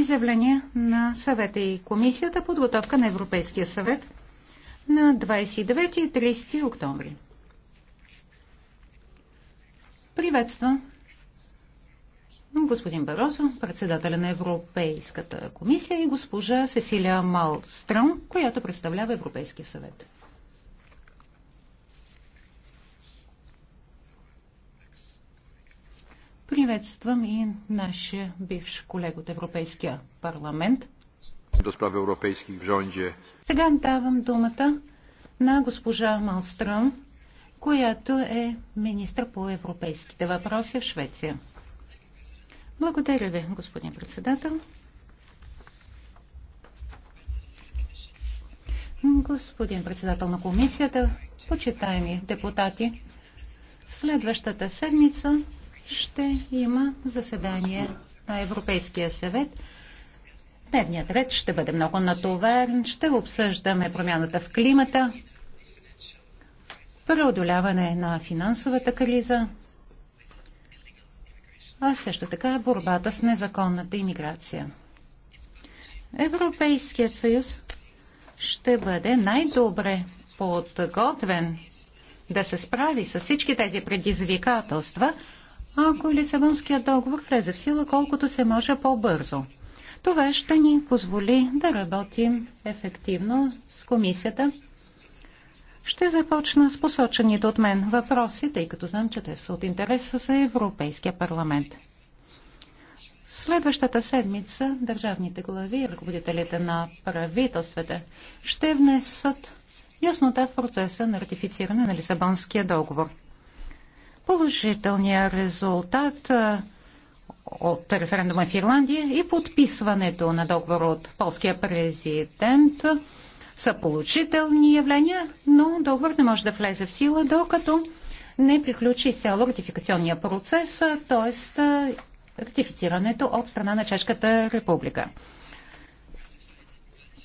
изявления на съвета и комисията подготовка на Европейския съвет на 29 и 30 октомври. Приветствам господин Барозо, председателя на Европейската комисия и госпожа Сесилия Малстрън, която представлява Европейския съвет. Приветствам и нашия бивш колега от Европейския парламент. До справи европейски в Сега давам думата на госпожа Малстръм, която е министр по европейските въпроси в Швеция. Благодаря ви, господин председател. Господин председател на комисията, почитаеми депутати, следващата седмица ще има заседание на Европейския съвет. Дневният ред ще бъде много натоварен. Ще обсъждаме промяната в климата, преодоляване на финансовата криза, а също така борбата с незаконната иммиграция. Европейският съюз ще бъде най-добре подготвен да се справи с всички тези предизвикателства, ако Лисабонският договор влезе в сила колкото се може по-бързо. Това ще ни позволи да работим ефективно с комисията. Ще започна с посочените от мен въпроси, тъй като знам, че те са от интереса за Европейския парламент. Следващата седмица държавните глави и ръководителите на правителствата ще внесат яснота в процеса на ратифициране на Лисабонския договор – положителния резултат от референдума в Ирландия и подписването на договор от полския президент са положителни явления, но договор не може да влезе в сила, докато не приключи изцяло ратификационния процес, т.е. ратифицирането от страна на Чешката република.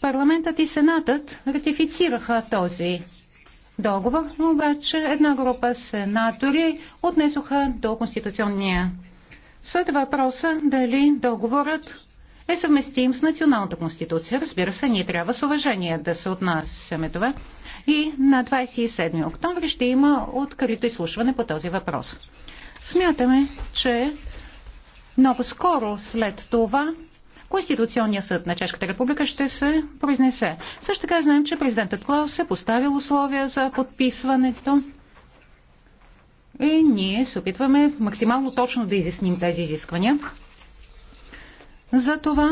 Парламентът и Сенатът ратифицираха този договор, обаче една група сенатори отнесоха до Конституционния съд въпроса дали договорът е съвместим с националната конституция. Разбира се, ние трябва с уважение да се отнасяме това. И на 27 октомври ще има открито изслушване по този въпрос. Смятаме, че много скоро след това Конституционния съд на Чешката република ще се произнесе. Също така знаем, че президентът Клаус е поставил условия за подписването и ние се опитваме максимално точно да изясним тези изисквания. Затова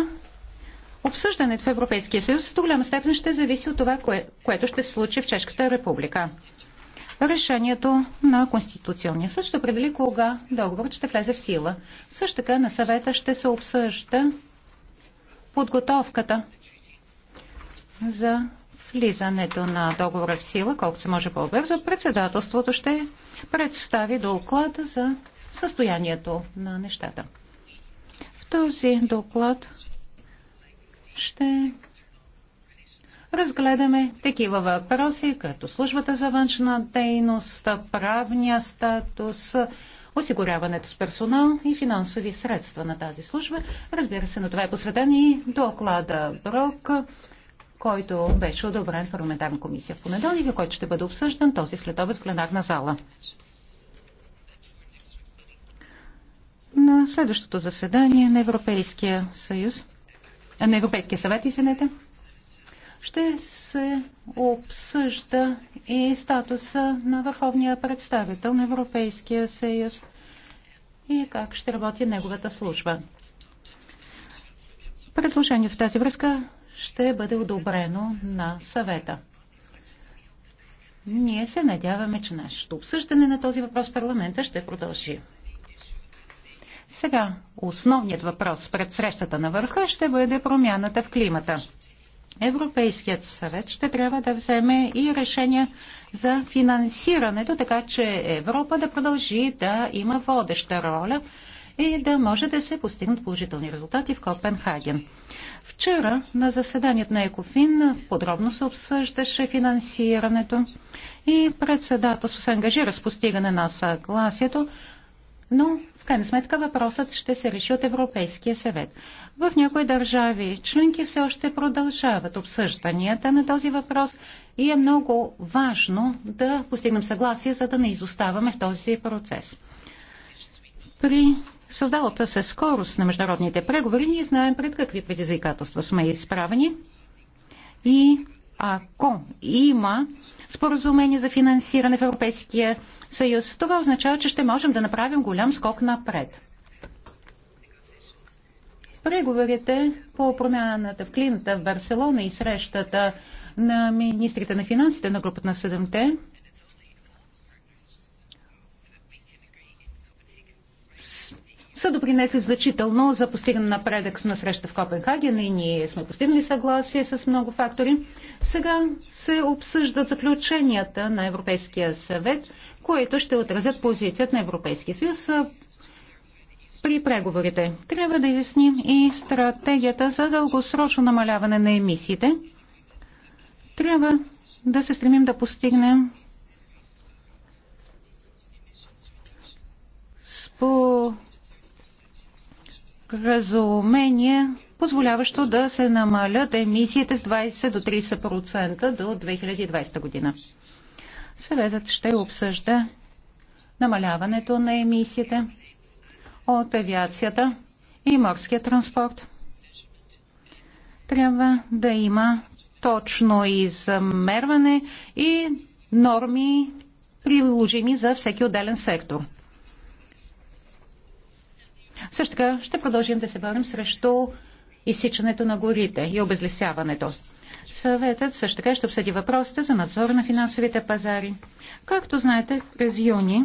обсъждането в Европейския съюз до голяма степен ще зависи от това, кое, което ще се случи в Чешката република. Решението на Конституционния съд ще определи кога договорът ще влезе в сила. Също така на съвета ще се обсъжда подготовката за влизането на договора в сила, колкото се може по-бързо, председателството ще представи доклад за състоянието на нещата. В този доклад ще разгледаме такива въпроси, като службата за външна дейност, правния статус, осигуряването с персонал и финансови средства на тази служба. Разбира се, на това е посветен и доклада Брок, който беше одобрен в парламентарна комисия в понеделник и който ще бъде обсъждан този следобед в пленарна зала. На следващото заседание на Европейския съюз, на Европейския съвет, извинете, ще се обсъжда и статуса на върховния представител на Европейския съюз и как ще работи неговата служба. Предложение в тази връзка ще бъде одобрено на съвета. Ние се надяваме, че нашето обсъждане на този въпрос в парламента ще продължи. Сега основният въпрос пред срещата на върха ще бъде промяната в климата. Европейският съвет ще трябва да вземе и решение за финансирането, така че Европа да продължи да има водеща роля и да може да се постигнат положителни резултати в Копенхаген. Вчера на заседанието на Екофин подробно се обсъждаше финансирането и председателство се ангажира с постигане на съгласието, но в крайна сметка въпросът ще се реши от Европейския съвет. В някои държави членки все още продължават обсъжданията на този въпрос и е много важно да постигнем съгласие, за да не изоставаме в този процес. При създалата се скорост на международните преговори ние знаем пред какви предизвикателства сме изправени и ако има споразумение за финансиране в Европейския съюз, това означава, че ще можем да направим голям скок напред. Преговорите по промяната в климата в Барселона и срещата на министрите на финансите на групата на седемте са допринесли значително за постигане предък на среща в Копенхаген и ние сме постигнали съгласие с много фактори. Сега се обсъждат заключенията на Европейския съвет, които ще отразят позицията на Европейския съюз при преговорите. Трябва да изясним и стратегията за дългосрочно намаляване на емисиите. Трябва да се стремим да постигнем по разумение, позволяващо да се намалят емисиите с 20 до 30% до 2020 година. Съветът ще обсъжда намаляването на емисиите от авиацията и морския транспорт. Трябва да има точно измерване и норми приложими за всеки отделен сектор. Също така ще продължим да се борим срещу изсичането на горите и обезлесяването. Съветът също така ще обсъди въпросите за надзор на финансовите пазари. Както знаете, през юни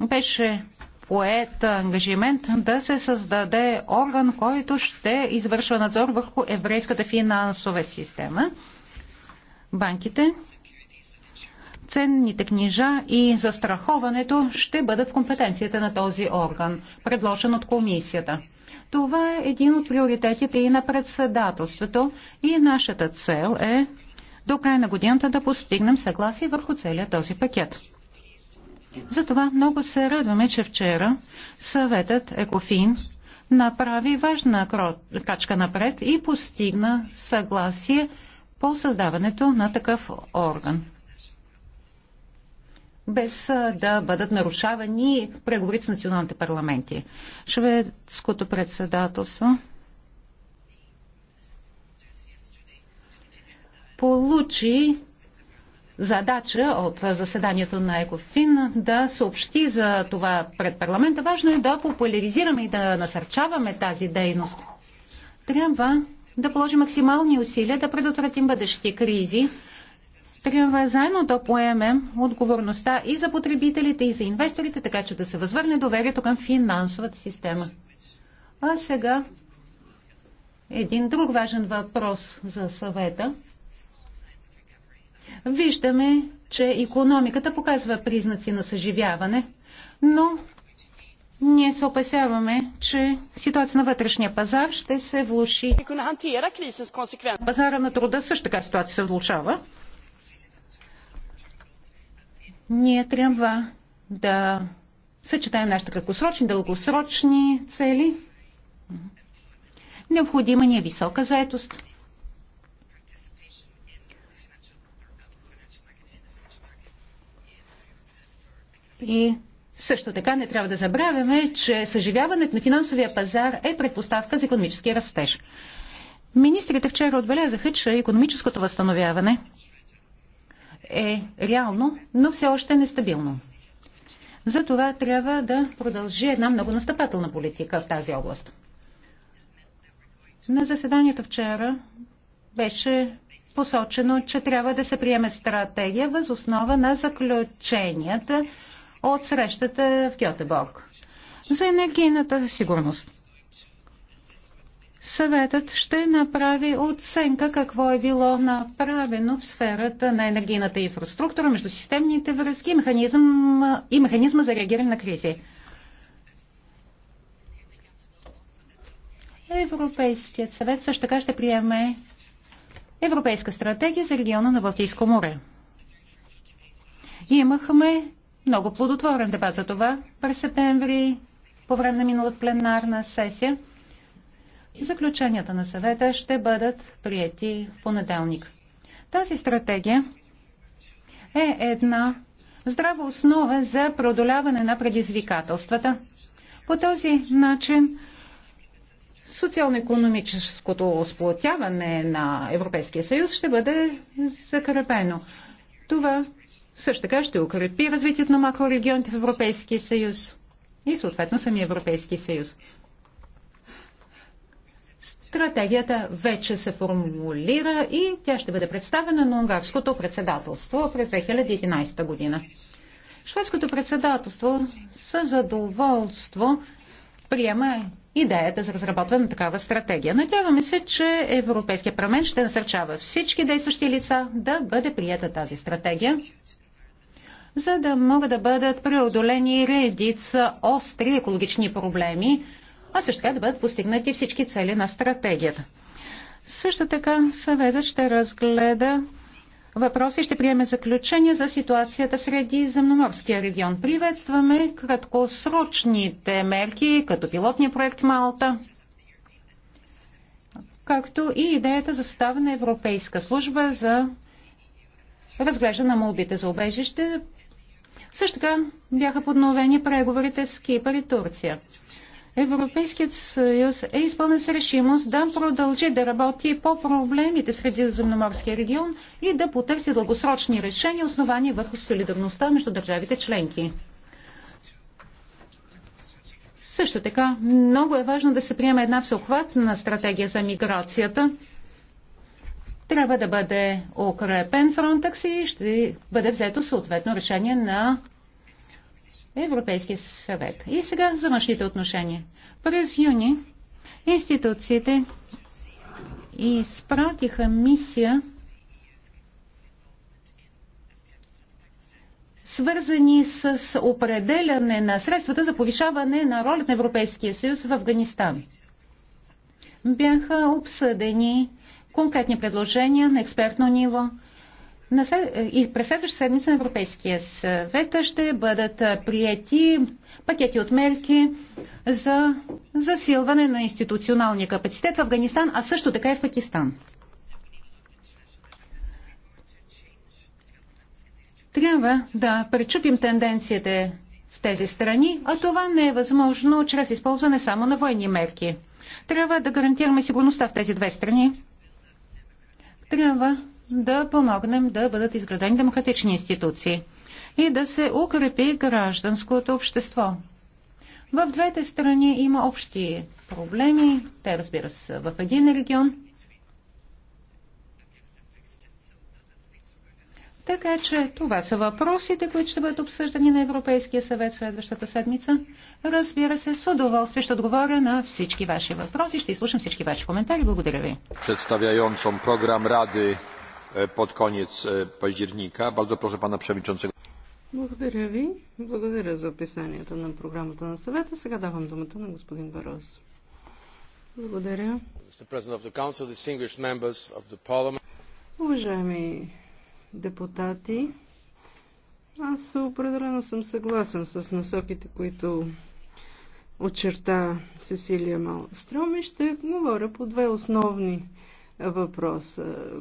беше поет ангажимент да се създаде орган, който ще извършва надзор върху еврейската финансова система, банките, ценните книжа и застраховането ще бъдат в компетенцията на този орган, предложен от комисията. Това е един от приоритетите и на председателството и нашата цел е до края на годината да постигнем съгласие върху целият този пакет. Затова много се радваме, че вчера съветът Екофин направи важна качка напред и постигна съгласие по създаването на такъв орган. Без да бъдат нарушавани преговори с националните парламенти. Шведското председателство получи задача от заседанието на ЕКОФИН да съобщи за това пред парламента. Важно е да популяризираме и да насърчаваме тази дейност. Трябва да положим максимални усилия да предотвратим бъдещи кризи. Трябва заедно да поемем отговорността и за потребителите, и за инвесторите, така че да се възвърне доверието към финансовата система. А сега един друг важен въпрос за съвета – Виждаме, че економиката показва признаци на съживяване, но ние се опасяваме, че ситуация на вътрешния пазар ще се влуши. Пазара на труда също така ситуация се влушава. Ние трябва да съчетаем нашите краткосрочни, дългосрочни цели. Необходима ни е висока заетост. И също така не трябва да забравяме, че съживяването на финансовия пазар е предпоставка за економически растеж. Министрите вчера отбелязаха, че економическото възстановяване е реално, но все още нестабилно. Затова трябва да продължи една много настъпателна политика в тази област. На заседанието вчера беше посочено, че трябва да се приеме стратегия въз основа на заключенията от срещата в Гьотеборг за енергийната сигурност. Съветът ще направи оценка какво е било направено в сферата на енергийната инфраструктура, между системните връзки и механизъм, и механизма за реагиране на кризи. Европейският съвет също така ще приеме Европейска стратегия за региона на Балтийско море. Имахме много плодотворен дебат за това през септември по време на миналата пленарна сесия. Заключенията на съвета ще бъдат прияти в понеделник. Тази стратегия е една здрава основа за продоляване на предизвикателствата. По този начин социално-економическото сплотяване на Европейския съюз ще бъде закрепено. Това също така ще укрепи развитието на макрорегионите в Европейския съюз и съответно самия Европейски съюз. Стратегията вече се формулира и тя ще бъде представена на унгарското председателство през 2011 година. Шведското председателство със задоволство приема идеята за разработване на такава стратегия. Надяваме се, че Европейския парламент ще насърчава всички действащи лица да бъде прията тази стратегия за да могат да бъдат преодолени редица остри екологични проблеми, а също така да бъдат постигнати всички цели на стратегията. Също така съветът ще разгледа въпроси ще приеме заключение за ситуацията в Средиземноморския регион. Приветстваме краткосрочните мерки, като пилотния проект Малта, както и идеята за съставане на Европейска служба за разглежда на молбите за обежище. Също така бяха подновени преговорите с Кипър и Турция. Европейският съюз е изпълнен с решимост да продължи да работи по проблемите с Средиземноморския регион и да потърси дългосрочни решения, основани върху солидарността между държавите членки. Също така, много е важно да се приеме една всеохватна стратегия за миграцията – трябва да бъде укрепен Фронтекс и ще бъде взето съответно решение на Европейския съвет. И сега за външните отношения. През юни институциите изпратиха мисия свързани с определяне на средствата за повишаване на ролята на Европейския съюз в Афганистан. Бяха обсъдени конкретни предложения на експертно ниво. И през следващата седмица на Европейския съвет ще бъдат приети пакети от мерки за засилване на институционалния капацитет в Афганистан, а също така и в Пакистан. Трябва да пречупим тенденциите в тези страни, а това не е възможно чрез използване само на военни мерки. Трябва да гарантираме сигурността в тези две страни трябва да помогнем да бъдат изградени демократични институции и да се укрепи гражданското общество. В двете страни има общи проблеми, те разбира се в един регион – Така че това са въпросите, които ще бъдат обсъждани на Европейския съвет следващата седмица. Разбира се, с удоволствие ще отговоря на всички ваши въпроси. Ще изслушам всички ваши коментари. Благодаря ви. Представяйонцом програм Ради е, под конец е, паździernika. Bardzo прошу пана przewodniczącego. Благодаря ви. Благодаря за описанието на програмата на съвета. Сега давам думата на господин Бароз. Благодаря. Уважаеми депутати. Аз определено съм съгласен с насоките, които очерта Сесилия Малстром и ще говоря по две основни въпроса.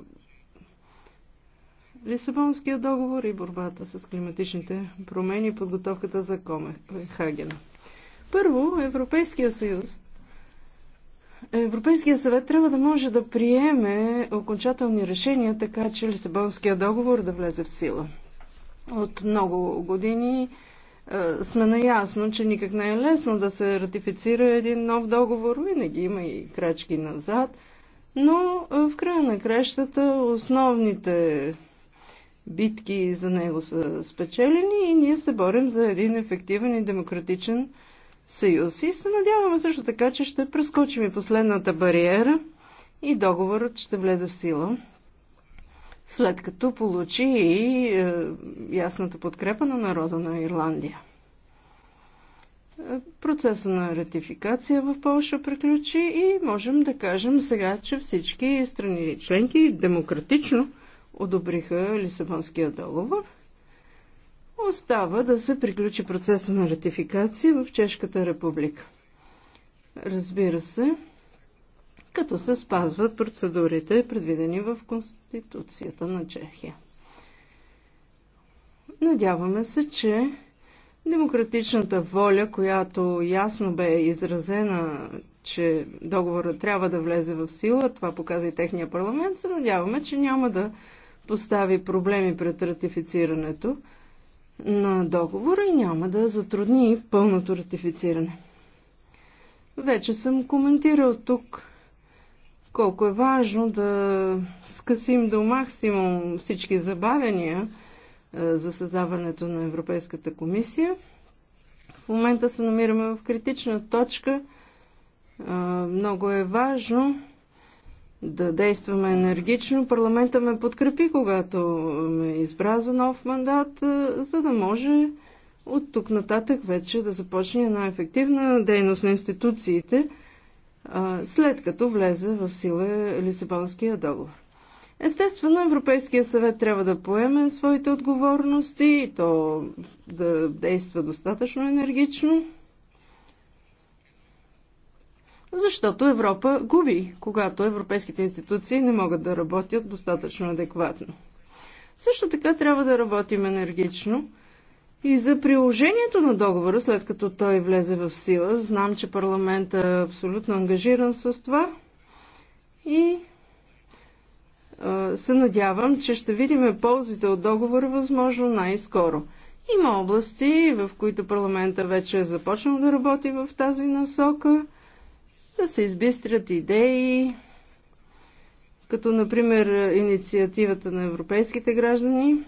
Лисабонския договор и борбата с климатичните промени и подготовката за коме Хаген. Първо, Европейския съюз Европейския съвет трябва да може да приеме окончателни решения, така че Лисабонския договор да влезе в сила. От много години е, сме наясно, че никак не е лесно да се ратифицира един нов договор. Винаги има и крачки назад. Но е, в края на кращата основните битки за него са спечелени и ние се борим за един ефективен и демократичен съюз. И се надяваме също така, че ще прескочим и последната бариера и договорът ще влезе в сила, след като получи и е, ясната подкрепа на народа на Ирландия. Процеса на ратификация в Польша приключи и можем да кажем сега, че всички страни членки демократично одобриха Лисабонския договор – Остава да се приключи процеса на ратификация в Чешката република. Разбира се, като се спазват процедурите, предвидени в Конституцията на Чехия. Надяваме се, че демократичната воля, която ясно бе изразена, че договорът трябва да влезе в сила, това показа и техния парламент, се надяваме, че няма да постави проблеми пред ратифицирането на договора и няма да затрудни пълното ратифициране. Вече съм коментирал тук колко е важно да скъсим до максимум всички забавяния е, за създаването на Европейската комисия. В момента се намираме в критична точка. Е, много е важно да действаме енергично. Парламента ме подкрепи, когато ме избра за нов мандат, за да може от тук нататък вече да започне една ефективна дейност на институциите, след като влезе в сила Лисабонския договор. Естествено, Европейския съвет трябва да поеме своите отговорности и то да действа достатъчно енергично защото Европа губи, когато европейските институции не могат да работят достатъчно адекватно. Също така трябва да работим енергично и за приложението на договора, след като той влезе в сила. Знам, че парламентът е абсолютно ангажиран с това и се надявам, че ще видим ползите от договора възможно най-скоро. Има области, в които парламента вече е започнал да работи в тази насока да се избистрят идеи, като например инициативата на европейските граждани.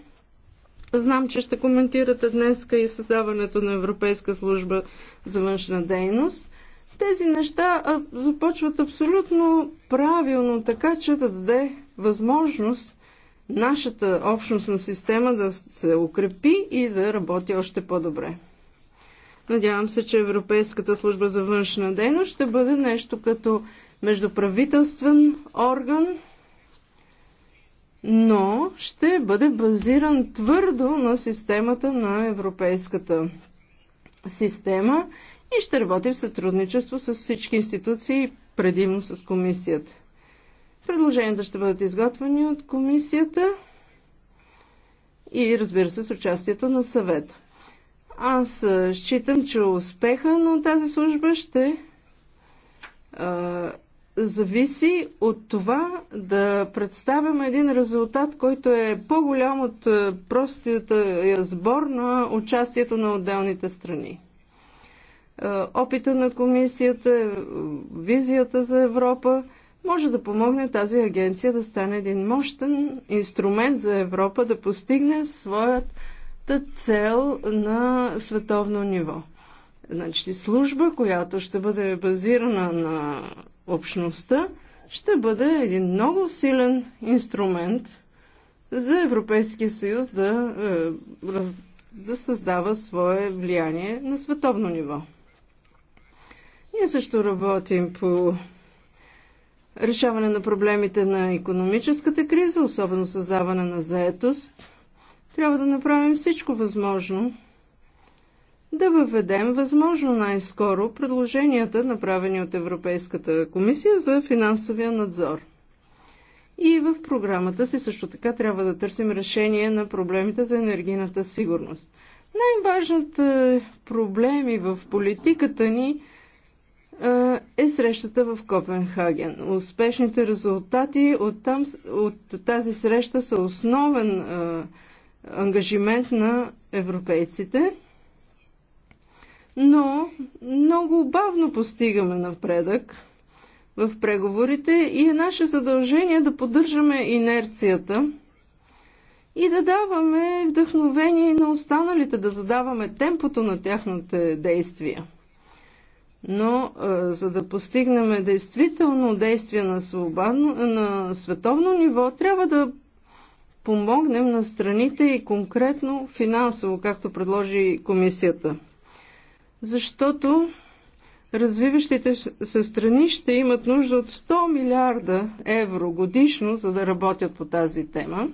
Знам, че ще коментирате днес и създаването на Европейска служба за външна дейност. Тези неща започват абсолютно правилно, така че да даде възможност нашата общностна система да се укрепи и да работи още по-добре. Надявам се, че Европейската служба за външна дейност ще бъде нещо като междуправителствен орган, но ще бъде базиран твърдо на системата на Европейската система и ще работи в сътрудничество с всички институции, предимно с комисията. Предложенията ще бъдат изготвени от комисията и разбира се с участието на съвета. Аз считам, че успеха на тази служба ще а, зависи от това да представяме един резултат, който е по-голям от простия сбор на участието на отделните страни. Опита на комисията, визията за Европа може да помогне тази агенция да стане един мощен инструмент за Европа да постигне своят цел на световно ниво. Значи служба, която ще бъде базирана на общността, ще бъде един много силен инструмент за Европейския съюз да, е, да създава свое влияние на световно ниво. Ние също работим по решаване на проблемите на економическата криза, особено създаване на заетост, трябва да направим всичко възможно да въведем възможно най-скоро предложенията, направени от Европейската комисия за финансовия надзор. И в програмата си също така трябва да търсим решение на проблемите за енергийната сигурност. Най-важните проблеми в политиката ни е срещата в Копенхаген. Успешните резултати от, там, от тази среща са основен ангажимент на европейците, но много бавно постигаме напредък в преговорите и е наше задължение да поддържаме инерцията и да даваме вдъхновение на останалите, да задаваме темпото на тяхните действия. Но е, за да постигнем действително действие на, свободно, на световно ниво, трябва да помогнем на страните и конкретно финансово, както предложи комисията. Защото развиващите се страни ще имат нужда от 100 милиарда евро годишно, за да работят по тази тема.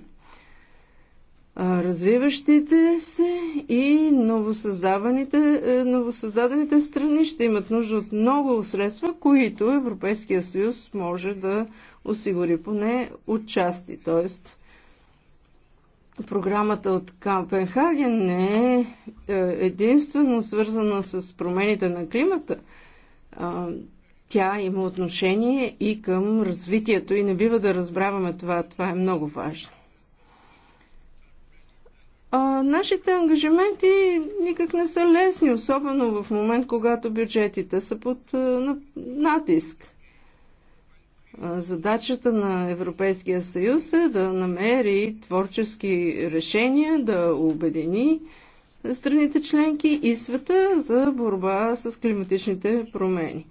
Развиващите се и новосъздаваните, е, новосъздадените страни ще имат нужда от много средства, които Европейския съюз може да осигури поне отчасти. Тоест, програмата от Копенхаген не е, е единствено свързана с промените на климата. Тя има отношение и към развитието и не бива да разбраваме това. Това е много важно. А, нашите ангажименти никак не са лесни, особено в момент, когато бюджетите са под е, натиск. Задачата на Европейския съюз е да намери творчески решения, да обедини страните членки и света за борба с климатичните промени.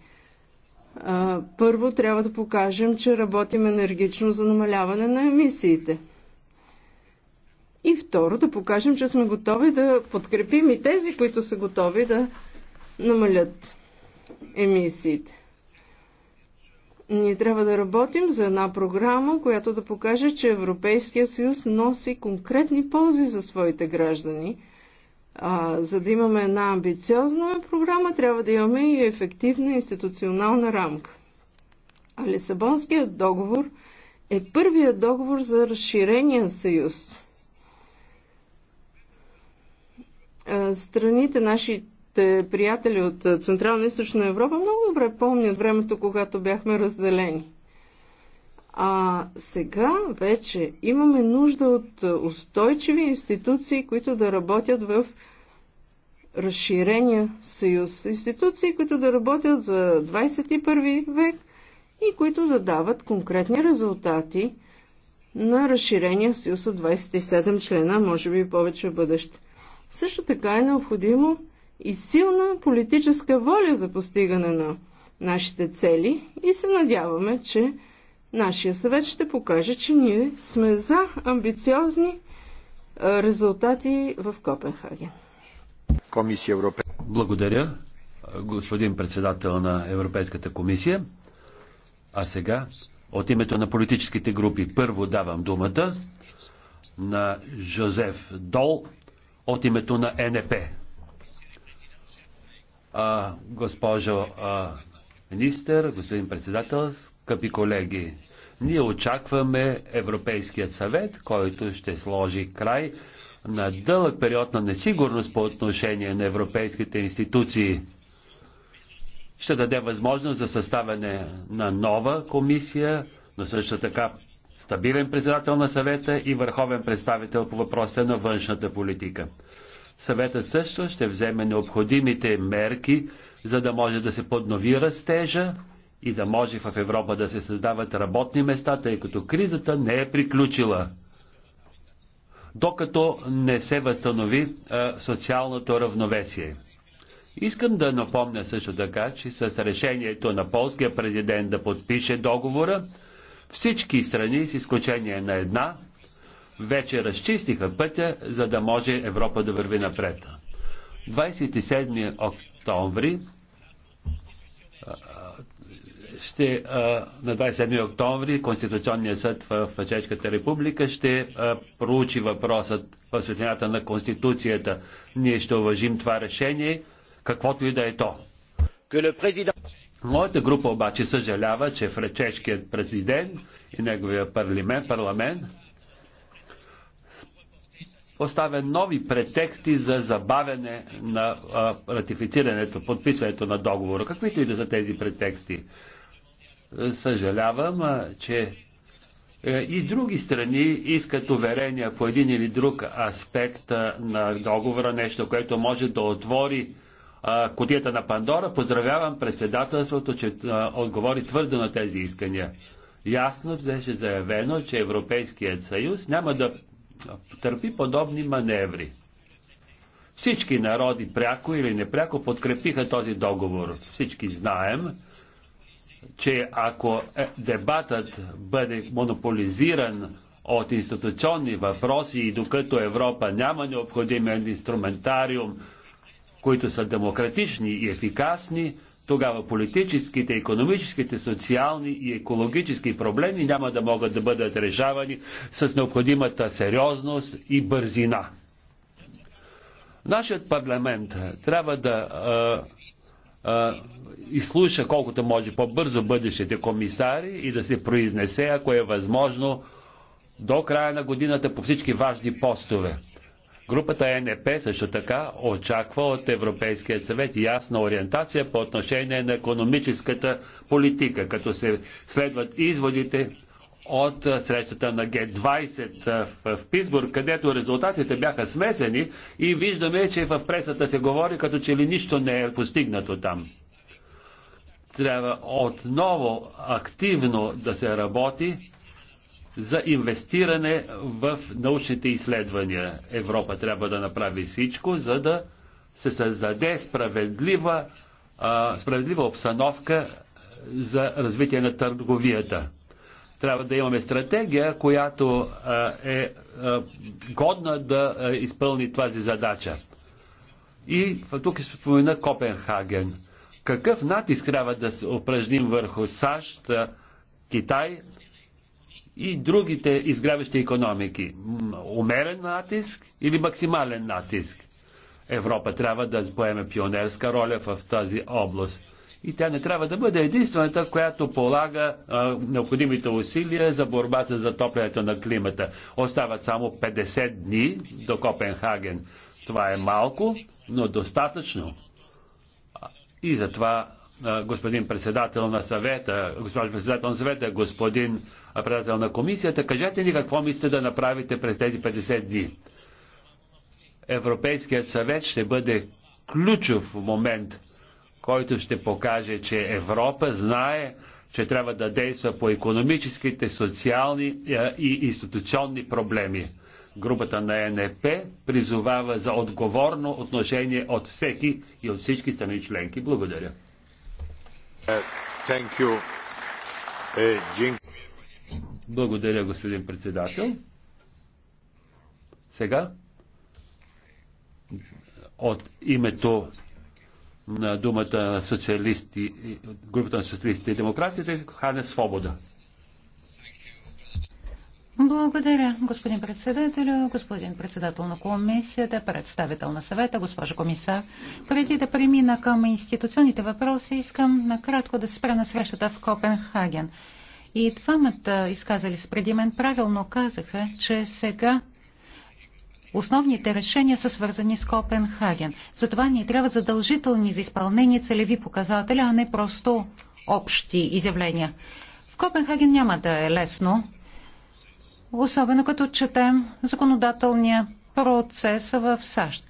Първо трябва да покажем, че работим енергично за намаляване на емисиите. И второ, да покажем, че сме готови да подкрепим и тези, които са готови да намалят емисиите. Ние трябва да работим за една програма, която да покаже, че Европейския съюз носи конкретни ползи за своите граждани. А, за да имаме една амбициозна програма, трябва да имаме и ефективна институционална рамка. А Лисабонският договор е първият договор за разширения съюз. Страните, наши нашите приятели от Централна и Източна Европа много добре помнят времето, когато бяхме разделени. А сега вече имаме нужда от устойчиви институции, които да работят в разширения съюз. Институции, които да работят за 21 век и които да дават конкретни резултати на разширения съюз от 27 члена, може би повече в бъдеще. Също така е необходимо и силна политическа воля за постигане на нашите цели и се надяваме, че нашия съвет ще покаже, че ние сме за амбициозни резултати в Копенхаген. Комисия Европе... Благодаря, господин председател на Европейската комисия. А сега, от името на политическите групи, първо давам думата на Жозеф Дол от името на НП а, госпожо а, министър, господин председател, скъпи колеги. Ние очакваме Европейският съвет, който ще сложи край на дълъг период на несигурност по отношение на европейските институции. Ще даде възможност за съставяне на нова комисия, но също така стабилен председател на съвета и върховен представител по въпросите на външната политика. Съветът също ще вземе необходимите мерки, за да може да се поднови растежа и да може в Европа да се създават работни места, тъй като кризата не е приключила. Докато не се възстанови а, е, социалното равновесие. Искам да напомня също така, че с решението на полския президент да подпише договора, всички страни, с изключение на една, вече разчистиха пътя, за да може Европа да върви напред. 27 октомври ще, на 27 октомври Конституционният съд в Чешката република ще проучи въпросът в светлината на Конституцията. Ние ще уважим това решение, каквото и да е то. Моята група обаче съжалява, че в чешкият президент и неговия парламент, парламент поставя нови претексти за забавяне на а, ратифицирането, подписването на договора, каквито и да са тези претексти. Съжалявам, а, че е, и други страни искат уверения по един или друг аспект на договора, нещо, което може да отвори котията на Пандора. Поздравявам председателството, че отговори твърдо на тези искания. Ясно беше заявено, че Европейският съюз няма да търпи подобни маневри. Всички народи пряко или непряко подкрепиха този договор. Всички знаем, че ако е, дебатът бъде монополизиран от институционни въпроси и докато Европа няма необходимен инструментариум, които са демократични и ефикасни, тогава политическите, економическите, социални и екологически проблеми няма да могат да бъдат решавани с необходимата сериозност и бързина. Нашият парламент трябва да а, а, изслуша колкото може по-бързо бъдещите комисари и да се произнесе, ако е възможно, до края на годината по всички важни постове. Групата НП също така очаква от Европейския съвет ясна ориентация по отношение на економическата политика, като се следват изводите от срещата на Г-20 в Писбург, където резултатите бяха смесени и виждаме, че в пресата се говори като че ли нищо не е постигнато там. Трябва отново активно да се работи за инвестиране в научните изследвания. Европа трябва да направи всичко, за да се създаде справедлива, а, справедлива обстановка за развитие на търговията. Трябва да имаме стратегия, която а, е а, годна да а, изпълни тази задача. И тук се спомена Копенхаген. Какъв натиск трябва да упражним върху САЩ, Китай, и другите изгряващи економики. Умерен натиск или максимален натиск? Европа трябва да поеме пионерска роля в тази област. И тя не трябва да бъде единствената, която полага а, необходимите усилия за борба с затоплянето на климата. Остават само 50 дни до Копенхаген. Това е малко, но достатъчно. И затова, господин председател на съвета, господин председател на съвета, господин председател на комисията, кажете ни какво мислите да направите през тези 50 дни. Европейският съвет ще бъде ключов момент, който ще покаже, че Европа знае, че трябва да действа по економическите, социални е, и институционни проблеми. Групата на е НЕП призовава за отговорно отношение от всеки и от всички страни членки. Благодаря. Е, благодаря, господин председател. Сега от името на думата на социалисти, групата на социалистите и демократите, Хане Свобода. Благодаря, господин председател, господин председател на комисията, представител на съвета, госпожа комисар. Преди да премина към институционните въпроси, искам накратко да се спра на срещата в Копенхаген. И двамата изказали се преди мен правилно казаха, че сега Основните решения са свързани с Копенхаген. Затова ни трябват задължителни за изпълнение целеви показатели, а не просто общи изявления. В Копенхаген няма да е лесно, особено като четем законодателния процес в САЩ.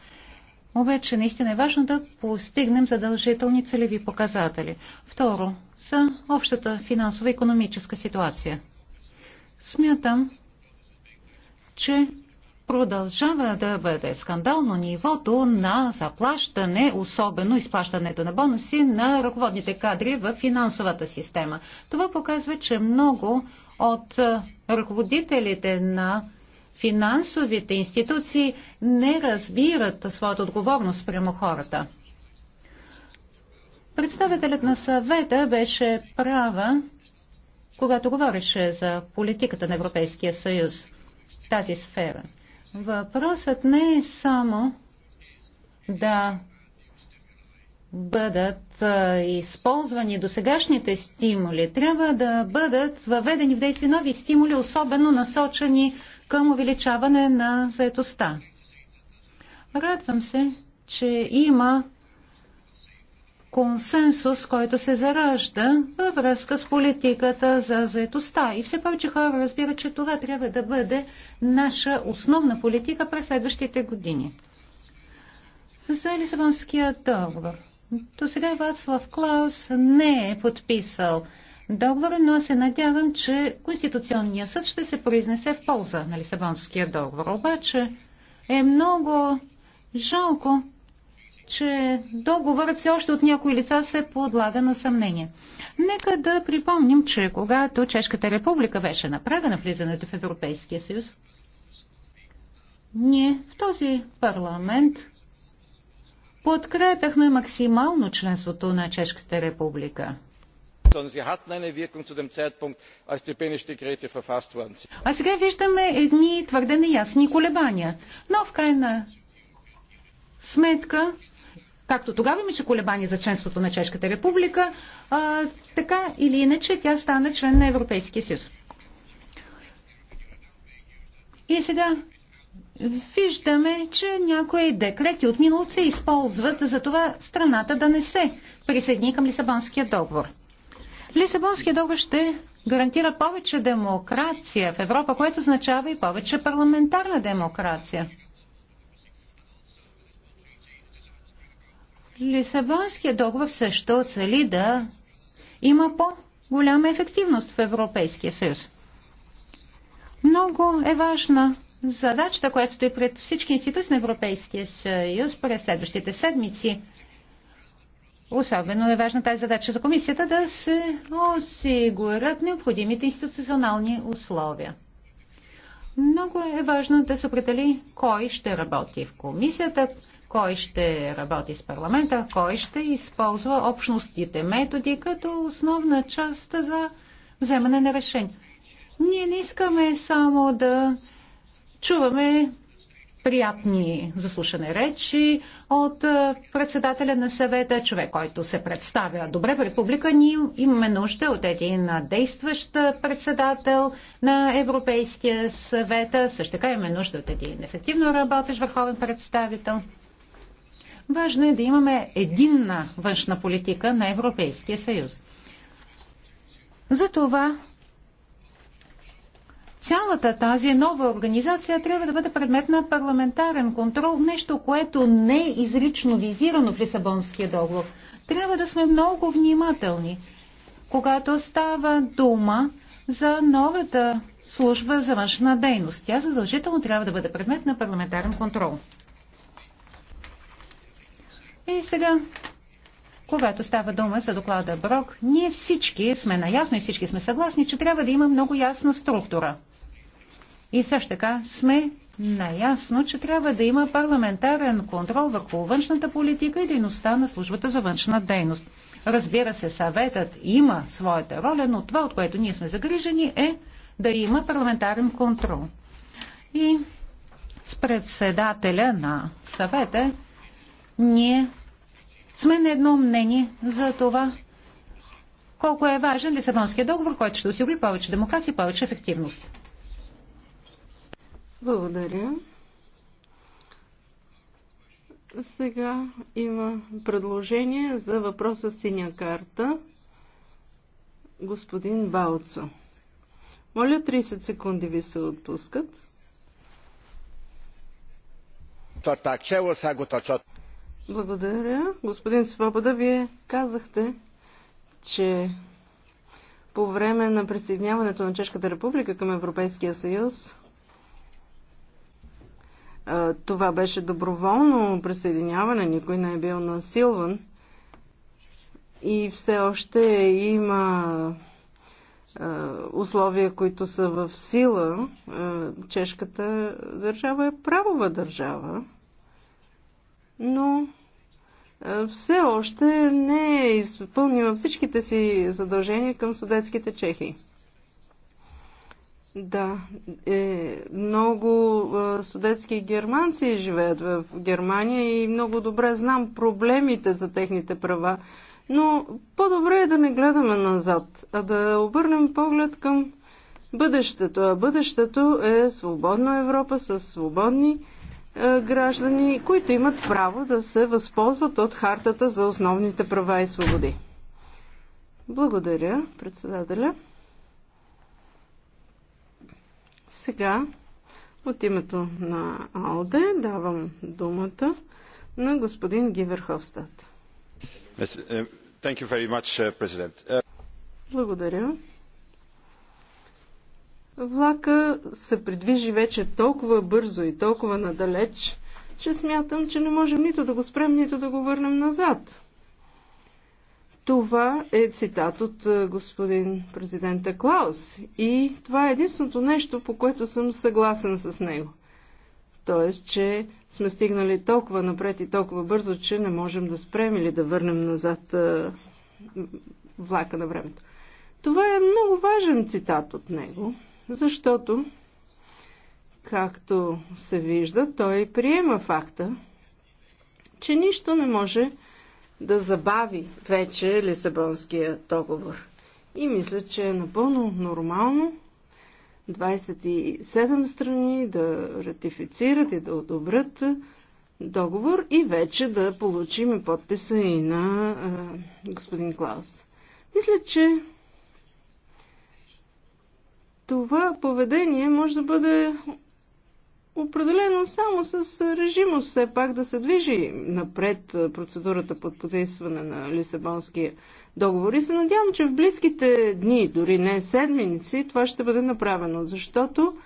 Обаче наистина е важно да постигнем задължителни целеви показатели. Второ, за общата финансова и економическа ситуация. Смятам, че продължава да бъде скандално нивото на заплащане, особено изплащането на бонуси на ръководните кадри в финансовата система. Това показва, че много от ръководителите на финансовите институции не разбират своята отговорност прямо хората. Представителят на съвета беше права, когато говореше за политиката на Европейския съюз в тази сфера. Въпросът не е само да бъдат използвани до сегашните стимули, трябва да бъдат въведени в действие нови стимули, особено насочени към увеличаване на заетостта. Радвам се, че има консенсус, който се заражда във връзка с политиката за заетостта И все повече хора разбират, че това трябва да бъде наша основна политика през следващите години. За Лисабонския договор. До сега Вацлав Клаус не е подписал договора, но се надявам, че Конституционният съд ще се произнесе в полза на Лисабонския договор. Обаче е много жалко, че договорът все още от някои лица се подлага на съмнение. Нека да припомним, че когато Чешката република беше на прага на влизането в Европейския съюз, ние в този парламент подкрепяхме максимално членството на Чешката република А сега виждаме едни твърде неясни колебания. Но в крайна сметка Както тогава имаше колебания за членството на Чешката република, а, така или иначе тя стана член на Европейския съюз. И сега виждаме, че някои декрети от миналото се използват за това страната да не се присъедини към Лисабонския договор. Лисабонския договор ще гарантира повече демокрация в Европа, което означава и повече парламентарна демокрация. Лисабонския договор също цели да има по-голяма ефективност в Европейския съюз. Много е важна задачата, която стои пред всички институции на Европейския съюз през следващите седмици. Особено е важна тази задача за комисията да се осигурят необходимите институционални условия. Много е важно да се определи кой ще работи в комисията, кой ще работи с парламента, кой ще използва общностите методи като основна част за вземане на решение. Ние не искаме само да чуваме приятни заслушане речи от председателя на съвета, човек, който се представя добре в република. Ние имаме нужда от един действащ председател на Европейския съвет. Също така имаме нужда от един ефективно работещ върховен представител. Важно е да имаме единна външна политика на Европейския съюз. Затова цялата тази нова организация трябва да бъде предмет на парламентарен контрол, нещо, което не е изрично визирано в Лисабонския договор. Трябва да сме много внимателни, когато става дума за новата служба за външна дейност. Тя задължително трябва да бъде предмет на парламентарен контрол. И сега, когато става дума за доклада Брок, ние всички сме наясно и всички сме съгласни, че трябва да има много ясна структура. И също така сме наясно, че трябва да има парламентарен контрол върху външната политика и дейността на службата за външна дейност. Разбира се, съветът има своята роля, но това, от което ние сме загрижени, е да има парламентарен контрол. И с председателя на съвета ние сме на едно мнение за това, колко е важен Лисабонския договор, който ще осигури повече демокрация и повече ефективност. Благодаря. Сега има предложение за въпроса с синя карта. Господин Балцо. Моля, 30 секунди ви се отпускат. Tartják Csehországot a csat благодаря. Господин Свобода, вие казахте, че по време на присъединяването на Чешката република към Европейския съюз, това беше доброволно присъединяване, никой не е бил насилван и все още има условия, които са в сила. Чешката държава е правова държава но все още не е изпълнила всичките си задължения към судетските чехи. Да, е, много судетски германци живеят в Германия и много добре знам проблемите за техните права, но по-добре е да не гледаме назад, а да обърнем поглед към бъдещето. А бъдещето е свободна Европа с свободни е, граждани, които имат право да се възползват от хартата за основните права и свободи. Благодаря, председателя. Сега от името на АЛДЕ давам думата на господин Гиверховстад. Uh, uh, uh, Благодаря. Влака се придвижи вече толкова бързо и толкова надалеч, че смятам, че не можем нито да го спрем, нито да го върнем назад. Това е цитат от е, господин президента Клаус и това е единственото нещо, по което съм съгласен с него. Тоест, че сме стигнали толкова напред и толкова бързо, че не можем да спрем или да върнем назад е, влака на времето. Това е много важен цитат от него, защото, както се вижда, той приема факта, че нищо не може да забави вече Лисабонския договор. И мисля, че е напълно нормално 27 страни да ратифицират и да одобрят договор и вече да получим подписа и на а, господин Клаус. Мисля, че това поведение може да бъде определено само с режимо все пак да се движи напред процедурата под подписване на Лисабонския договор. И се надявам, че в близките дни, дори не седмици, това ще бъде направено, защото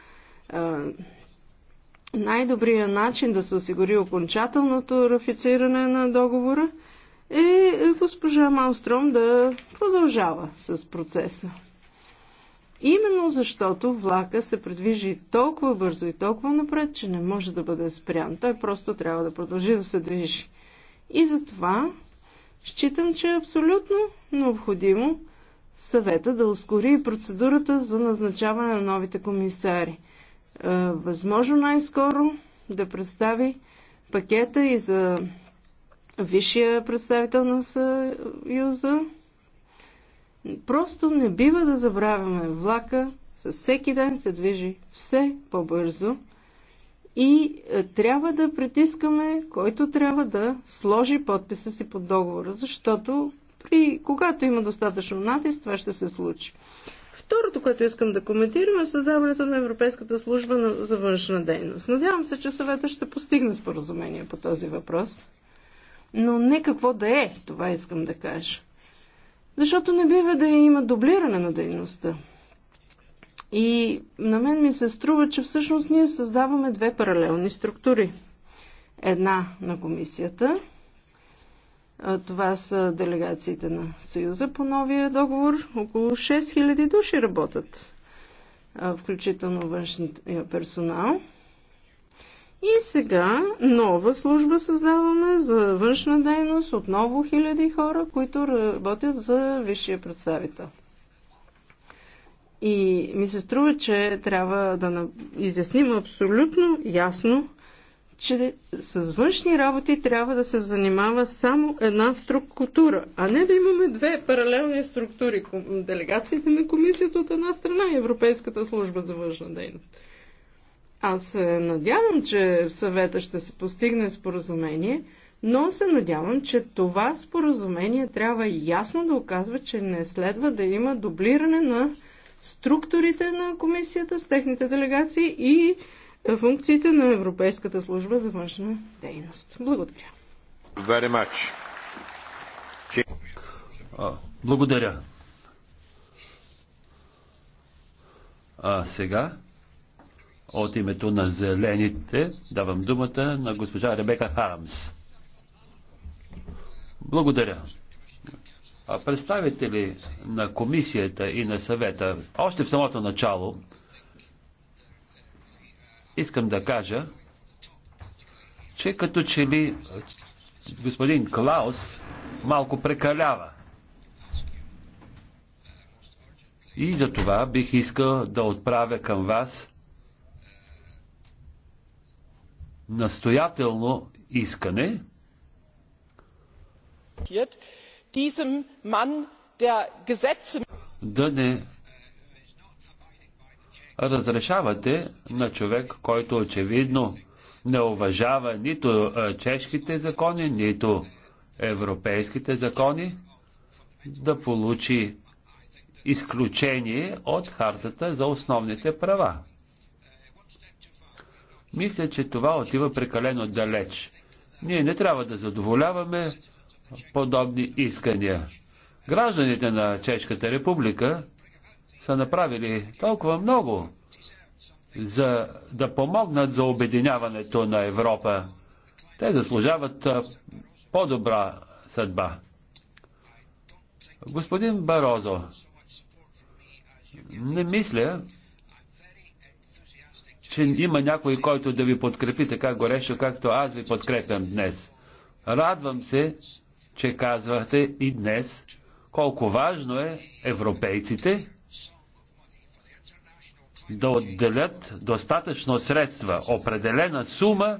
най-добрият начин да се осигури окончателното рафициране на договора е госпожа Малстром да продължава с процеса. Именно защото влака се предвижи толкова бързо и толкова напред, че не може да бъде спрян. Той просто трябва да продължи да се движи. И затова считам, че е абсолютно необходимо съвета да ускори процедурата за назначаване на новите комисари. Е, възможно най-скоро да представи пакета и за висшия представител на Съюза, Просто не бива да забравяме влака, със всеки ден се движи все по-бързо и е, трябва да притискаме, който трябва да сложи подписа си под договора, защото при, когато има достатъчно натиск, това ще се случи. Второто, което искам да коментирам е създаването на Европейската служба за външна дейност. Надявам се, че съвета ще постигне споразумение по този въпрос. Но не какво да е, това искам да кажа. Защото не бива да има дублиране на дейността. И на мен ми се струва, че всъщност ние създаваме две паралелни структури. Една на комисията, това са делегациите на Съюза по новия договор. Около 6000 души работят, включително външния персонал – и сега нова служба създаваме за външна дейност, отново хиляди хора, които работят за висшия представител. И ми се струва, че трябва да изясним абсолютно ясно, че с външни работи трябва да се занимава само една структура, а не да имаме две паралелни структури. Делегациите на комисията от една страна и Европейската служба за външна дейност. Аз се надявам, че в съвета ще се постигне споразумение, но се надявам, че това споразумение трябва ясно да оказва, че не следва да има дублиране на структурите на комисията с техните делегации и функциите на Европейската служба за външна дейност. Благодаря. Very much. А, благодаря. А сега от името на зелените давам думата на госпожа Ребека Харамс. Благодаря. А представители на комисията и на съвета, още в самото начало, искам да кажа, че като че ли господин Клаус малко прекалява. И за това бих искал да отправя към вас настоятелно искане. Да не разрешавате на човек, който очевидно не уважава нито е, чешките закони, нито европейските закони, да получи изключение от хартата за основните права. Мисля, че това отива прекалено далеч. Ние не трябва да задоволяваме подобни искания. Гражданите на Чешката република са направили толкова много за да помогнат за обединяването на Европа. Те заслужават по-добра съдба. Господин Барозо, не мисля, че има някой, който да ви подкрепи така горещо, както аз ви подкрепям днес. Радвам се, че казвахте и днес колко важно е европейците да отделят достатъчно средства, определена сума,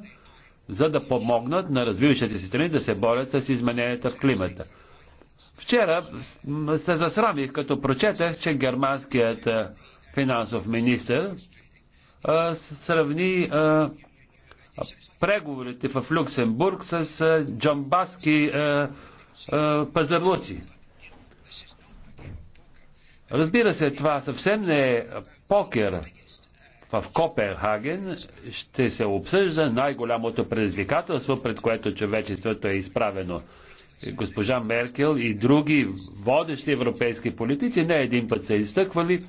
за да помогнат на развиващите си страни да се борят с измененията в климата. Вчера се засрамих, като прочетах, че германският финансов министр сравни преговорите в Люксембург с джамбаски пазарлуци. Разбира се, това съвсем не е покер. В Копенхаген ще се обсъжда най-голямото предизвикателство, пред което човечеството е изправено. Госпожа Меркел и други водещи европейски политици не един път са изтъквали,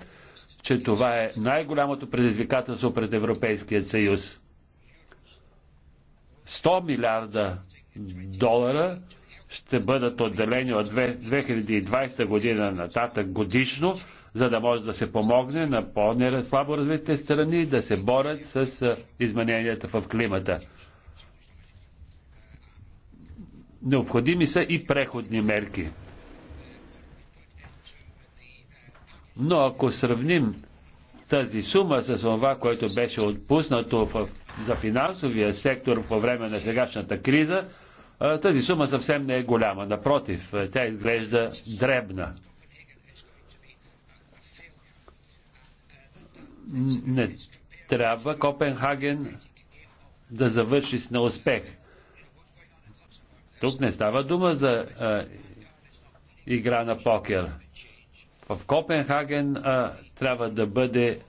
че това е най-голямото предизвикателство пред Европейския съюз. 100 милиарда долара ще бъдат отделени от 2020 година нататък годишно, за да може да се помогне на по-слабо развитите страни да се борят с измененията в климата. Необходими са и преходни мерки. Но ако сравним тази сума с това, което беше отпуснато в, за финансовия сектор по време на сегашната криза, тази сума съвсем не е голяма. Напротив, тя изглежда дребна. Не трябва Копенхаген да завърши с неуспех. Тук не става дума за а, игра на покер в Копенхаген а, трябва да бъде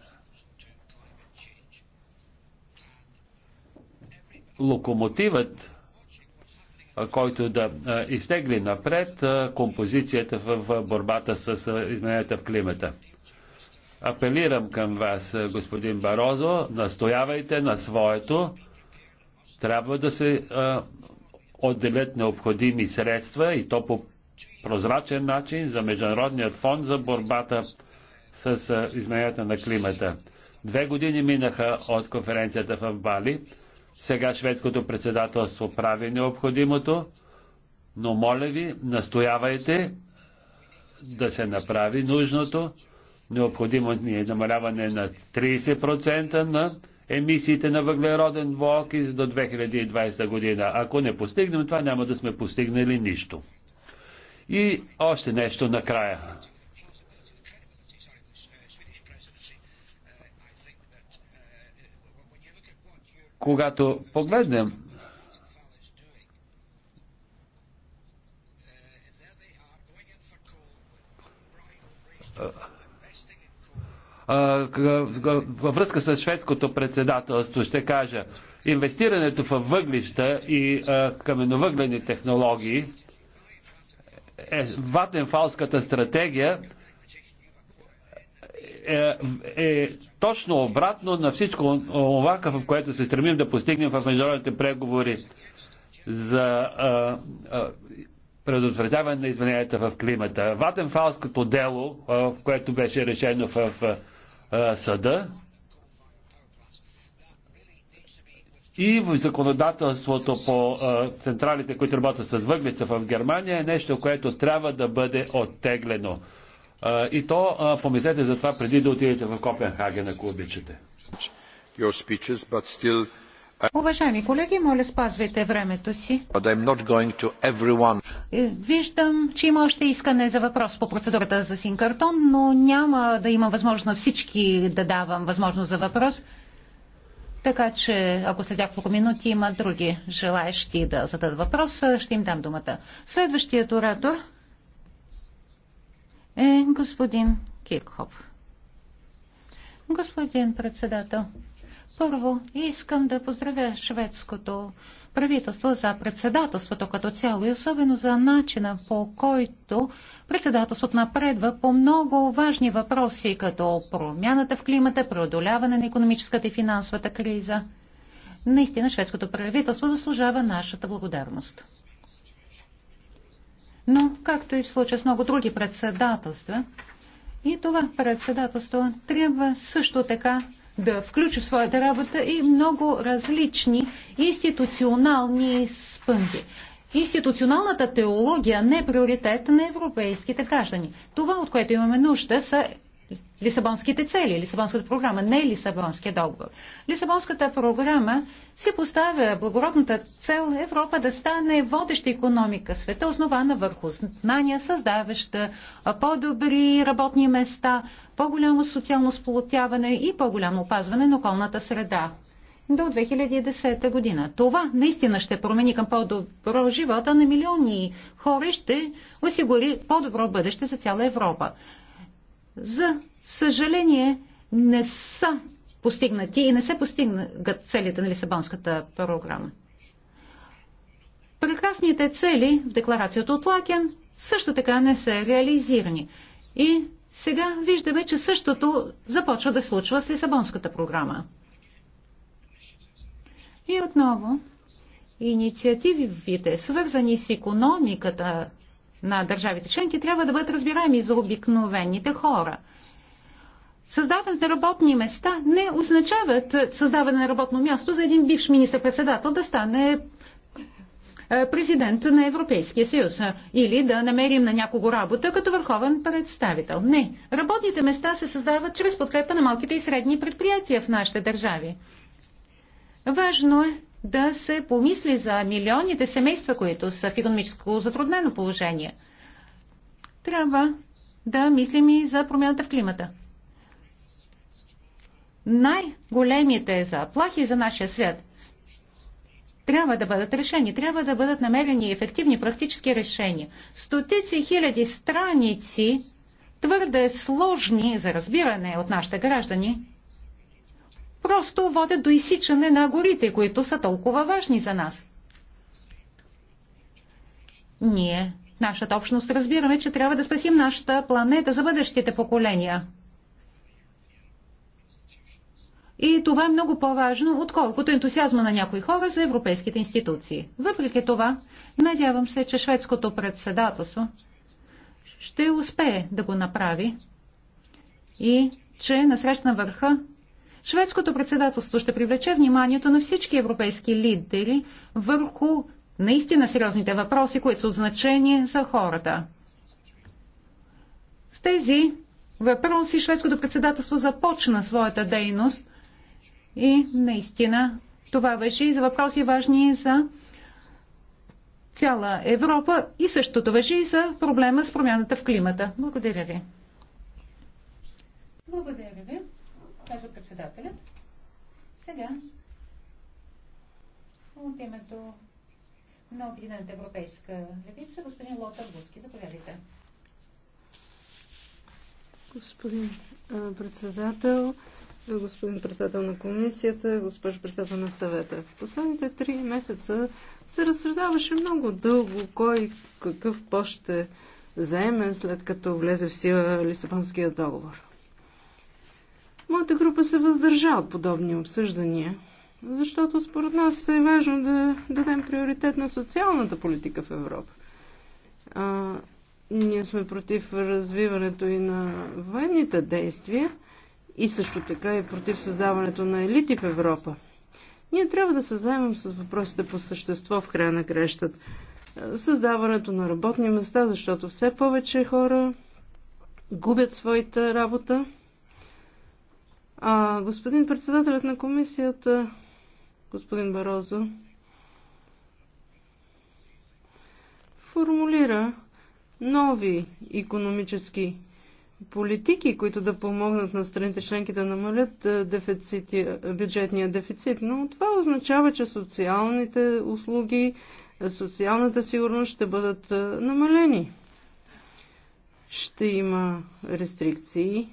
локомотивът, а, който да а, изтегли напред а, композицията в, в борбата с измененията в климата. Апелирам към вас, господин Барозо, настоявайте на своето. Трябва да се а, отделят необходими средства и то по прозрачен начин за Международният фонд за борбата с измененията на климата. Две години минаха от конференцията в Бали. Сега шведското председателство прави необходимото, но моля ви, настоявайте да се направи нужното. Необходимо ни е намаляване на 30% на емисиите на въглероден двуокис до 2020 година. Ако не постигнем това, няма да сме постигнали нищо. И още нещо накрая. Когато погледнем във връзка с шведското председателство ще кажа, инвестирането в въглища и каменовъглени технологии е, Ватенфалската стратегия е, е точно обратно на всичко това, в което се стремим да постигнем в международните преговори за а, а, предотвратяване на измененията в климата. Ватенфалското дело, а, което беше решено в а, съда, и в законодателството по централите, които работят с Въглица в Германия е нещо, което трябва да бъде оттеглено. И то помислете за това преди да отидете в Копенхаген, ако обичате. Уважаеми колеги, моля спазвайте времето си. Е, виждам, че има още искане за въпрос по процедурата за син картон, но няма да има възможност на всички да давам възможност за въпрос. Така че, ако след няколко минути има други желаящи да зададат въпроса, ще им дам думата. Следващият оратор е господин Кирхоп. Господин председател, първо искам да поздравя шведското правителство за председателството като цяло и особено за начина по който Председателството напредва по много важни въпроси, като промяната в климата, преодоляване на економическата и финансовата криза. Наистина шведското правителство заслужава нашата благодарност. Но, както и в случая с много други председателства, и това председателство трябва също така да включи в своята работа и много различни институционални спънки институционалната теология не е приоритет на европейските граждани. Това, от което имаме нужда, са Лисабонските цели, Лисабонската програма, не Лисабонския договор. Лисабонската програма си поставя благородната цел Европа да стане водеща економика света, основана върху знания, създаваща по-добри работни места, по-голямо социално сполотяване и по-голямо опазване на околната среда до 2010 година. Това наистина ще промени към по-добро живота на милиони хора и ще осигури по-добро бъдеще за цяла Европа. За съжаление, не са постигнати и не се постигнат целите на Лисабонската програма. Прекрасните цели в декларацията от Лакен също така не са реализирани. И сега виждаме, че същото започва да случва с Лисабонската програма. И отново, инициативите, свързани с економиката на държавите членки, трябва да бъдат разбираеми за обикновените хора. Създаването на работни места не означават създаване на работно място за един бивш министър-председател да стане е, президент на Европейския съюз или да намерим на някого работа като върховен представител. Не. Работните места се създават чрез подкрепа на малките и средни предприятия в нашите държави. Важно е да се помисли за милионите семейства, които са в економическо затруднено положение. Трябва да мислим и за промяната в климата. Най-големите заплахи за нашия свят трябва да бъдат решени, трябва да бъдат намерени ефективни практически решения. Стотици хиляди страници, твърде сложни за разбиране от нашите граждани, просто водят до изсичане на горите, които са толкова важни за нас. Ние, нашата общност, разбираме, че трябва да спасим нашата планета за бъдещите поколения. И това е много по-важно, отколкото ентусиазма на някои хора за европейските институции. Въпреки това, надявам се, че шведското председателство ще успее да го направи и че на среща на върха Шведското председателство ще привлече вниманието на всички европейски лидери върху наистина сериозните въпроси, които са от значение за хората. С тези въпроси шведското председателство започна своята дейност и наистина това беше и за въпроси важни за цяла Европа и същото въжи и за проблема с промяната в климата. Благодаря ви. Благодаря ви казва председателят. Сега от името на Обединената европейска левица, господин Лотър Буски. Заповядайте. Господин председател, господин председател на комисията, госпожо председател на съвета. В последните три месеца се разсъждаваше много дълго кой какъв пост ще заеме след като влезе в сила Лисабонския договор. Моята група се въздържа от подобни обсъждания, защото според нас е важно да дадем приоритет на социалната политика в Европа. А, ние сме против развиването и на военните действия и също така и против създаването на елити в Европа. Ние трябва да се заемем с въпросите по същество в края на крещата. Създаването на работни места, защото все повече хора губят своята работа а, господин председателят на комисията, господин Барозо, формулира нови економически политики, които да помогнат на страните членки да намалят дефицити, бюджетния дефицит. Но това означава, че социалните услуги, социалната сигурност ще бъдат намалени. Ще има рестрикции,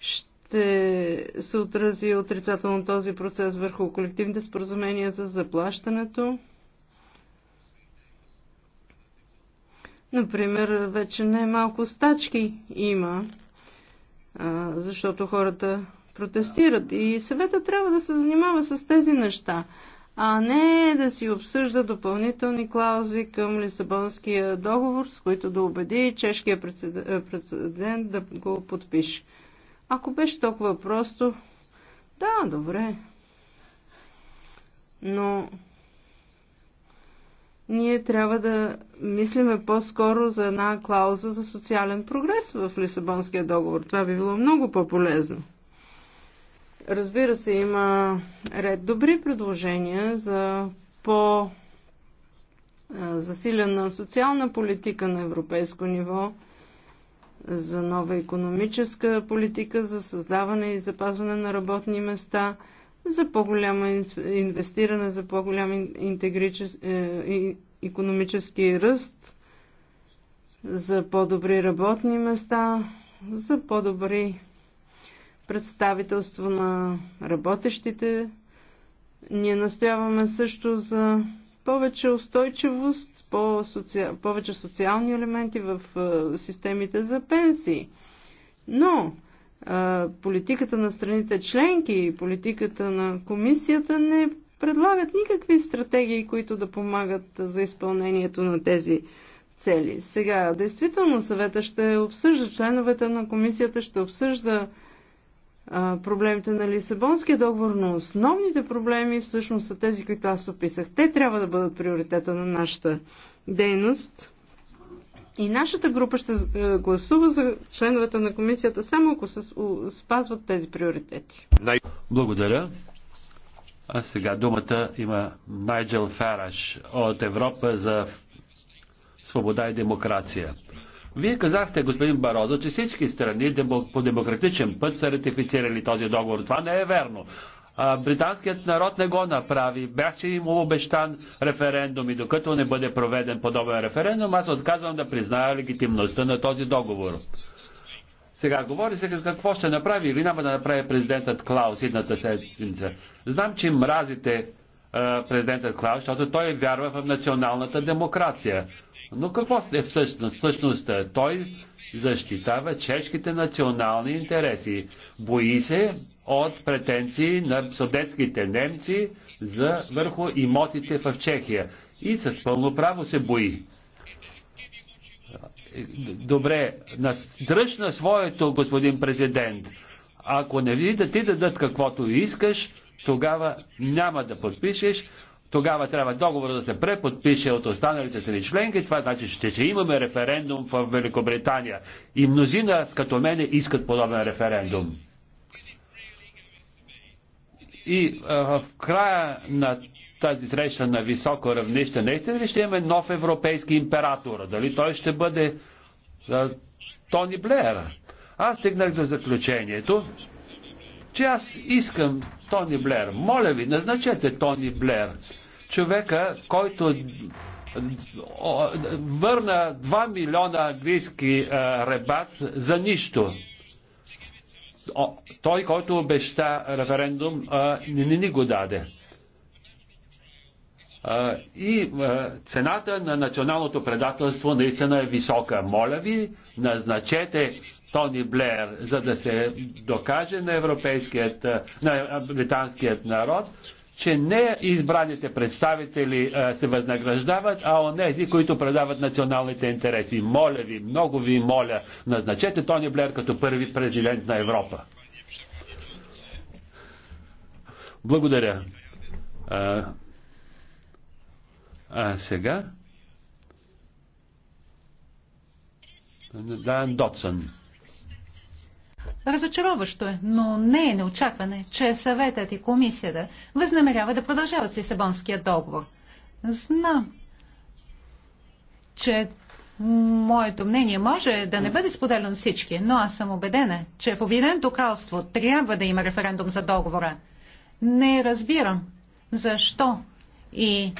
ще ще се отрази отрицателно този процес върху колективните споразумения за заплащането. Например, вече не малко стачки има, защото хората протестират. И съвета трябва да се занимава с тези неща, а не да си обсъжда допълнителни клаузи към Лисабонския договор, с които да убеди чешкия прецедент да го подпише. Ако беше толкова просто, да, добре. Но ние трябва да мислиме по-скоро за една клауза за социален прогрес в Лисабонския договор. Това би било много по-полезно. Разбира се, има ред добри предложения за по засилена социална политика на европейско ниво – за нова економическа политика, за създаване и запазване на работни места, за по-голямо инвестиране, за по-голям е, економически ръст, за по-добри работни места, за по-добри представителство на работещите. Ние настояваме също за повече устойчивост, по повече социални елементи в системите за пенсии. Но политиката на страните членки и политиката на комисията не предлагат никакви стратегии, които да помагат за изпълнението на тези цели. Сега, действително съвета ще обсъжда, членовете на комисията ще обсъжда проблемите на Лисабонския договор, но основните проблеми всъщност са тези, които аз описах. Те трябва да бъдат приоритета на нашата дейност. И нашата група ще е, гласува за членовете на комисията само ако се спазват тези приоритети. Благодаря. А сега думата има Найджел Фараш от Европа за свобода и демокрация. Вие казахте, господин Барозо, че всички страни по демократичен път са ратифицирали този договор. Това не е верно. Британският народ не го направи. Беше им обещан референдум и докато не бъде проведен подобен референдум, аз отказвам да призная легитимността на този договор. Сега говори се какво ще направи или няма да направи президентът Клаус едната седмица. Знам, че мразите президентът Клаус, защото той вярва в националната демокрация. Но какво е всъщност? всъщност е, той защитава чешките национални интереси. Бои се от претенции на съдетските немци за върху имотите в Чехия. И с пълно право се бои. Добре, дръж на своето, господин президент. Ако не види да ти дадат каквото искаш, тогава няма да подпишеш, тогава трябва договор да се преподпише от останалите три членки. Това значи, че ще имаме референдум в Великобритания. И мнозина, като мене, искат подобен референдум. И а, в края на тази среща на високо равнище, наистина ли ще имаме нов европейски император? Дали той ще бъде а, Тони Блеер? Аз стигнах до заключението, че аз искам Тони Блер. Моля ви, назначете Тони Блер човека, който е, върна 2 милиона английски е, ребат за нищо. Той, който обеща референдум, е, не ни го даде. И цената на националното предателство наистина е висока. Моля ви, назначете Тони Блеер, за да се докаже на европейският, на британският народ, че не избраните представители а, е, се възнаграждават, а онези, които предават националните интереси. Моля ви, много ви моля, назначете Тони Блер като първи президент на Европа. Благодаря. А, а сега? Дан Дотсън. Разочароващо е, но не е неочакване, че съветът и комисията възнамерява да продължават с Лисабонския договор. Знам, че моето мнение може да не бъде споделено всички, но аз съм убедена, че в Обединеното кралство трябва да има референдум за договора. Не разбирам защо и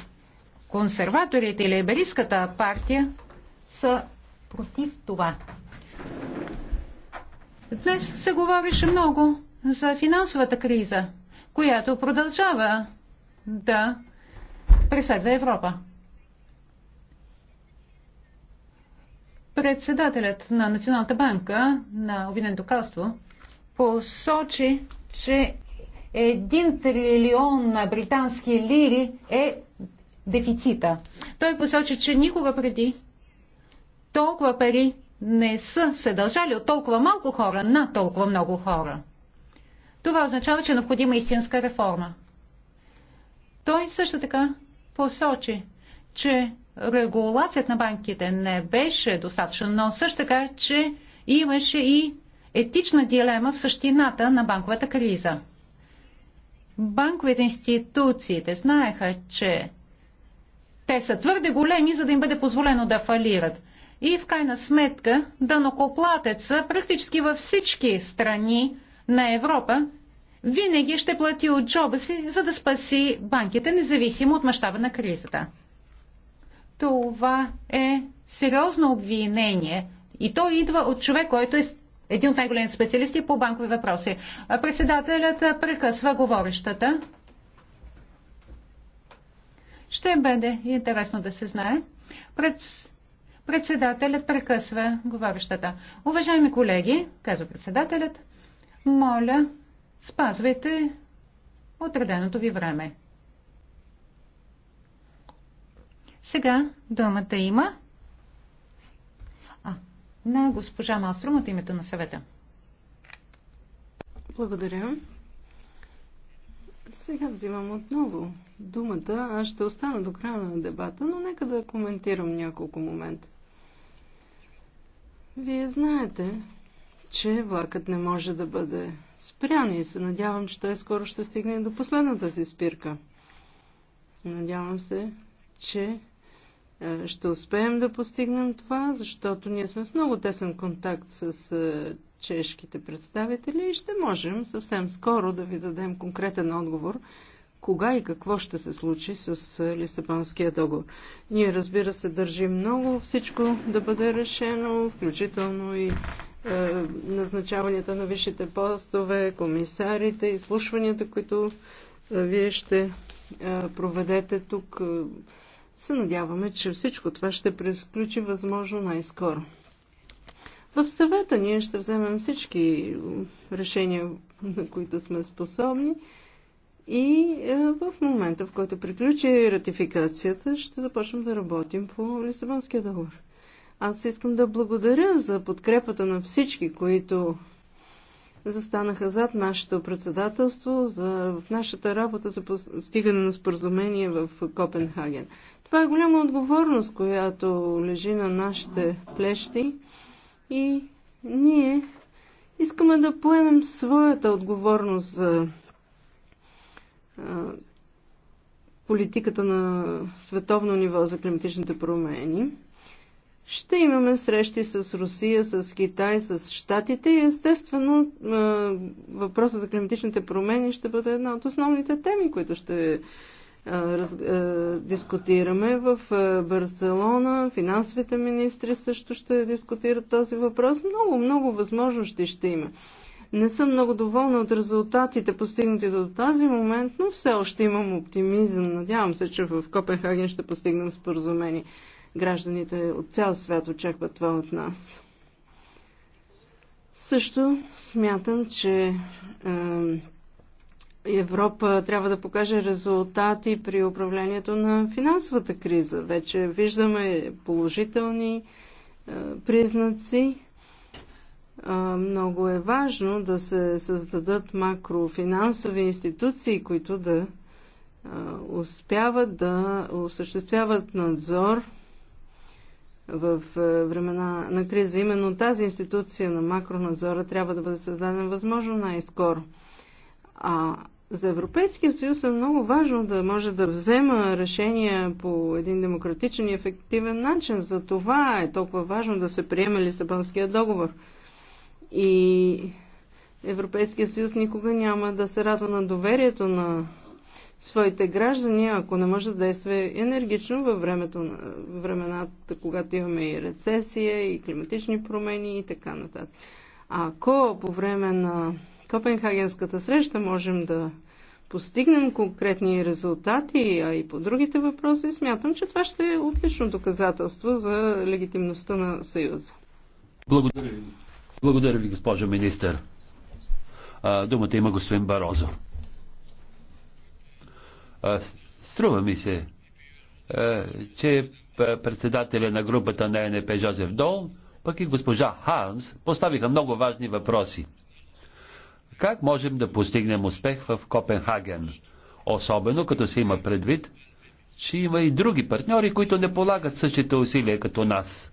консерваторите и лейберистската партия са против това. Днес се говорише много за финансовата криза, която продължава да преследва Европа. Председателят на Националната банка на Обединеното кралство посочи, че един трилион на британски лири е дефицита. Той посочи, че никога преди толкова пари не са се дължали от толкова малко хора на толкова много хора. Това означава, че е необходима истинска реформа. Той също така посочи, че регулацията на банките не беше достатъчна, но също така, че имаше и етична дилема в същината на банковата криза. Банковите институциите знаеха, че те са твърде големи, за да им бъде позволено да фалират. И в крайна сметка данокоплатеца практически във всички страни на Европа винаги ще плати от джоба си, за да спаси банките, независимо от мащаба на кризата. Това е сериозно обвинение и то идва от човек, който е един от най-големите специалисти по банкови въпроси. Председателят прекъсва говорещата. Ще бъде интересно да се знае. Пред Председателят прекъсва говорещата. Уважаеми колеги, казва председателят, моля, спазвайте отреденото ви време. Сега думата има а, на госпожа Малструм от името на съвета. Благодаря. Сега взимам отново думата. Аз ще остана до края на дебата, но нека да коментирам няколко момента. Вие знаете, че влакът не може да бъде спрян и се надявам, че той скоро ще стигне до последната си спирка. Надявам се, че е, ще успеем да постигнем това, защото ние сме в много тесен контакт с е, чешките представители и ще можем съвсем скоро да ви дадем конкретен отговор кога и какво ще се случи с Лисабонския договор. Ние, разбира се, държим много всичко да бъде решено, включително и е, назначаванията на висшите постове, комисарите, изслушванията, които е, вие ще е, проведете тук. Се надяваме, че всичко това ще пресключи възможно най-скоро. В съвета ние ще вземем всички решения, на които сме способни. И е, в момента, в който приключи ратификацията, ще започнем да работим по Лисабонския договор. Аз искам да благодаря за подкрепата на всички, които застанаха зад нашето председателство за, в нашата работа за постигане на споразумение в Копенхаген. Това е голяма отговорност, която лежи на нашите плещи и ние искаме да поемем своята отговорност за политиката на световно ниво за климатичните промени. Ще имаме срещи с Русия, с Китай, с Штатите и естествено въпросът за климатичните промени ще бъде една от основните теми, които ще раз, дискутираме в Барселона. Финансовите министри също ще дискутират този въпрос. Много, много възможности ще има. Не съм много доволна от резултатите, постигнати до този момент, но все още имам оптимизъм. Надявам се, че в Копенхаген ще постигнем споразумение. Гражданите от цял свят очакват това от нас. Също смятам, че Европа трябва да покаже резултати при управлението на финансовата криза. Вече виждаме положителни признаци много е важно да се създадат макрофинансови институции, които да успяват да осъществяват надзор в времена на криза. Именно тази институция на макронадзора трябва да бъде създадена възможно най-скоро. А за Европейския съюз е много важно да може да взема решения по един демократичен и ефективен начин. За това е толкова важно да се приеме Лисабонския договор – и Европейския съюз никога няма да се радва на доверието на своите граждани, ако не може да действа енергично във времето, времената, когато имаме и рецесия, и климатични промени и така нататък. Ако по време на Копенхагенската среща можем да постигнем конкретни резултати, а и по другите въпроси, смятам, че това ще е отлично доказателство за легитимността на Съюза. Благодаря ви. Благодаря ви, госпожо министър. Думата има господин Барозо. Струва ми се, че председателя на групата на НП Жозеф Дол, пък и госпожа Хармс поставиха много важни въпроси. Как можем да постигнем успех в Копенхаген? Особено като се има предвид, че има и други партньори, които не полагат същите усилия като нас.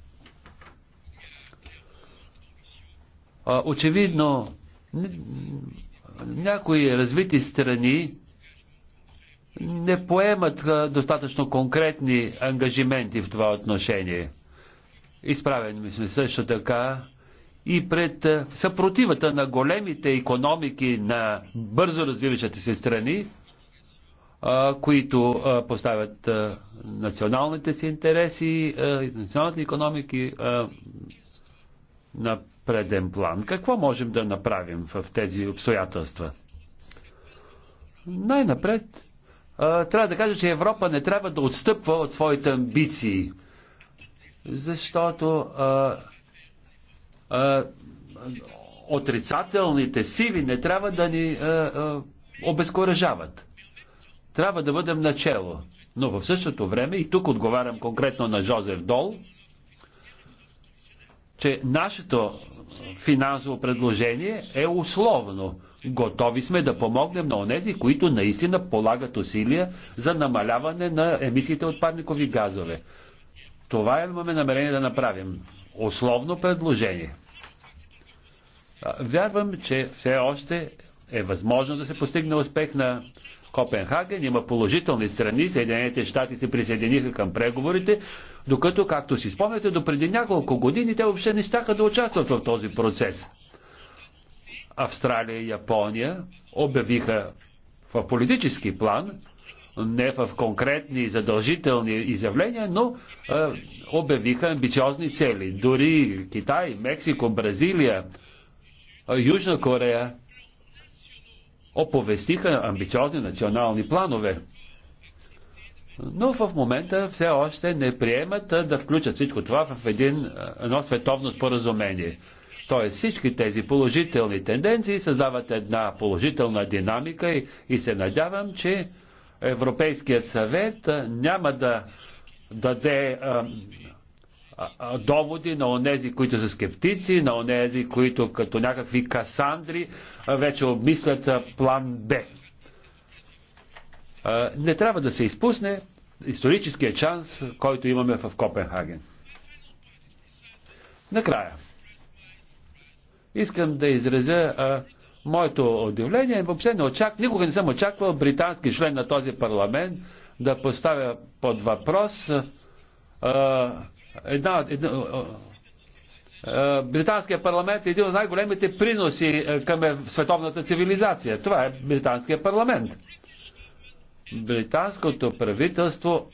Очевидно, някои развити страни не поемат достатъчно конкретни ангажименти в това отношение. Изправени сме също така и пред съпротивата на големите економики на бързо развиващите се страни, които поставят националните си интереси, националните економики на преден план. Какво можем да направим в тези обстоятелства? Най-напред трябва да кажа, че Европа не трябва да отстъпва от своите амбиции, защото а, а, отрицателните сили не трябва да ни а, а, обезкуражават. Трябва да бъдем начало. Но в същото време, и тук отговарям конкретно на Жозеф Дол, че нашето финансово предложение е условно. Готови сме да помогнем на онези, които наистина полагат усилия за намаляване на емисиите от парникови газове. Това имаме намерение да направим. Условно предложение. Вярвам, че все още е възможно да се постигне успех на Копенхаген. Има положителни страни. Съединените щати се присъединиха към преговорите, докато, както си спомняте, до преди няколко години те въобще не щяха да участват в този процес. Австралия и Япония обявиха в политически план, не в конкретни задължителни изявления, но е, обявиха амбициозни цели. Дори Китай, Мексико, Бразилия, Южна Корея оповестиха амбициозни национални планове. Но в момента все още не приемат да включат всичко това в един, едно световно споразумение. Тоест всички тези положителни тенденции създават една положителна динамика и, и се надявам, че Европейският съвет няма да даде доводи на онези, които са скептици, на онези, които като някакви касандри вече обмислят план Б. Не трябва да се изпусне историческия шанс, който имаме в Копенхаген. Накрая. Искам да изразя моето удивление. Въобще не очак... никога не съм очаквал британски член на този парламент да поставя под въпрос Една, една, е, Британския парламент е един от най-големите приноси е, към световната цивилизация. Това е Британския парламент. Британското правителство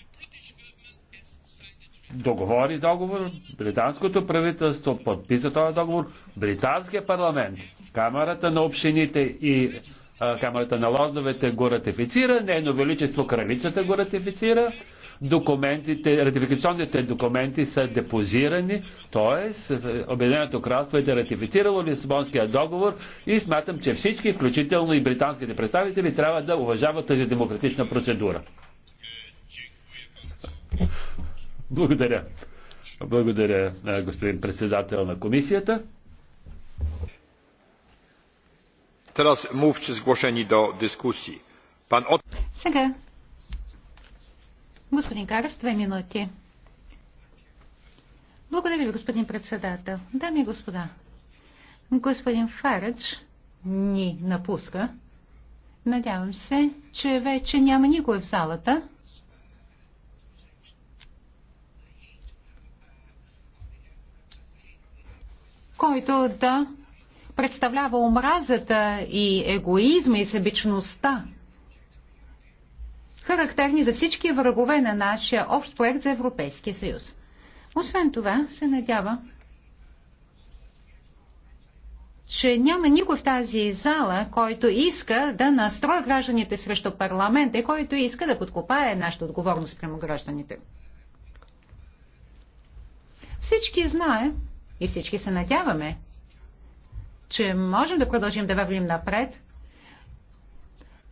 договори договор, британското правителство подписа този договор, британския парламент, камерата на общините и а, е, камерата на лордовете го ратифицира, нейно величество кралицата го ратифицира, документите, ратификационните документи са депозирани, т.е. Обединеното кралство е ратифицирало Лисабонския договор и смятам, че всички, включително и британските представители, трябва да уважават тази демократична процедура. Благодаря. Благодаря, господин председател на комисията. Сега Господин Карс, две минути. Благодаря ви, господин председател. Дами и господа, господин Фарадж ни напуска. Надявам се, че вече няма никой в залата. който да представлява омразата и егоизма и събичността характерни за всички врагове на нашия общ проект за Европейския съюз. Освен това, се надява, че няма никой в тази зала, който иска да настрои гражданите срещу парламента и който иска да подкопае нашата отговорност прямо гражданите. Всички знаем и всички се надяваме, че можем да продължим да вървим напред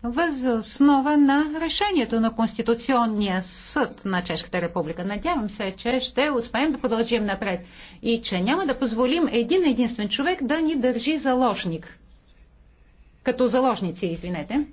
въз основа на решението на Конституционния съд на Чешката република. Надявам се, че ще успеем да продължим напред и че няма да позволим един единствен човек да ни държи заложник. Като заложници, извинете.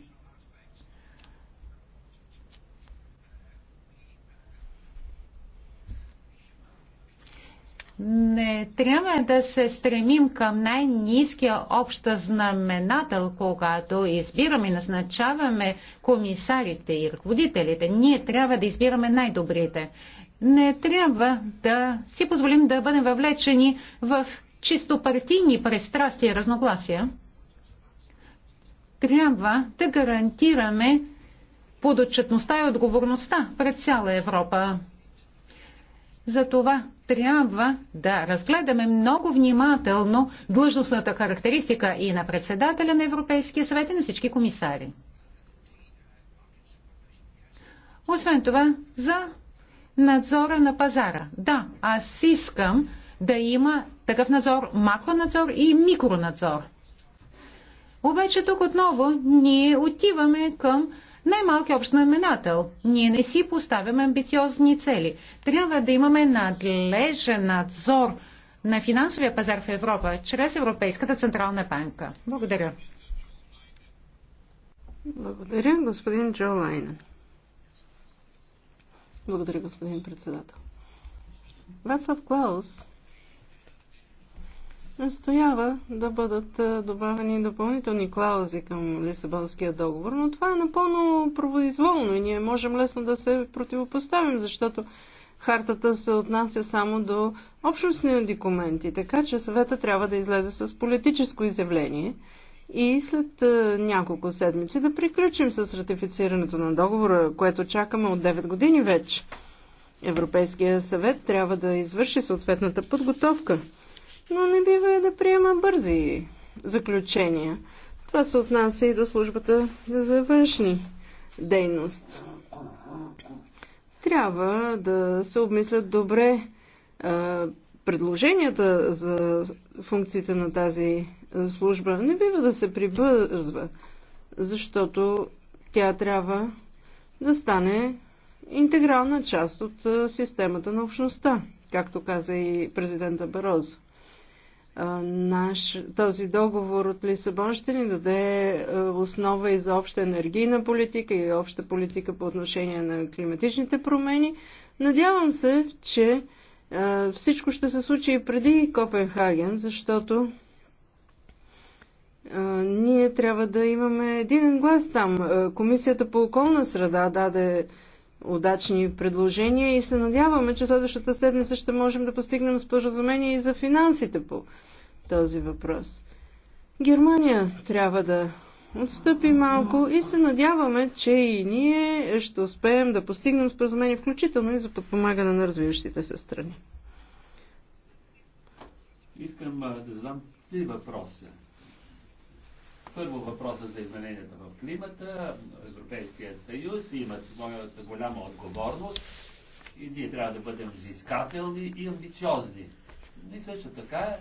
не трябва да се стремим към най-низкия общ знаменател, когато избираме и назначаваме комисарите и ръководителите. Ние трябва да избираме най-добрите. Не трябва да си позволим да бъдем въвлечени в чисто партийни престрастия и разногласия. Трябва да гарантираме подотчетността и отговорността пред цяла Европа. Затова трябва да разгледаме много внимателно длъжностната характеристика и на председателя на Европейския съвет и на всички комисари. Освен това, за надзора на пазара. Да, аз искам да има такъв надзор, макронадзор и микронадзор. Обаче тук отново ние отиваме към най-малки общ знаменател. Ние не си поставяме амбициозни цели. Трябва да имаме надлежен надзор на финансовия пазар в Европа чрез Европейската централна банка. Благодаря. Благодаря, господин Джо Лайнен. Благодаря, господин председател. Вацлав Клаус настоява да бъдат добавени допълнителни клаузи към Лисабонския договор, но това е напълно правоизволно и ние можем лесно да се противопоставим, защото хартата се отнася само до общностни документи, така че съвета трябва да излезе с политическо изявление и след няколко седмици да приключим с ратифицирането на договора, което чакаме от 9 години вече. Европейския съвет трябва да извърши съответната подготовка но не бива да приема бързи заключения. Това се отнася и до службата за външни дейност. Трябва да се обмислят добре предложенията за функциите на тази служба. Не бива да се прибързва, защото тя трябва да стане интегрална част от системата на общността, както каза и президента Барозо наш, този договор от Лисабон ще ни даде основа и за обща енергийна политика и обща политика по отношение на климатичните промени. Надявам се, че всичко ще се случи и преди Копенхаген, защото ние трябва да имаме един глас там. Комисията по околна среда даде удачни предложения и се надяваме, че следващата седмица ще можем да постигнем споразумение и за финансите по този въпрос. Германия трябва да отстъпи малко и се надяваме, че и ние ще успеем да постигнем споразумение, включително и за подпомагане на развиващите се страни. Искам да задам три въпроса. Първо въпроса за измененията в климата. Европейският съюз има своята голяма отговорност и ние трябва да бъдем взискателни и амбициозни. И също така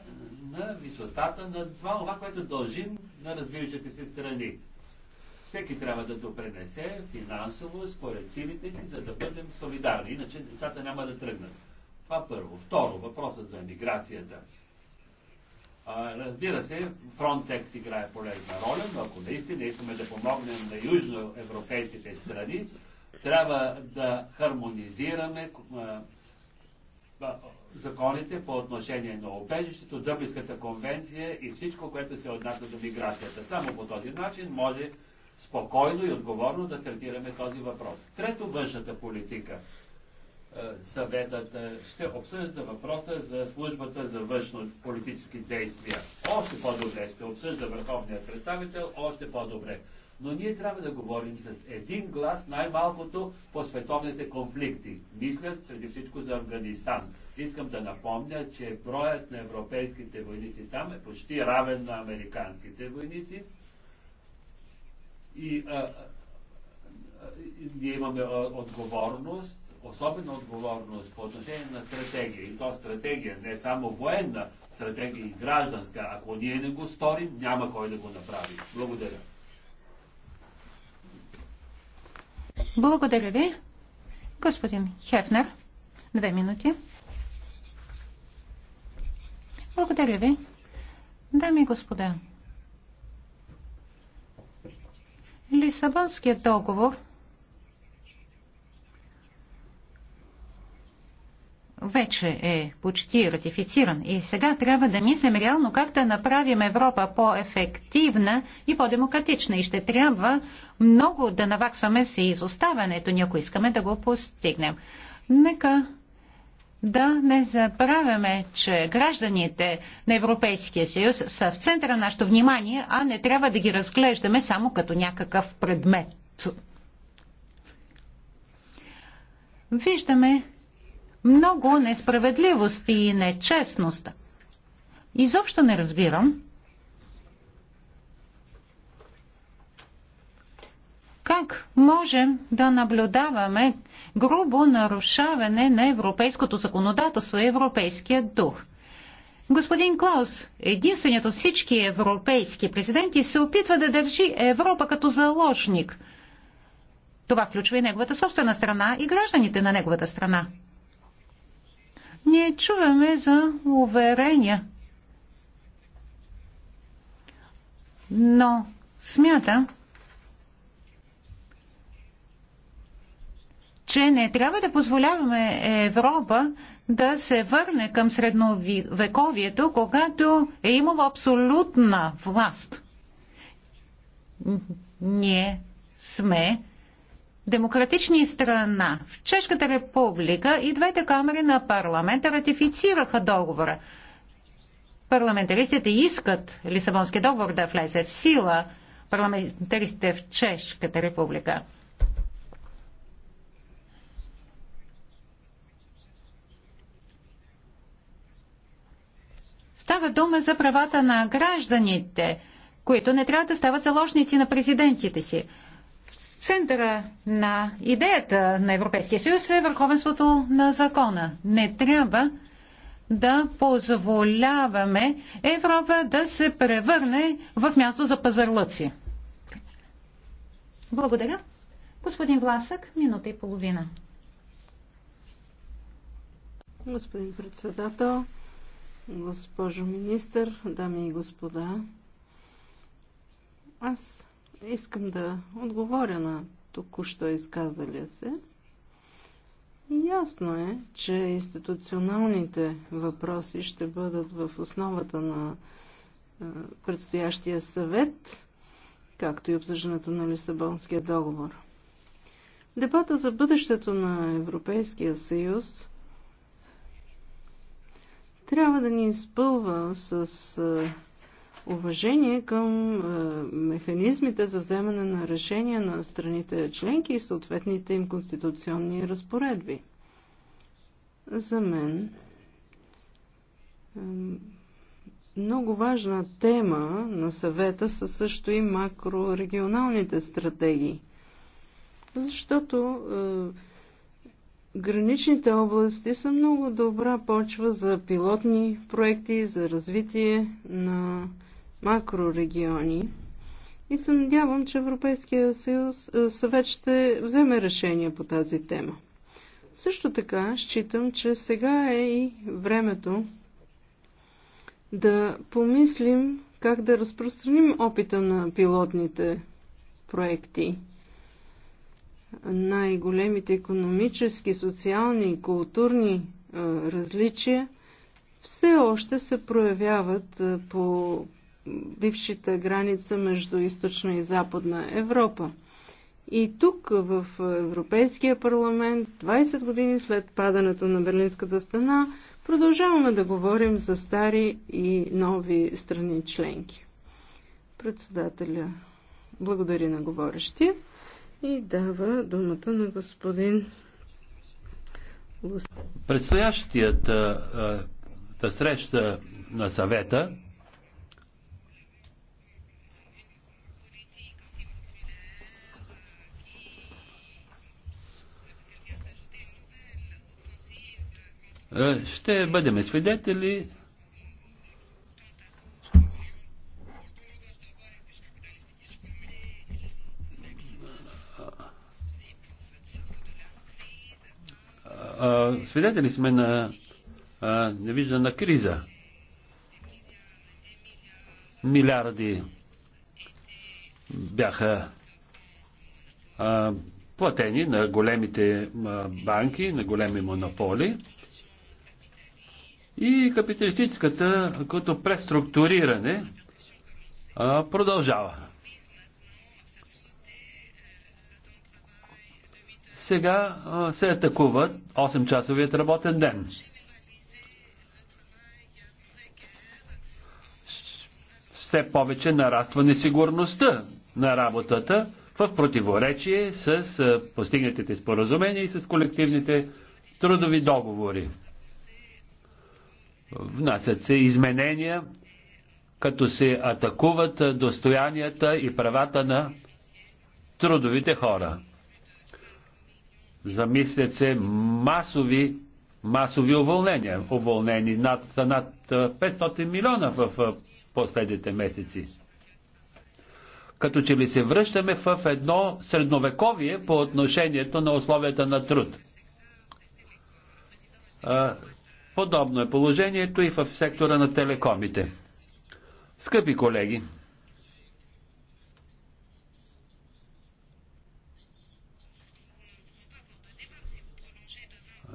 на висотата на това, което дължим на развиващите се страни. Всеки трябва да допренесе финансово според силите си, за да бъдем солидарни. Иначе децата няма да тръгнат. Това първо. Второ, въпросът за миграцията. Разбира се, Фронтекс играе полезна роля, но ако наистина искаме да помогнем на южноевропейските страни, трябва да хармонизираме законите по отношение на обежището, Дъблинската конвенция и всичко, което се отнася до миграцията. Само по този начин може спокойно и отговорно да третираме този въпрос. Трето, външната политика – е, съветът е, ще обсъжда въпроса за службата за външно-политически действия. Още по-добре ще обсъжда върховният представител, още по-добре. Но ние трябва да говорим с един глас най-малкото по световните конфликти. Мисля преди всичко за Афганистан. Искам да напомня, че броят на европейските войници там е почти равен на американските войници. И а, а, а, ние имаме а, отговорност особена отговорност по отношение на стратегия, и то стратегия, не само военна стратегия и гражданска. Ако ние не го сторим, няма кой да го направи. Благодаря. Благодаря ви. Господин Хефнер, две минути. Благодаря ви. Дами и господа, Лисабонският договор – вече е почти ратифициран. И сега трябва да мислим реално как да направим Европа по-ефективна и по-демократична. И ще трябва много да наваксваме си изоставането, ние ако искаме да го постигнем. Нека да не забравяме, че гражданите на Европейския съюз са в центъра на нашето внимание, а не трябва да ги разглеждаме само като някакъв предмет. Виждаме, много несправедливост и нечестност. Изобщо не разбирам как можем да наблюдаваме грубо нарушаване на европейското законодателство и европейския дух. Господин Клаус, единственият от всички европейски президенти се опитва да държи Европа като заложник. Това включва и неговата собствена страна и гражданите на неговата страна. Ние чуваме за уверения, но смятам, че не трябва да позволяваме Европа да се върне към средновековието, когато е имало абсолютна власт. Ние сме демократични страна, в Чешката република и двете камери на парламента ратифицираха договора. Парламентаристите искат Лисабонския договор да влезе в сила. Парламентаристите в Чешката република. Става дума за правата на гражданите, които не трябва да стават заложници на президентите си центъра на идеята на Европейския съюз е върховенството на закона. Не трябва да позволяваме Европа да се превърне в място за пазарлъци. Благодаря. Господин Власък, минута и половина. Господин председател, госпожо министър, дами и господа, аз Искам да отговоря на току-що изказалия се. Ясно е, че институционалните въпроси ще бъдат в основата на е, предстоящия съвет, както и обсъждането на Лисабонския договор. Дебата за бъдещето на Европейския съюз трябва да ни изпълва с е, уважение към е, механизмите за вземане на решения на страните членки и съответните им конституционни разпоредби. За мен е, много важна тема на съвета са също и макрорегионалните стратегии. Защото е, граничните области са много добра почва за пилотни проекти, за развитие на макрорегиони. И се надявам, че Европейския съюз, е, съвет ще вземе решение по тази тема. Също така считам, че сега е и времето да помислим как да разпространим опита на пилотните проекти. Най-големите економически, социални и културни е, различия все още се проявяват е, по бившата граница между източна и западна Европа. И тук, в Европейския парламент, 20 години след падането на Берлинската стена, продължаваме да говорим за стари и нови страни членки. Председателя благодари на говорещия и дава думата на господин Предстоящият да среща на съвета Е, ще бъдем свидетели свидетели сме на невиждана криза. Милиарди бяха платени на големите банки, на големи монополи. И капиталистическата като преструктуриране продължава. Сега се атакува 8-часовият работен ден. все повече нараства несигурността на работата в противоречие с постигнатите споразумения и с колективните трудови договори. Внасят се изменения, като се атакуват достоянията и правата на трудовите хора. Замислят се масови, масови уволнения. Уволнени над, над 500 милиона в последните месеци. Като че ли се връщаме в едно средновековие по отношението на условията на труд. Подобно е положението и в сектора на телекомите. Скъпи колеги,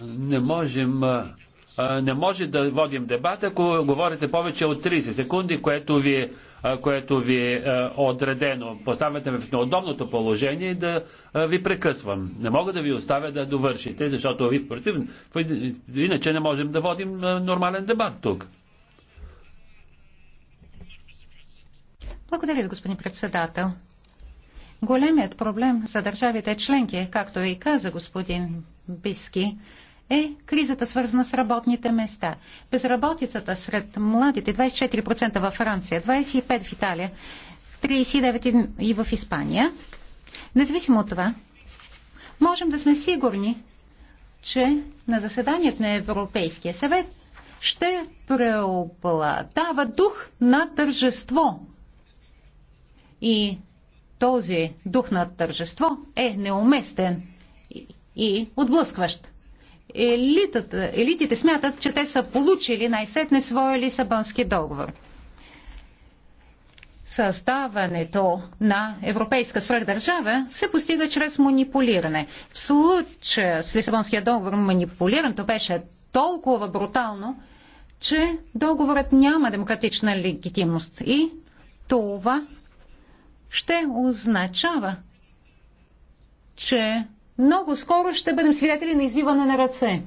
не можем не може да водим дебат, ако говорите повече от 30 секунди, което ви е което ви е отредено. Поставяте ме в неудобното положение да ви прекъсвам. Не мога да ви оставя да довършите, защото ви против... Иначе не можем да водим нормален дебат тук. Благодаря ви, господин председател. Големият проблем за държавите членки, както и каза господин Биски, е кризата свързана с работните места. Безработицата сред младите 24% във Франция, 25% в Италия, 39% и в Испания. Независимо от това, можем да сме сигурни, че на заседанието на Европейския съвет ще преобладава дух на тържество. И този дух на тържество е неуместен и отблъскващ елитата, елитите смятат, че те са получили най-сетне своя Лисабонски договор. Създаването на европейска свръхдържава се постига чрез манипулиране. В случая с Лисабонския договор манипулирането беше толкова брутално, че договорът няма демократична легитимност. И това ще означава, че много скоро ще бъдем свидетели на извиване на ръце.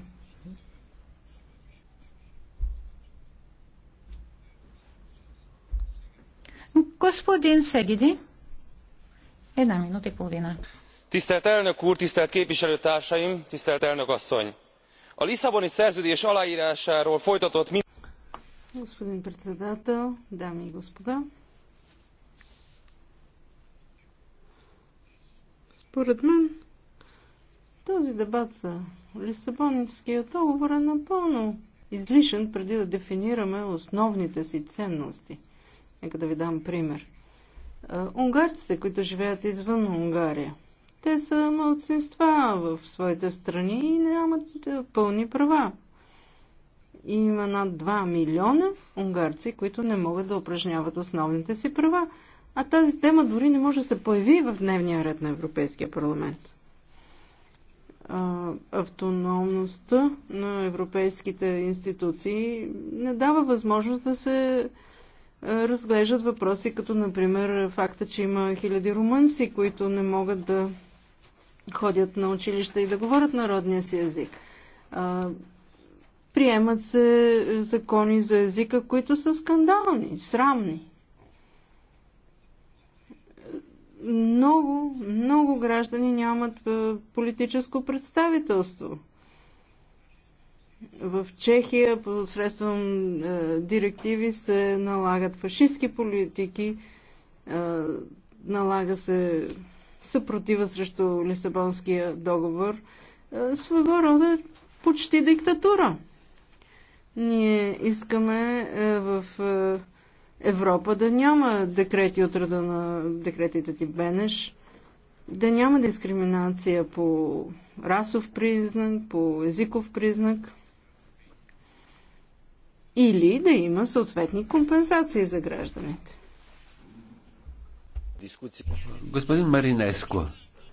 Господин Сегиди, една минута и половина. Tisztelt elnök úr, tisztelt képviselőtársaim, tisztelt elnök asszony! A Lisszaboni szerződés aláírásáról folytatott mind... Господин председател, дами и господа, според мен този дебат за Лисабонския договор е напълно излишен преди да дефинираме основните си ценности. Нека да ви дам пример. Унгарците, които живеят извън Унгария, те са малцинства в своите страни и нямат пълни права. И има над 2 милиона унгарци, които не могат да упражняват основните си права. А тази тема дори не може да се появи в дневния ред на Европейския парламент автономността на европейските институции не дава възможност да се разглеждат въпроси, като например факта, че има хиляди румънци, които не могат да ходят на училище и да говорят народния си език. Приемат се закони за езика, които са скандални, срамни. много, много граждани нямат политическо представителство. В Чехия посредством директиви се налагат фашистски политики, налага се съпротива срещу Лисабонския договор. своего рода е почти диктатура. Ние искаме в Европа да няма декрети от рода на декретите ти Бенеш, да няма дискриминация по расов признак, по езиков признак или да има съответни компенсации за гражданите. Дискуция. Господин Маринеско,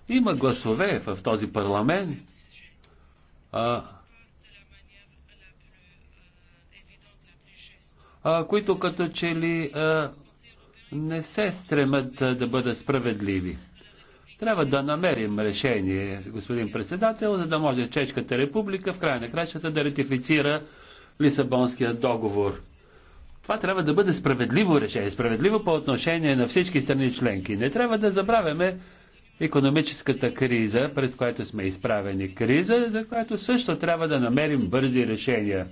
има гласове в този парламент, а, които като че ли не се стремят да бъдат справедливи. Трябва да намерим решение, господин председател, за да може Чешката република в край на кращата да ратифицира Лисабонския договор. Това трябва да бъде справедливо решение, справедливо по отношение на всички страни членки. Не трябва да забравяме економическата криза, пред която сме изправени. Криза, за която също трябва да намерим бързи решения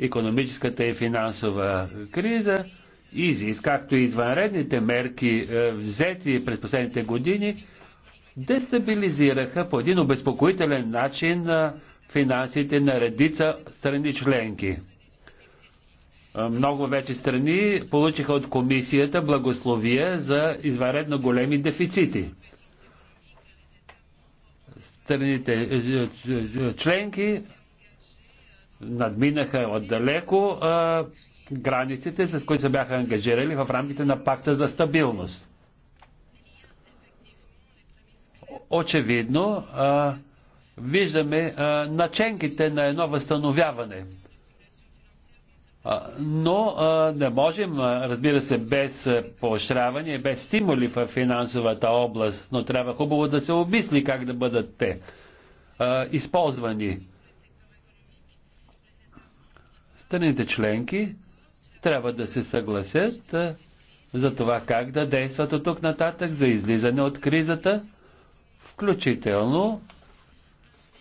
економическата и финансова криза, изис, както и извънредните мерки, е, взети през последните години, дестабилизираха по един обезпокоителен начин е, финансите на редица страни членки. Е, много вече страни получиха от комисията благословия за извънредно големи дефицити. Страните членки надминаха отдалеко а, границите, с които се бяха ангажирали в рамките на пакта за стабилност. Очевидно, а, виждаме а, наченките на едно възстановяване. но а, не можем, а, разбира се, без поощряване, без стимули в финансовата област, но трябва хубаво да се обмисли как да бъдат те а, използвани страните членки трябва да се съгласят за това как да действат от тук нататък за излизане от кризата, включително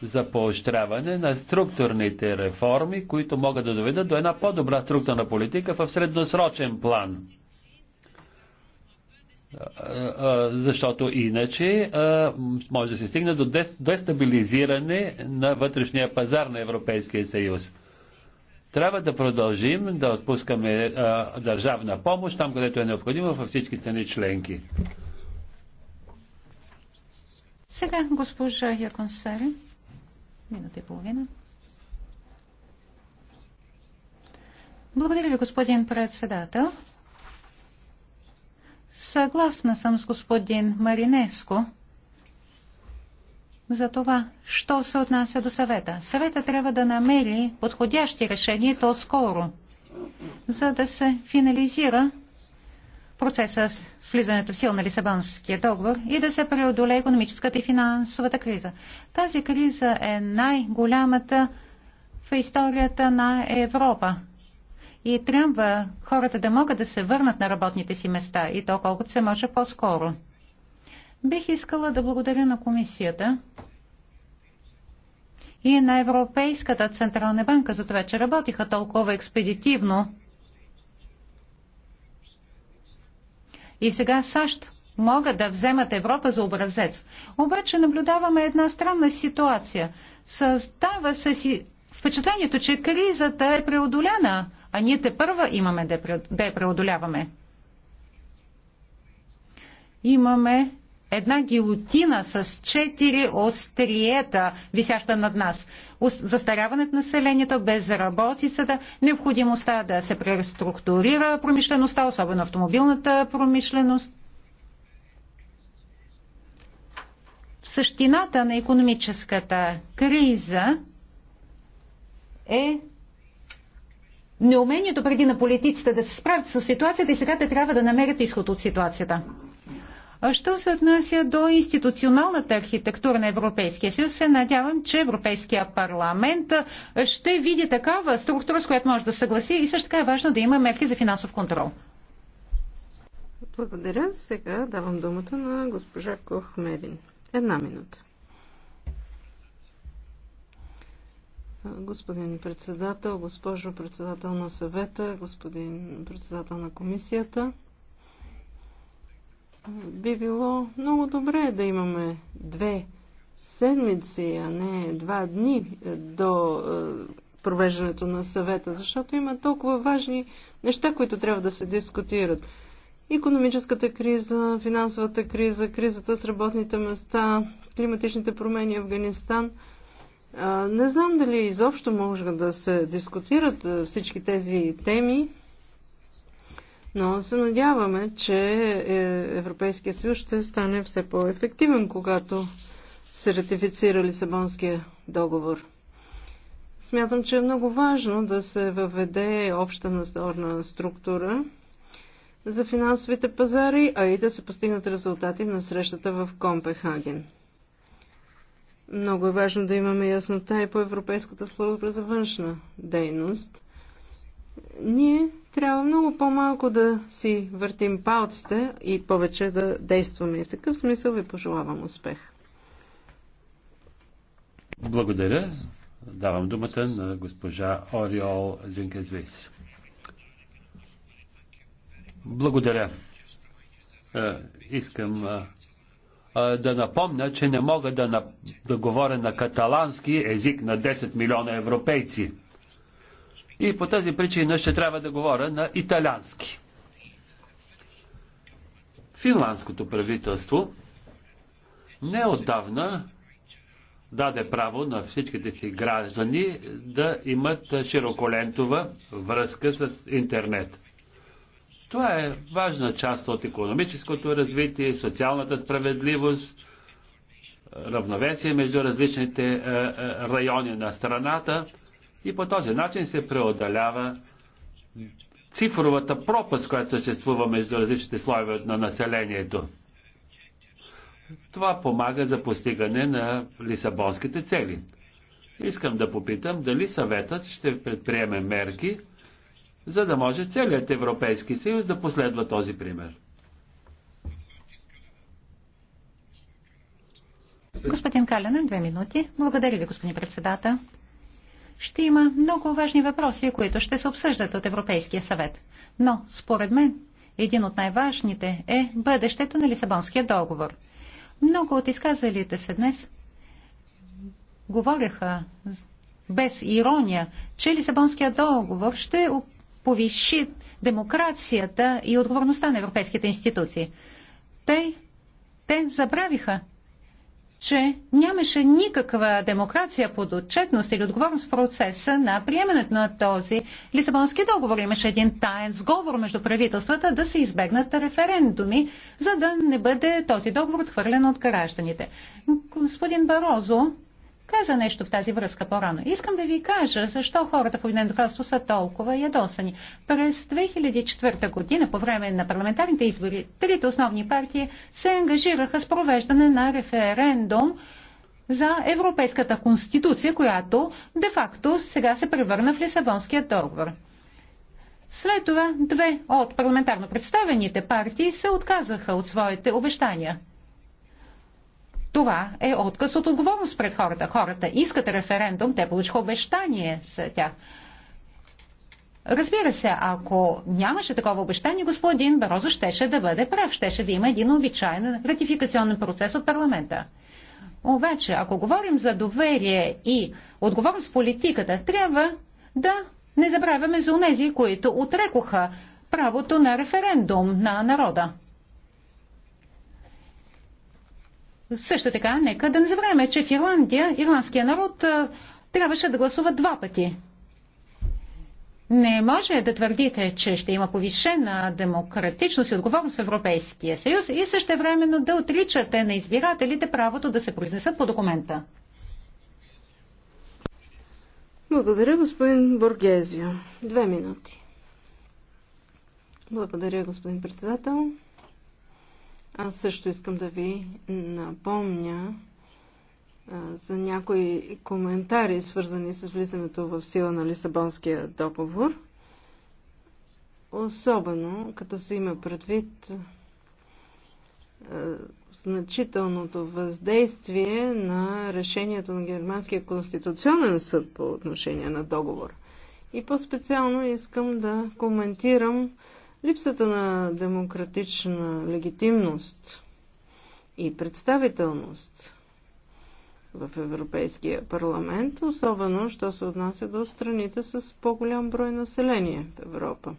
за поощряване на структурните реформи, които могат да доведат до една по-добра структурна политика в средносрочен план. Защото иначе може да се стигне до дестабилизиране на вътрешния пазар на Европейския съюз. Трябва да продължим да отпускаме а, държавна помощ там, където е необходимо във всички страни членки. Сега госпожа Яконсари. Минута и половина. Благодаря ви, господин председател. Съгласна съм с господин Маринеско за това, що се отнася до съвета. Съвета трябва да намери подходящи решения то скоро, за да се финализира процеса с влизането в сил на Лисабонския договор и да се преодолее економическата и финансовата криза. Тази криза е най-голямата в историята на Европа. И трябва хората да могат да се върнат на работните си места и то колкото се може по-скоро. Бих искала да благодаря на комисията и на Европейската Централна банка за това, че работиха толкова експедитивно. И сега САЩ могат да вземат Европа за образец. Обаче наблюдаваме една странна ситуация. Създава се си впечатлението, че кризата е преодоляна, а ние те първа имаме да я преодоляваме. Имаме една гилотина с четири остриета, висяща над нас. Застаряването на населението, безработицата, необходимостта да се преструктурира промишлеността, особено автомобилната промишленост. В същината на економическата криза е неумението преди на политиците да се справят с ситуацията и сега те трябва да намерят изход от ситуацията. А що се отнася до институционалната архитектура на Европейския съюз, се надявам, че Европейския парламент ще види такава структура, с която може да съгласи и също така е важно да има мерки за финансов контрол. Благодаря. Сега давам думата на госпожа Кохмерин. Една минута. Господин председател, госпожо председател на съвета, господин председател на комисията, би било много добре да имаме две седмици, а не два дни е, до е, провеждането на съвета, защото има толкова важни неща, които трябва да се дискутират. Економическата криза, финансовата криза, кризата с работните места, климатичните промени в Афганистан. Е, не знам дали изобщо може да се дискутират всички тези теми но се надяваме, че е, Европейския съюз ще стане все по-ефективен, когато се ратифицира Лисабонския договор. Смятам, че е много важно да се въведе обща надзорна структура за финансовите пазари, а и да се постигнат резултати на срещата в Компехаген. Много е важно да имаме яснота и по Европейската служба за външна дейност. Ние трябва много по-малко да си въртим палците и повече да действаме. В такъв смисъл ви пожелавам успех. Благодаря. Давам думата на госпожа Ориол Дженкезвис. Благодаря. Е, искам е, е, да напомня, че не мога да, на... да говоря на каталански език на 10 милиона европейци. И по тази причина ще трябва да говоря на италиански. Финландското правителство неотдавна даде право на всичките си граждани да имат широколентова връзка с интернет. Това е важна част от економическото развитие, социалната справедливост, равновесие между различните е, е, райони на страната – и по този начин се преодолява цифровата пропаст, която съществува между различните слоеве на населението. Това помага за постигане на лисабонските цели. Искам да попитам дали съветът ще предприеме мерки, за да може целият Европейски съюз да последва този пример. Господин Каленен, две минути. Благодаря ви, господин председател ще има много важни въпроси, които ще се обсъждат от Европейския съвет. Но, според мен, един от най-важните е бъдещето на Лисабонския договор. Много от изказалите се днес говореха без ирония, че Лисабонския договор ще повиши демокрацията и отговорността на европейските институции. Те, те забравиха, че нямаше никаква демокрация под отчетност или отговорност в процеса на приемането на този Лисабонски договор. Имаше един таен сговор между правителствата да се избегнат референдуми, за да не бъде този договор отхвърлен от гражданите. Господин Барозо каза нещо в тази връзка по-рано. Искам да ви кажа защо хората в Обединеното кралство са толкова ядосани. През 2004 година, по време на парламентарните избори, трите основни партии се ангажираха с провеждане на референдум за Европейската конституция, която де-факто сега се превърна в Лисабонския договор. След това две от парламентарно представените партии се отказаха от своите обещания – това е отказ от отговорност пред хората. Хората искат референдум, те получиха обещание за тях. Разбира се, ако нямаше такова обещание, господин Барозо щеше да бъде прав, щеше да има един обичайен ратификационен процес от парламента. Обаче, ако говорим за доверие и отговорност в политиката, трябва да не забравяме за онези, които отрекоха правото на референдум на народа. Също така, нека да не забравяме, че в Ирландия ирландския народ трябваше да гласува два пъти. Не може да твърдите, че ще има повишена демократичност и отговорност в Европейския съюз и също времено да отричате на избирателите правото да се произнесат по документа. Благодаря, господин Боргезио. Две минути. Благодаря, господин председател. Аз също искам да ви напомня за някои коментари, свързани с влизането в сила на Лисабонския договор. Особено като се има предвид значителното въздействие на решението на Германския конституционен съд по отношение на договор. И по-специално искам да коментирам Липсата на демократична легитимност и представителност в Европейския парламент, особено, що се отнася до страните с по-голям брой население в Европа.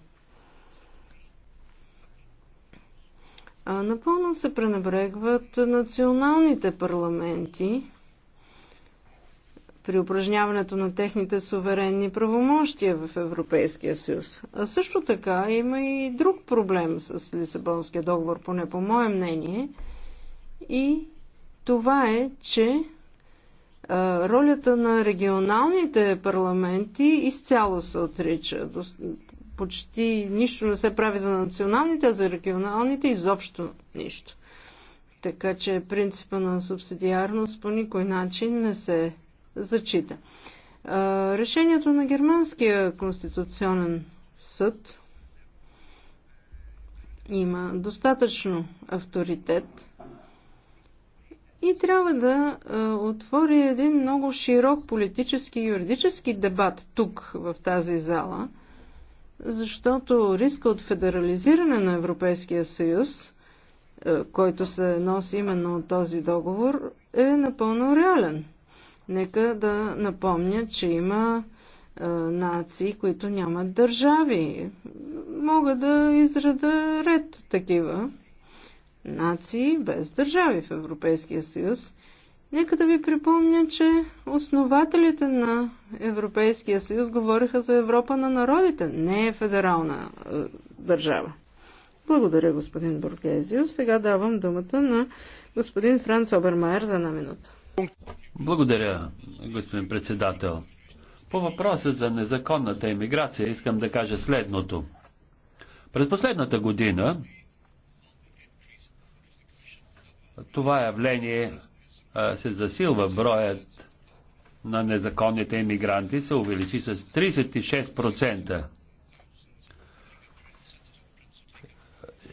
А напълно се пренебрегват националните парламенти, при упражняването на техните суверенни правомощия в Европейския съюз. А също така има и друг проблем с Лисабонския договор, поне по мое мнение, и това е, че ролята на регионалните парламенти изцяло се отрича. Почти нищо не се прави за националните, а за регионалните изобщо нищо. Така че принципа на субсидиарност по никой начин не се зачита. Решението на Германския конституционен съд има достатъчно авторитет и трябва да отвори един много широк политически и юридически дебат тук, в тази зала, защото риска от федерализиране на Европейския съюз, който се носи именно от този договор, е напълно реален. Нека да напомня, че има е, нации, които нямат държави. Мога да израда ред такива нации без държави в Европейския съюз. Нека да ви припомня, че основателите на Европейския съюз говориха за Европа на народите, не е федерална е, държава. Благодаря, господин Бургезио. Сега давам думата на господин Франц Обермайер за една минута. Благодаря, господин председател. По въпроса за незаконната иммиграция искам да кажа следното. През последната година това явление се засилва. Броят на незаконните иммигранти. се увеличи с 36%.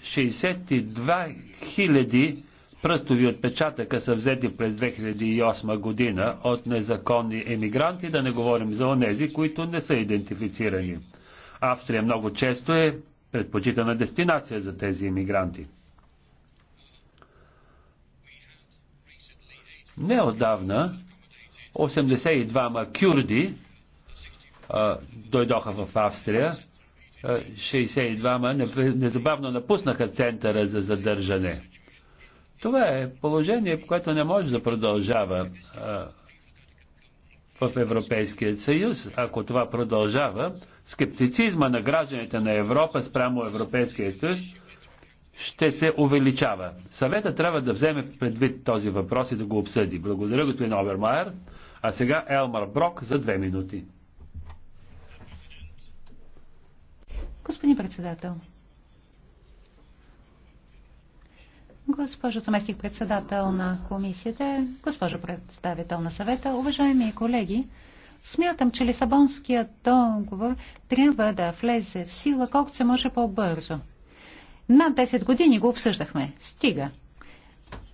62 хиляди пръстови отпечатъка са взети през 2008 година от незаконни емигранти, да не говорим за онези, които не са идентифицирани. Австрия много често е предпочитана дестинация за тези емигранти. Неодавна 82-ма кюрди а, дойдоха в Австрия, 62-ма незабавно напуснаха центъра за задържане. Това е положение, което не може да продължава в Европейския съюз. Ако това продължава, скептицизма на гражданите на Европа спрямо Европейския съюз ще се увеличава. Съвета трябва да вземе предвид този въпрос и да го обсъди. Благодаря, господин Овермайер. А сега Елмар Брок за две минути. Господин председател, Госпожо заместник председател на комисията, госпожо представител на съвета, уважаеми колеги, смятам, че Лисабонският договор трябва да влезе в сила колкото се може по-бързо. Над 10 години го обсъждахме. Стига.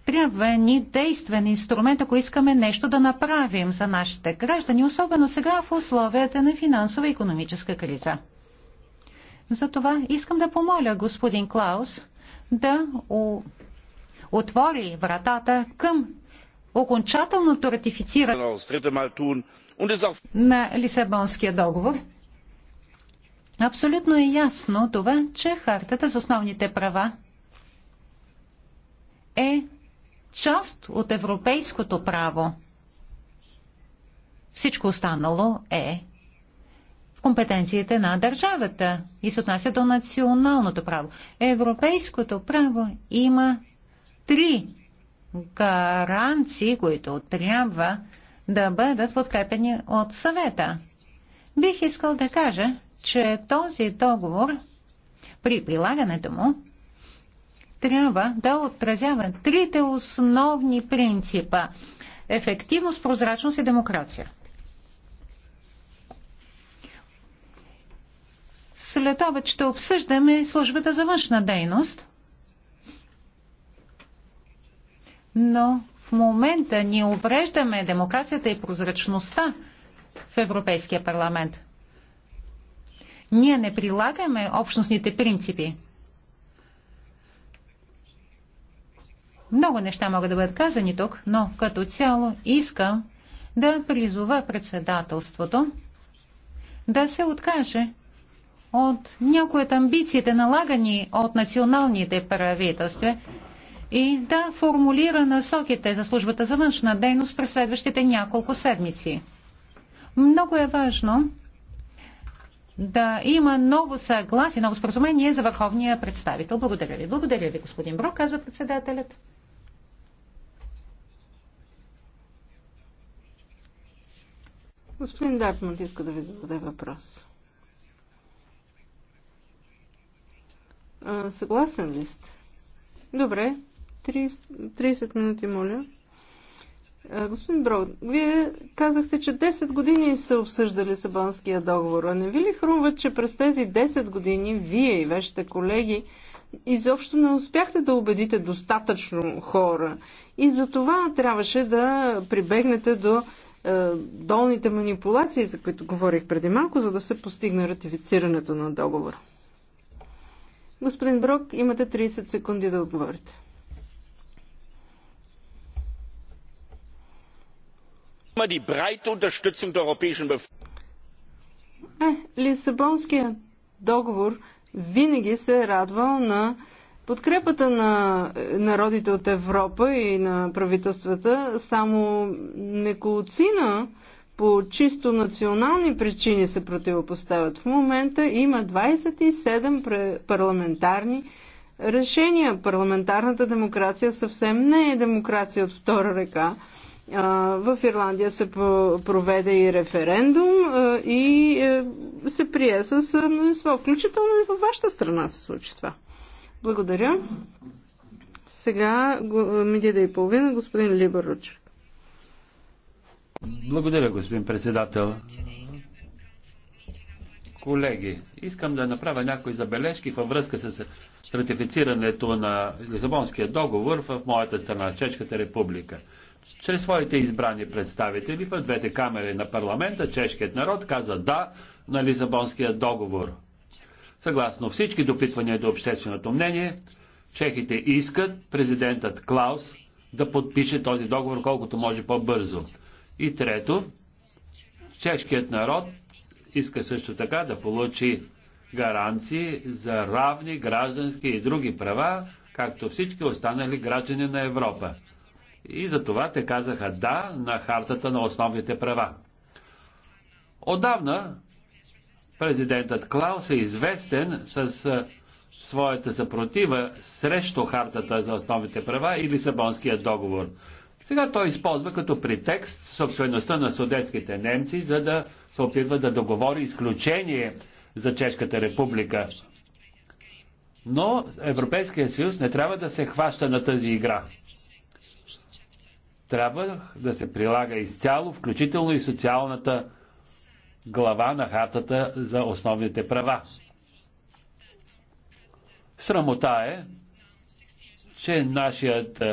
Трябва ни действен инструмент, ако искаме нещо да направим за нашите граждани, особено сега в условията на финансова и економическа криза. Затова искам да помоля господин Клаус да отвори вратата към окончателното ратифициране на Лисабонския договор. Абсолютно е ясно това, че хартата за основните права е част от европейското право. Всичко останало е в компетенциите на държавата и се отнася до националното право. Европейското право има три гаранции, които трябва да бъдат подкрепени от съвета. Бих искал да кажа, че този договор при прилагането му трябва да отразява трите основни принципа – ефективност, прозрачност и демокрация. След обед ще обсъждаме службата за външна дейност – но в момента ние увреждаме демокрацията и прозрачността в Европейския парламент. Ние не прилагаме общностните принципи. Много неща могат да бъдат казани тук, но като цяло искам да призова председателството да се откаже от някои от амбициите, налагани от националните правителства и да формулира насоките за службата за външна дейност през следващите няколко седмици. Много е важно да има ново съгласие, ново споразумение за върховния представител. Благодаря ви. Благодаря ви, господин Брок, казва председателят. Господин Дартман, иска да ви зададе въпрос. А, съгласен ли сте? Добре. 30, минути, моля. Господин Брод, вие казахте, че 10 години се обсъждали Сабонския договор. А не ви ли хрумва, че през тези 10 години вие и вашите колеги изобщо не успяхте да убедите достатъчно хора? И за това трябваше да прибегнете до е, долните манипулации, за които говорих преди малко, за да се постигне ратифицирането на договора. Господин Брок, имате 30 секунди да отговорите. Е, Лисабонският договор винаги се е радвал на подкрепата на е, народите от Европа и на правителствата. Само неколцина по чисто национални причини се противопоставят. В момента има 27 парламентарни решения. Парламентарната демокрация съвсем не е демокрация от втора река. В Ирландия се проведе и референдум и е, се прие с мнозинство. Включително и във вашата страна се случи това. Благодаря. Сега медида и половина, господин Либор Ручер. Благодаря, господин председател. Колеги, искам да направя някои забележки във връзка с ратифицирането на Лисабонския договор в моята страна, Чешката република чрез своите избрани представители в двете камери на парламента, чешкият народ каза да на Лизабонския договор. Съгласно всички допитвания до общественото мнение, чехите искат президентът Клаус да подпише този договор колкото може по-бързо. И трето, чешкият народ иска също така да получи гаранции за равни граждански и други права, както всички останали граждани на Европа. И за това те казаха да на хартата на основните права. Отдавна президентът Клаус е известен с своята съпротива срещу хартата за основните права и Лисабонския договор. Сега той използва като претекст собствеността на судетските немци, за да се опитва да договори изключение за Чешката република. Но Европейския съюз не трябва да се хваща на тази игра трябва да се прилага изцяло, включително и социалната глава на хартата за основните права. Срамота е, че нашият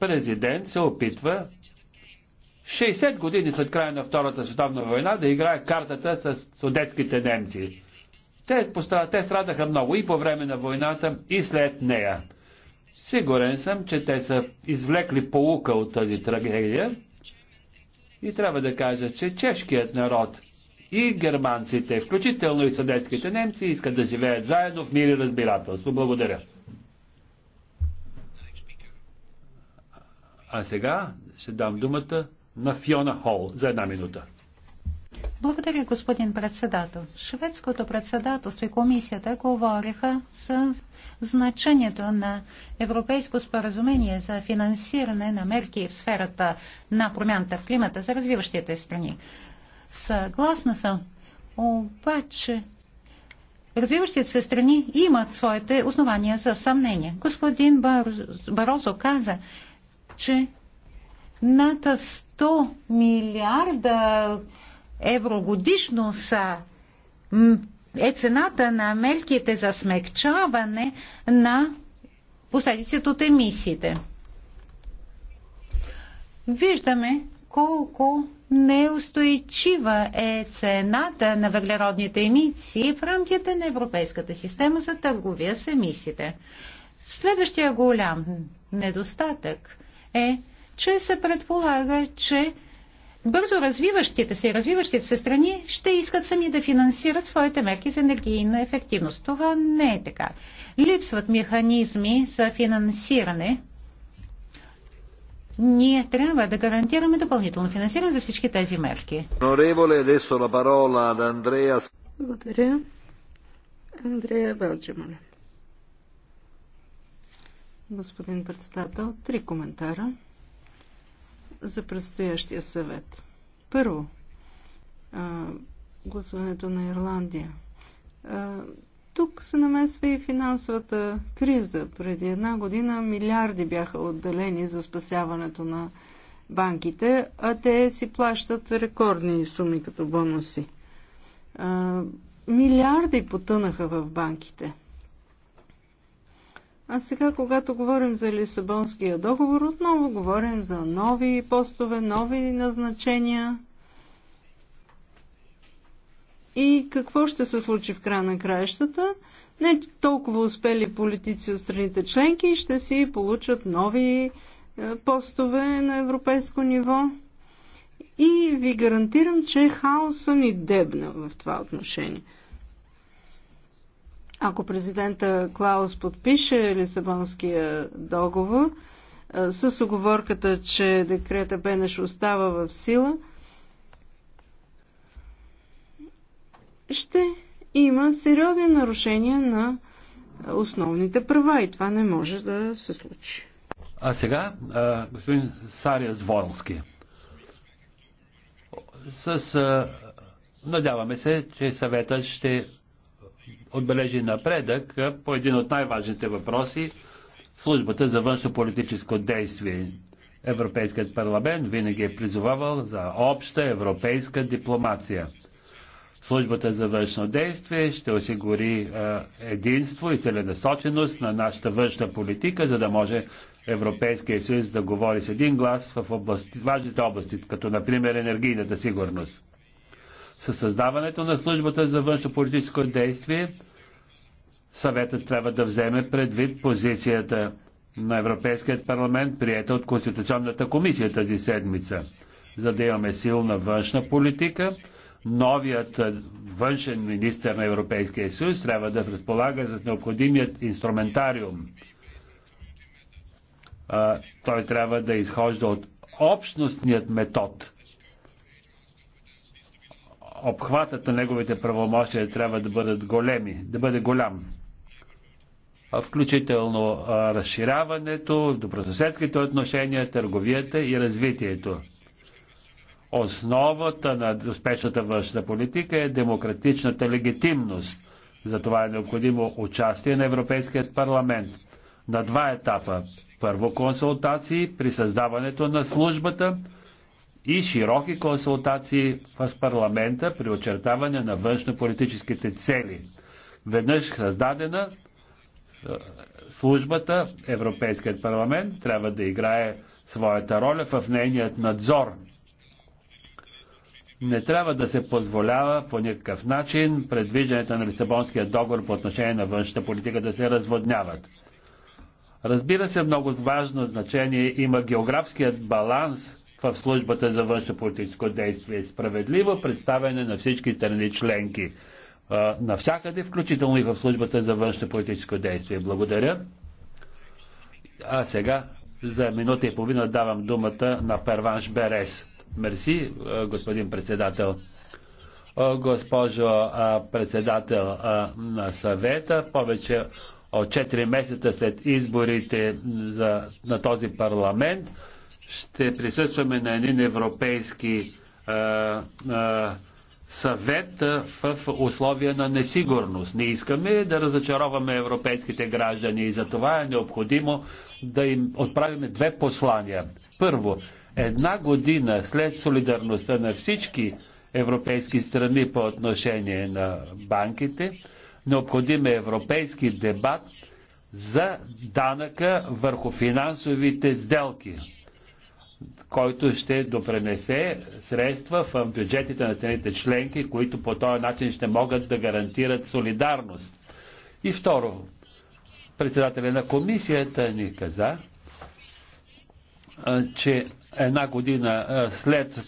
президент се опитва 60 години след края на Втората световна война да играе картата с судетските немци. Те, те страдаха много и по време на войната, и след нея. Сигурен съм, че те са извлекли полука от тази трагедия и трябва да кажа, че чешкият народ и германците, включително и съдетските немци, искат да живеят заедно в мир и разбирателство. Благодаря. А сега ще дам думата на Фиона Хол за една минута. Благодаря, господин председател. Шведското председателство и комисията говориха с значението на Европейско споразумение за финансиране на мерки в сферата на промяната в климата за развиващите страни. Съгласна съм, обаче развиващите се страни имат своите основания за съмнение. Господин Барозо каза, че над 100 милиарда евро годишно са е цената на мерките за смекчаване на последиците от емисиите. Виждаме колко неустойчива е цената на въглеродните емисии в рамките на Европейската система за търговия с емисиите. Следващия голям недостатък е, че се предполага, че бързо развиващите се и развиващите се страни ще искат сами да финансират своите мерки за енергийна ефективност. Това не е така. Липсват механизми за финансиране. Ние трябва да гарантираме допълнително финансиране за всички тези мерки. Благодаря. Андрея Белджимоле. Господин председател, три коментара за предстоящия съвет. Първо, гласуването на Ирландия. Тук се намесва и финансовата криза. Преди една година милиарди бяха отделени за спасяването на банките, а те си плащат рекордни суми като бонуси. А, милиарди потънаха в банките. А сега, когато говорим за Лисабонския договор, отново говорим за нови постове, нови назначения. И какво ще се случи в края на краищата? Не толкова успели политици от страните членки ще си получат нови е, постове на европейско ниво. И ви гарантирам, че хаоса ни дебна в това отношение. Ако президента Клаус подпише Лисабонския договор с оговорката, че декрета Бенеш остава в сила, ще има сериозни нарушения на основните права и това не може да се случи. А сега а, господин Сария Зворовски. С, а, надяваме се, че съветът ще отбележи напредък по един от най-важните въпроси службата за външно-политическо действие. Европейският парламент винаги е призовавал за обща европейска дипломация. Службата за външно действие ще осигури е, единство и целенасоченост на нашата външна политика, за да може Европейския съюз да говори с един глас в области, важните области, като например енергийната сигурност. Със създаването на службата за външно-политическо действие, съветът трябва да вземе предвид позицията на Европейският парламент, приета от Конституционната комисия тази седмица. За да имаме силна външна политика, новият външен министр на Европейския съюз трябва да разполага с необходимият инструментариум. той трябва да изхожда от общностният метод – обхватът на неговите правомощия трябва да бъдат големи, да бъде голям. Включително разширяването, добросъседските отношения, търговията и развитието. Основата на успешната външна политика е демократичната легитимност. За това е необходимо участие на Европейският парламент на два етапа. Първо консултации при създаването на службата – и широки консултации в парламента при очертаване на външно-политическите цели. Веднъж създадена е, службата, Европейският парламент, трябва да играе своята роля в нейният надзор. Не трябва да се позволява по никакъв начин предвижданията на Лисабонския договор по отношение на външната политика да се разводняват. Разбира се, много важно значение има географският баланс в службата за външно политическо действие. Справедливо представяне на всички страни членки. Навсякъде, включително и в службата за външно политическо действие. Благодаря. А сега за минута и половина давам думата на Перванш Берес. Мерси, господин председател. Госпожо председател на съвета, повече от 4 месеца след изборите за, на този парламент, ще присъстваме на един европейски а, а, съвет в условия на несигурност. Не искаме да разочароваме европейските граждани и за това е необходимо да им отправим две послания. Първо, една година след солидарността на всички европейски страни по отношение на банките, необходим е европейски дебат за данъка върху финансовите сделки който ще допренесе средства в бюджетите на страните членки, които по този начин ще могат да гарантират солидарност. И второ, председателя на комисията ни каза, че една година след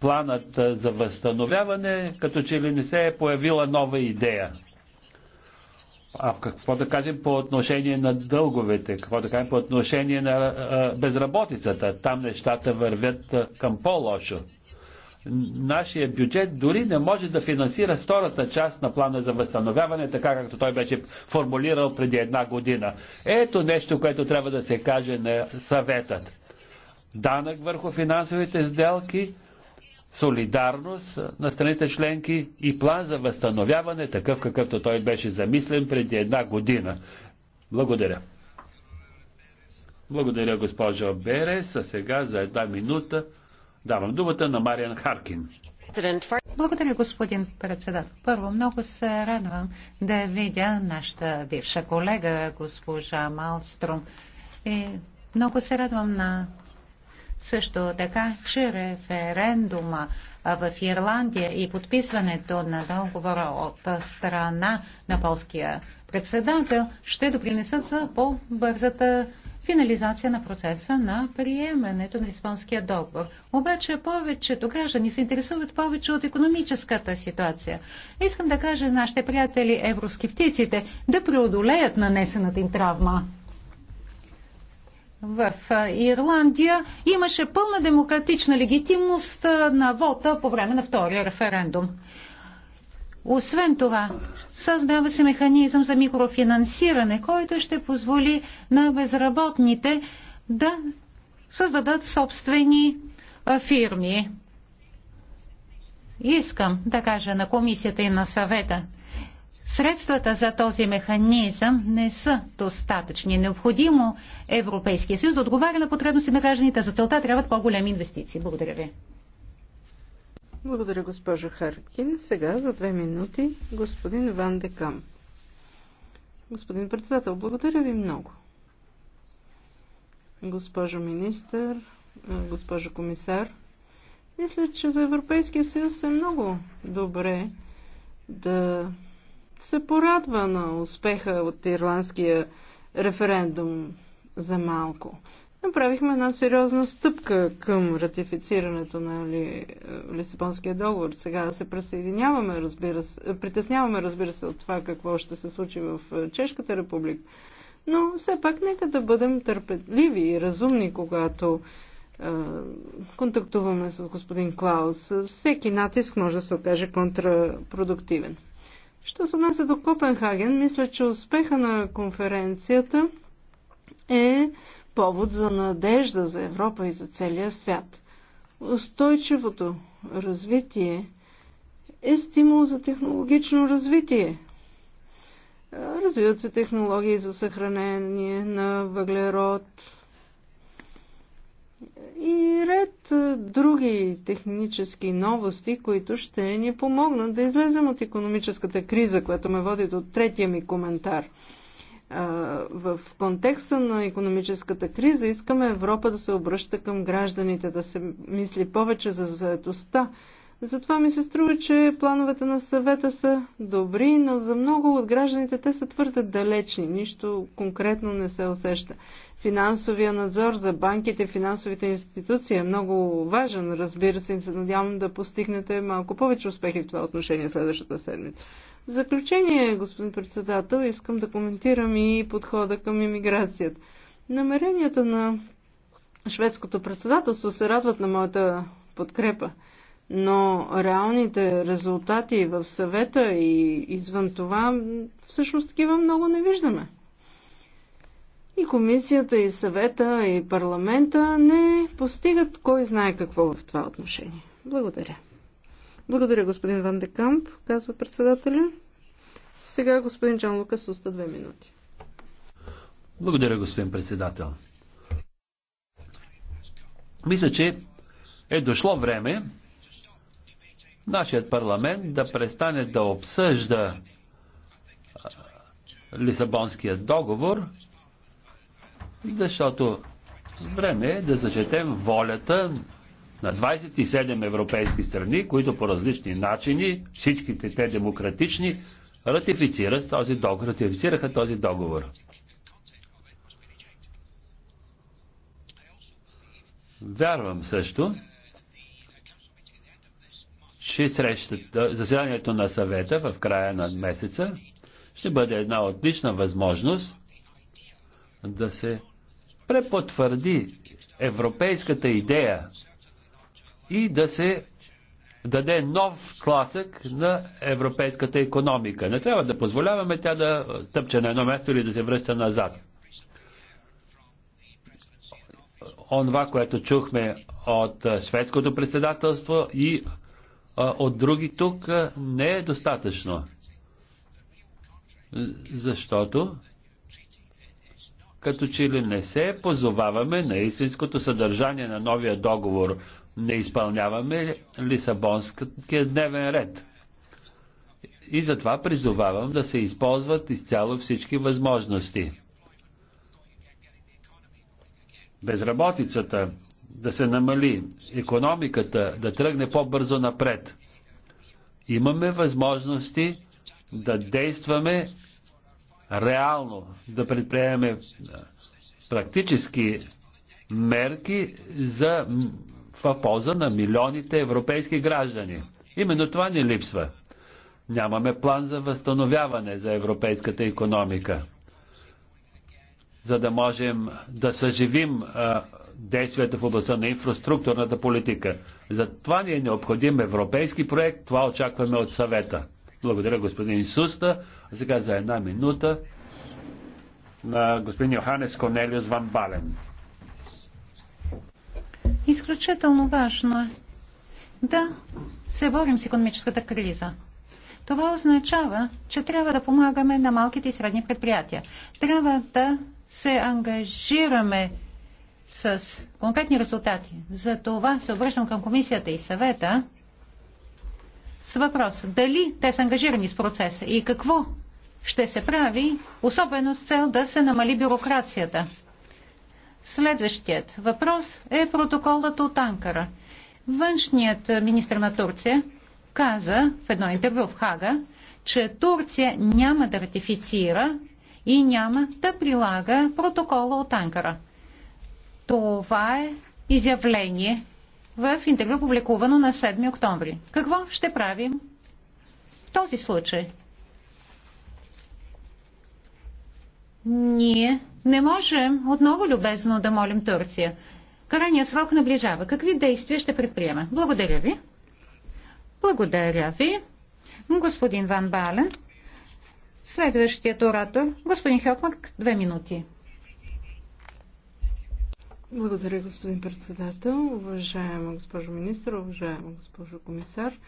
планът за възстановяване, като че ли не се е появила нова идея. А какво да кажем по отношение на дълговете? Какво да кажем по отношение на безработицата? Там нещата вървят към по-лошо. Нашия бюджет дори не може да финансира втората част на плана за възстановяване, така както той беше формулирал преди една година. Ето нещо, което трябва да се каже на съветът. Данък върху финансовите сделки – солидарност на страните членки и план за възстановяване, такъв какъвто той беше замислен преди една година. Благодаря. Благодаря, госпожо Берес. А сега за една минута давам думата на Мариан Харкин. Благодаря, господин председател. Първо, много се радвам да видя нашата бивша колега, госпожа Малстром. И много се радвам на също така, че референдума в Ирландия и подписването на договора от страна на полския председател ще допринесат за по-бързата финализация на процеса на приемането на Лисбонския договор. Обаче повечето граждани се интересуват повече от економическата ситуация. Искам да кажа нашите приятели евроскептиците да преодолеят нанесената им травма в Ирландия имаше пълна демократична легитимност на вота по време на втория референдум. Освен това, създава се механизъм за микрофинансиране, който ще позволи на безработните да създадат собствени фирми. Искам да кажа на комисията и на съвета, Средствата за този механизъм не са достатъчни. Необходимо Европейския съюз да отговаря на потребности на гражданите. За целта трябват по-големи инвестиции. Благодаря ви. Благодаря, госпожо Харкин. Сега за две минути господин Ван Декам. Господин председател, благодаря ви много. Госпожо министър, госпожо комисар, мисля, че за Европейския съюз е много добре да се порадва на успеха от ирландския референдум за малко. Направихме една сериозна стъпка към ратифицирането на ли, е, Лисабонския договор. Сега се присъединяваме, разбира се, притесняваме, разбира се, от това какво ще се случи в е, Чешката република. Но все пак нека да бъдем търпеливи и разумни, когато е, контактуваме с господин Клаус. Всеки натиск може да се окаже контрапродуктивен. Що се отнася до Копенхаген, мисля, че успеха на конференцията е повод за надежда за Европа и за целия свят. Устойчивото развитие е стимул за технологично развитие. Развиват се технологии за съхранение на въглерод, и ред други технически новости, които ще ни помогнат да излезем от економическата криза, която ме води до третия ми коментар. В контекста на економическата криза искаме Европа да се обръща към гражданите, да се мисли повече за заедостта, затова ми се струва, че плановете на съвета са добри, но за много от гражданите те са твърде далечни. Нищо конкретно не се усеща. Финансовия надзор за банките, финансовите институции е много важен. Разбира се, се надявам да постигнете малко повече успехи в това отношение следващата седмица. В заключение, господин председател, искам да коментирам и подхода към иммиграцията. Намеренията на шведското председателство се радват на моята подкрепа но реалните резултати в съвета и извън това, всъщност такива много не виждаме. И комисията, и съвета, и парламента не постигат кой знае какво в това отношение. Благодаря. Благодаря, господин Ван Декамп, казва председателя. Сега господин Джан Лукас оста две минути. Благодаря, господин председател. Мисля, че е дошло време нашият парламент да престане да обсъжда Лисабонският договор, защото време е да зачетем волята на 27 европейски страни, които по различни начини, всичките те демократични, ратифицират този договор, ратифицираха този договор. Вярвам също, че срещата, заседанието на съвета в края на месеца ще бъде една отлична възможност да се препотвърди европейската идея и да се даде нов класък на европейската економика. Не трябва да позволяваме тя да тъпче на едно място или да се връща назад. Онова, което чухме от шведското председателство и от други тук не е достатъчно. Защото като че ли не се позоваваме на истинското съдържание на новия договор. Не изпълняваме Лисабонския дневен ред. И затова призовавам да се използват изцяло всички възможности. Безработицата, да се намали, економиката да тръгне по-бързо напред. Имаме възможности да действаме реално, да предприемаме практически мерки за, в полза на милионите европейски граждани. Именно това ни липсва. Нямаме план за възстановяване за европейската економика. За да можем да съживим а, действията в областта на инфраструктурната политика. За това ни е необходим европейски проект, това очакваме от съвета. Благодаря господин Суста. А сега за една минута на господин Йоханес Конелиус Ван Бален. Изключително важно е да се борим с економическата криза. Това означава, че трябва да помагаме на малките и средни предприятия. Трябва да се ангажираме с конкретни резултати. За това се обръщам към комисията и съвета с въпрос дали те са ангажирани с процеса и какво ще се прави, особено с цел да се намали бюрокрацията. Следващият въпрос е протоколът от Анкара. Външният министр на Турция каза в едно интервю в Хага, че Турция няма да ратифицира и няма да прилага протокола от Анкара. Това е изявление в интервю, публикувано на 7 октомври. Какво ще правим в този случай? Ние не можем отново любезно да молим Турция. Крайният срок наближава. Какви действия ще предприема? Благодаря ви. Благодаря ви. Господин Ван Бален. Следващият оратор, господин Хелкмак, две минути. Благодаря, господин председател. Уважаема госпожо министр, уважаема госпожо комисар,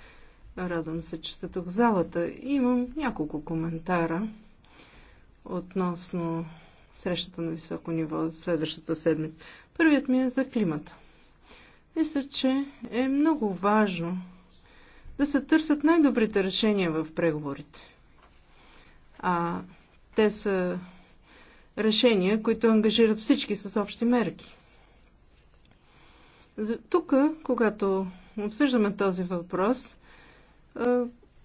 радвам се, че сте тук в залата. Имам няколко коментара относно срещата на високо ниво за следващата седмица. Първият ми е за климата. Мисля, че е много важно да се търсят най-добрите решения в преговорите. А те са решения, които ангажират всички с общи мерки. Тук, когато обсъждаме този въпрос,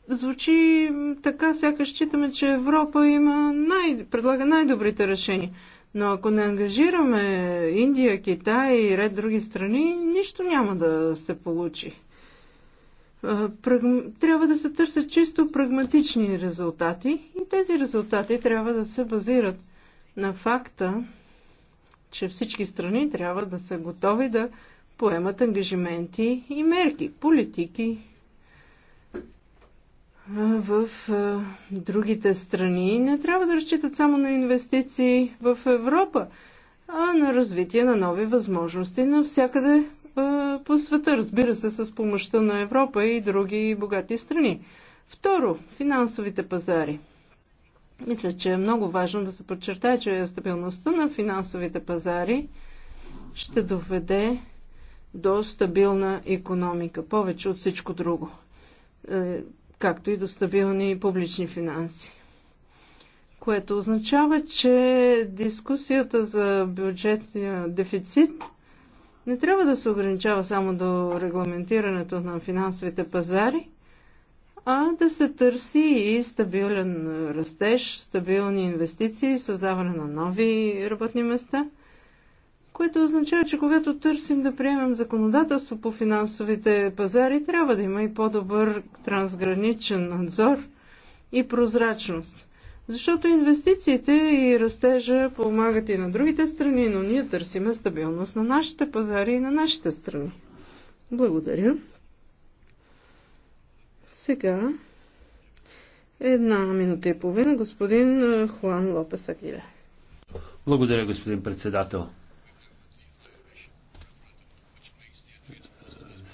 звучи така, сякаш считаме, че Европа има най, предлага най-добрите решения. Но ако не ангажираме Индия, Китай и ред други страни, нищо няма да се получи. Трябва да се търсят чисто прагматични резултати и тези резултати трябва да се базират на факта, че всички страни трябва да са готови да поемат ангажименти и мерки, политики в другите страни. Не трябва да разчитат само на инвестиции в Европа, а на развитие на нови възможности навсякъде по света, разбира се, с помощта на Европа и други богати страни. Второ, финансовите пазари. Мисля, че е много важно да се подчертае, че стабилността на финансовите пазари ще доведе до стабилна економика, повече от всичко друго, е, както и до стабилни публични финанси. Което означава, че дискусията за бюджетния дефицит не трябва да се ограничава само до регламентирането на финансовите пазари, а да се търси и стабилен растеж, стабилни инвестиции, създаване на нови работни места – което означава, че когато търсим да приемем законодателство по финансовите пазари, трябва да има и по-добър трансграничен надзор и прозрачност. Защото инвестициите и растежа помагат и на другите страни, но ние търсиме стабилност на нашите пазари и на нашите страни. Благодаря. Сега една минута и половина господин Хуан Лопес Агиле. Благодаря, господин председател.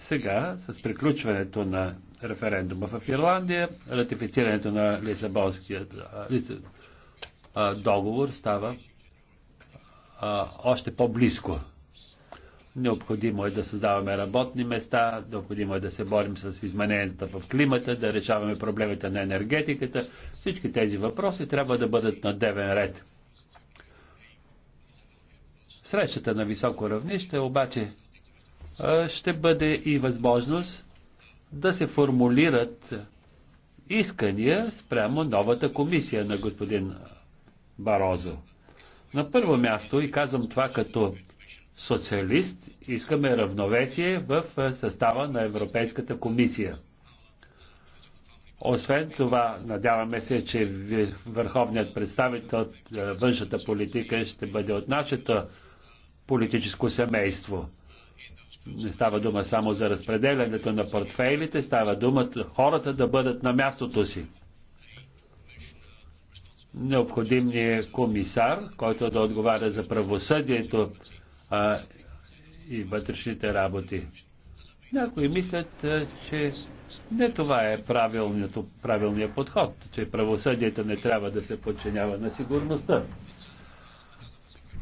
Сега, с приключването на референдума в Ирландия, ратифицирането на Лисабонския договор става а, още по-близко. Необходимо е да създаваме работни места, необходимо е да се борим с измененията в климата, да решаваме проблемите на енергетиката. Всички тези въпроси трябва да бъдат на девен ред. Срещата на високо равнище обаче ще бъде и възможност да се формулират искания спрямо новата комисия на господин Барозо. На първо място, и казвам това като социалист, искаме равновесие в състава на Европейската комисия. Освен това, надяваме се, че върховният представител от външната политика ще бъде от нашето политическо семейство не става дума само за разпределянето на портфейлите, става дума хората да бъдат на мястото си. Необходимният е комисар, който да отговаря за правосъдието а, и вътрешните работи. Някои мислят, че не това е правилният подход, че правосъдието не трябва да се подчинява на сигурността.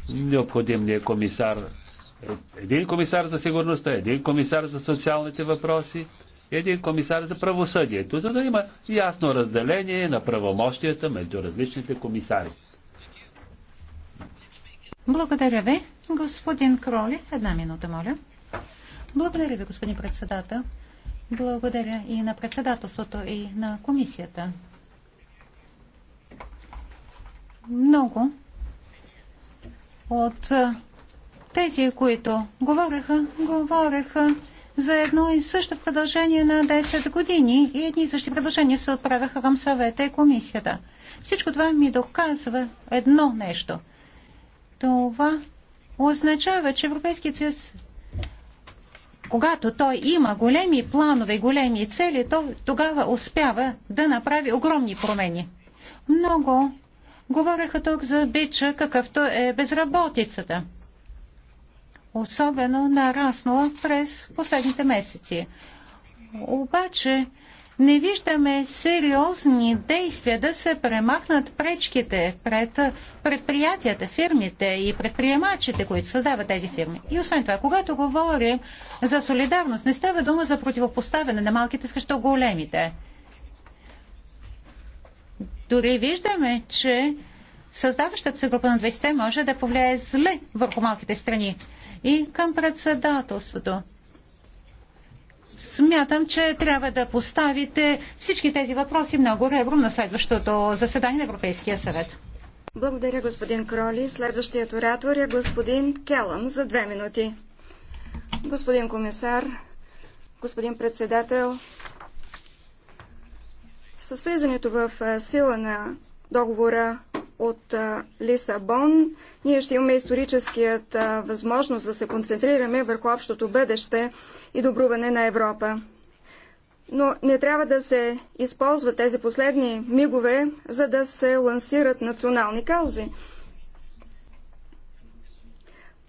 Необходимният е комисар, един комисар за сигурността, един комисар за социалните въпроси, един комисар за правосъдието, за да има ясно разделение на правомощията между различните комисари. Благодаря ви, господин Кроли. Една минута, моля. Благодаря ви, господин председател. Благодаря и на председателството, и на комисията. Много от тези, които говореха, говореха за едно и също продължение на 10 години и едни и същи предложения се отправяха към съвета и комисията. Всичко това ми доказва едно нещо. Това означава, че Европейският съюз, когато той има големи планове и големи цели, то тогава успява да направи огромни промени. Много говореха тук за бича, какъвто е безработицата – особено нараснала през последните месеци. Обаче не виждаме сериозни действия да се премахнат пречките пред предприятията, фирмите и предприемачите, които създават тези фирми. И освен това, когато говорим за солидарност, не става дума за противопоставяне на малките срещу големите. Дори виждаме, че създаващата се група на 20 може да повлияе зле върху малките страни. И към председателството. Смятам, че трябва да поставите всички тези въпроси много ребром на следващото заседание на Европейския съвет. Благодаря, господин Кроли. Следващият оратор е господин Келъм за две минути. Господин комисар, господин председател, с влизането в сила на договора от Лисабон, ние ще имаме историческият възможност да се концентрираме върху общото бъдеще и добруване на Европа. Но не трябва да се използват тези последни мигове, за да се лансират национални каузи.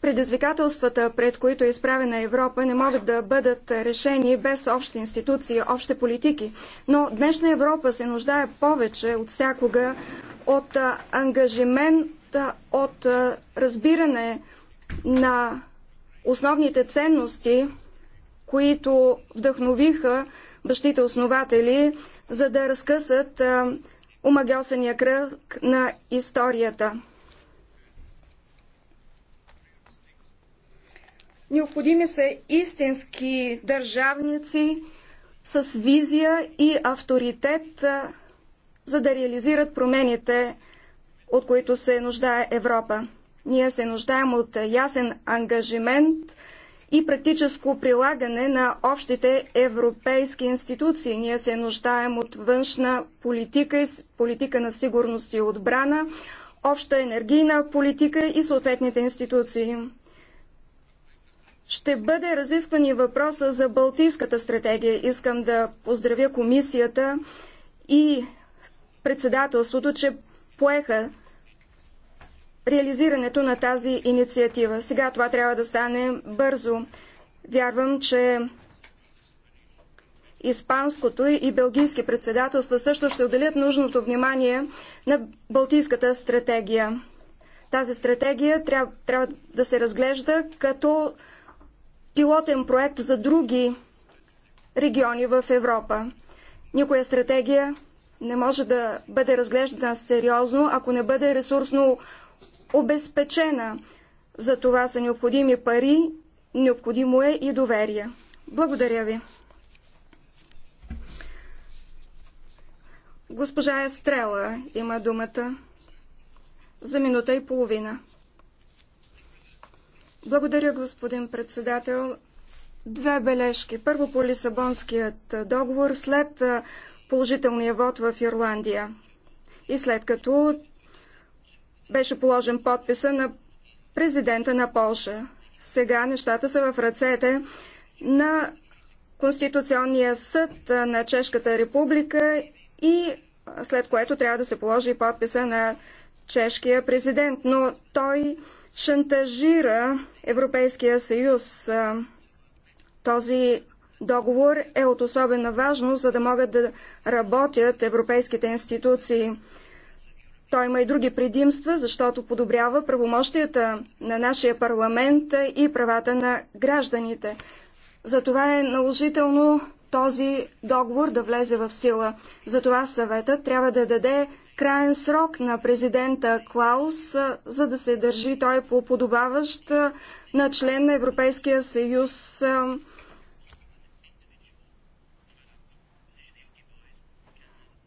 Предизвикателствата, пред които е изправена Европа, не могат да бъдат решени без общи институции, общи политики. Но днешна Европа се нуждае повече от всякога от ангажимент, от разбиране на основните ценности, които вдъхновиха бащите основатели, за да разкъсат омагиосения кръг на историята. Необходими са истински държавници с визия и авторитет, за да реализират промените, от които се нуждае Европа. Ние се нуждаем от ясен ангажимент и практическо прилагане на общите европейски институции. Ние се нуждаем от външна политика и политика на сигурност и отбрана, обща енергийна политика и съответните институции ще бъде разискван и въпроса за Балтийската стратегия. Искам да поздравя комисията и председателството, че поеха реализирането на тази инициатива. Сега това трябва да стане бързо. Вярвам, че Испанското и Белгийски председателства също ще отделят нужното внимание на Балтийската стратегия. Тази стратегия трябва, трябва да се разглежда като пилотен проект за други региони в Европа. Никоя стратегия не може да бъде разглеждана сериозно, ако не бъде ресурсно обезпечена. За това са необходими пари, необходимо е и доверие. Благодаря ви. Госпожа Естрела има думата за минута и половина. Благодаря, господин председател. Две бележки. Първо по Лисабонският договор, след положителния вод в Ирландия и след като беше положен подписа на президента на Полша. Сега нещата са в ръцете на Конституционния съд на Чешката република и след което трябва да се положи подписа на чешкия президент, но той шантажира Европейския съюз. Този договор е от особена важност, за да могат да работят европейските институции. Той има и други предимства, защото подобрява правомощията на нашия парламент и правата на гражданите. Затова е наложително този договор да влезе в сила. Затова съветът трябва да даде краен срок на президента Клаус, за да се държи той по подобаващ на член на Европейския съюз.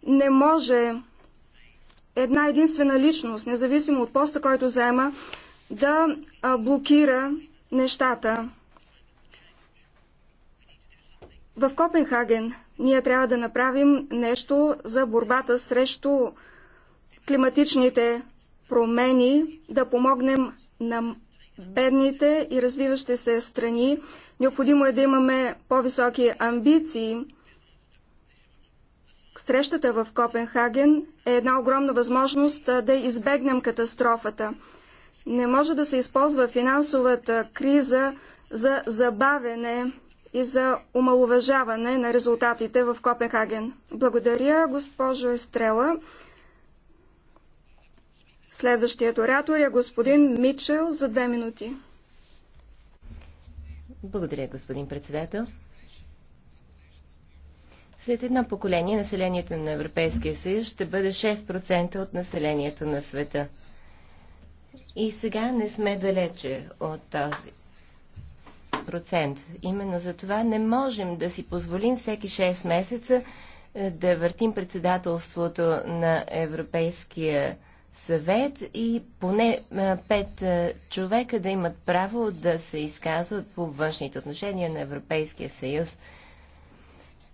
Не може една единствена личност, независимо от поста, който заема, да блокира нещата. В Копенхаген ние трябва да направим нещо за борбата срещу климатичните промени, да помогнем на бедните и развиващи се страни. Необходимо е да имаме по-високи амбиции. Срещата в Копенхаген е една огромна възможност да избегнем катастрофата. Не може да се използва финансовата криза за забавене и за омалуважаване на резултатите в Копенхаген. Благодаря, госпожо Естрела. Следващият оратор е господин Мичел за две минути. Благодаря, господин председател. След едно поколение населението на Европейския съюз ще бъде 6% от населението на света. И сега не сме далече от този процент. Именно за това не можем да си позволим всеки 6 месеца е, да въртим председателството на Европейския съвет и поне пет човека да имат право да се изказват по външните отношения на Европейския съюз.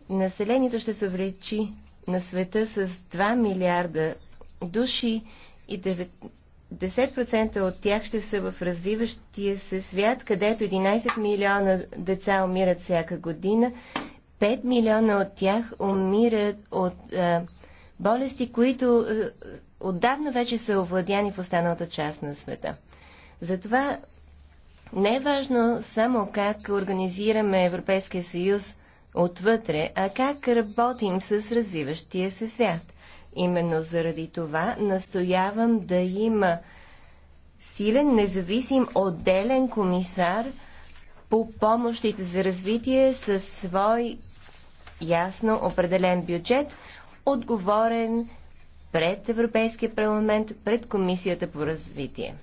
Населението ще се увеличи на света с 2 милиарда души и 10% от тях ще са в развиващия се свят, където 11 милиона деца умират всяка година. 5 милиона от тях умират от а, болести, които отдавна вече са овладяни в останалата част на света. Затова не е важно само как организираме Европейския съюз отвътре, а как работим с развиващия се свят. Именно заради това настоявам да има силен, независим, отделен комисар по помощите за развитие със свой ясно определен бюджет, отговорен пред Европейския парламент, пред Комисията по развитие.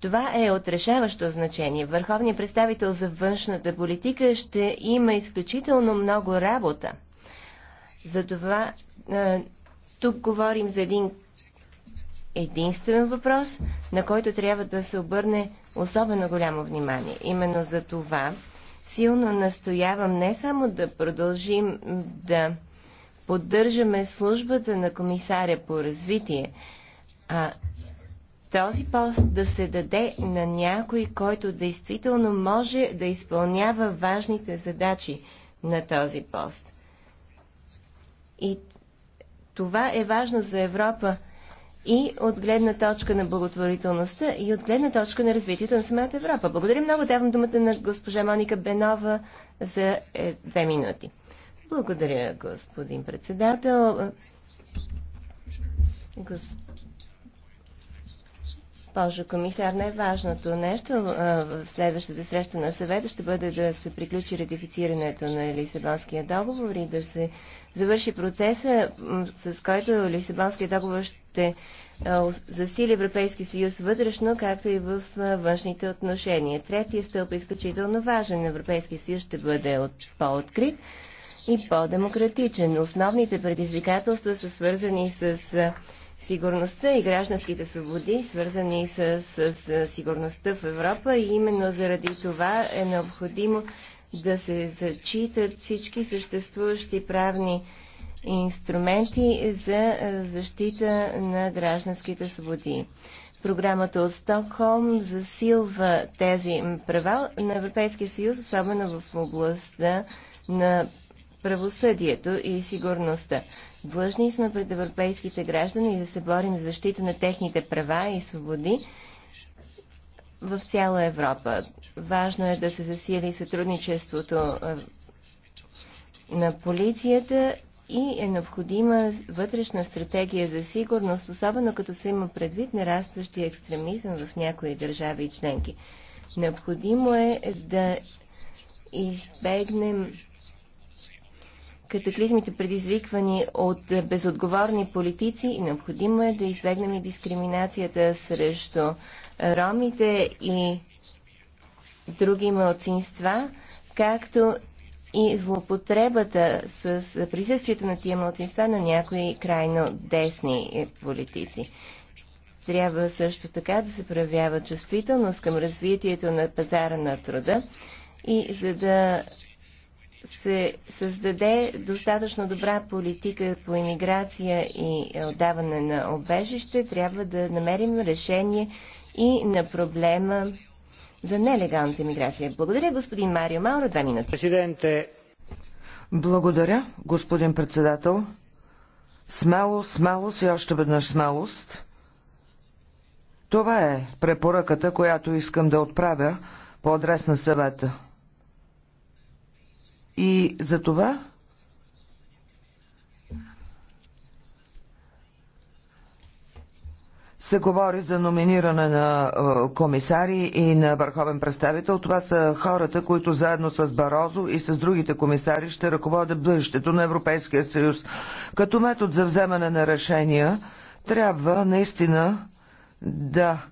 Това е от решаващо значение. Върховният представител за външната политика ще има изключително много работа. Затова тук говорим за един единствен въпрос, на който трябва да се обърне особено голямо внимание. Именно за това силно настоявам не само да продължим да поддържаме службата на комисаря по развитие, а този пост да се даде на някой, който действително може да изпълнява важните задачи на този пост. И това е важно за Европа и от гледна точка на благотворителността, и от гледна точка на развитието на самата Европа. Благодаря много. Давам думата на госпожа Моника Бенова за е, две минути. Благодаря, господин председател. Госпожо комисар, най-важното е нещо в следващата среща на съвета ще бъде да се приключи ратифицирането на Лисабонския договор и да се завърши процеса, с който Лисабонския договор ще засили Европейски съюз вътрешно, както и в външните отношения. Третия стълб е изключително важен. Европейски съюз ще бъде по-открит и по-демократичен. Основните предизвикателства са свързани с сигурността и гражданските свободи, свързани с, с, с сигурността в Европа и именно заради това е необходимо да се зачитат всички съществуващи правни инструменти за защита на гражданските свободи. Програмата от Стокхолм засилва тези права на Европейския съюз, особено в областта на правосъдието и сигурността. Длъжни сме пред европейските граждани да се борим за защита на техните права и свободи в цяла Европа. Важно е да се засили сътрудничеството на полицията и е необходима вътрешна стратегия за сигурност, особено като се има предвид нарастващия екстремизъм в някои държави и членки. Необходимо е да избегнем катаклизмите предизвиквани от безотговорни политици, и необходимо е да избегнем и дискриминацията срещу ромите и други малцинства, както и злопотребата с присъствието на тия малцинства на някои крайно десни политици. Трябва също така да се проявява чувствителност към развитието на пазара на труда и за да се създаде достатъчно добра политика по иммиграция и отдаване на обежище, трябва да намерим решение и на проблема за нелегалната иммиграция. Благодаря, господин Марио Мауро. Две минути. Президенте. Благодаря, господин председател. Смелост, смелост и още веднъж смелост. Това е препоръката, която искам да отправя по адрес на съвета. И за това се говори за номиниране на е, комисари и на върховен представител. Това са хората, които заедно с Барозо и с другите комисари ще ръководят бъдещето на Европейския съюз. Като метод за вземане на решения трябва наистина да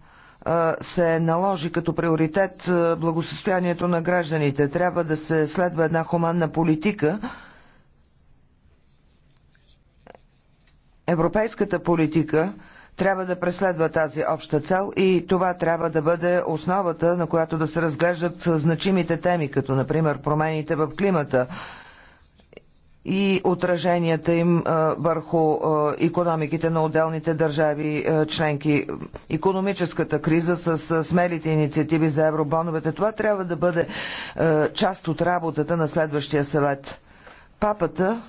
се наложи като приоритет благосостоянието на гражданите. Трябва да се следва една хуманна политика. Европейската политика трябва да преследва тази обща цел и това трябва да бъде основата, на която да се разглеждат значимите теми, като например промените в климата, и отраженията им върху економиките на отделните държави членки. Економическата криза с смелите инициативи за евробоновете, това трябва да бъде част от работата на следващия съвет. Папата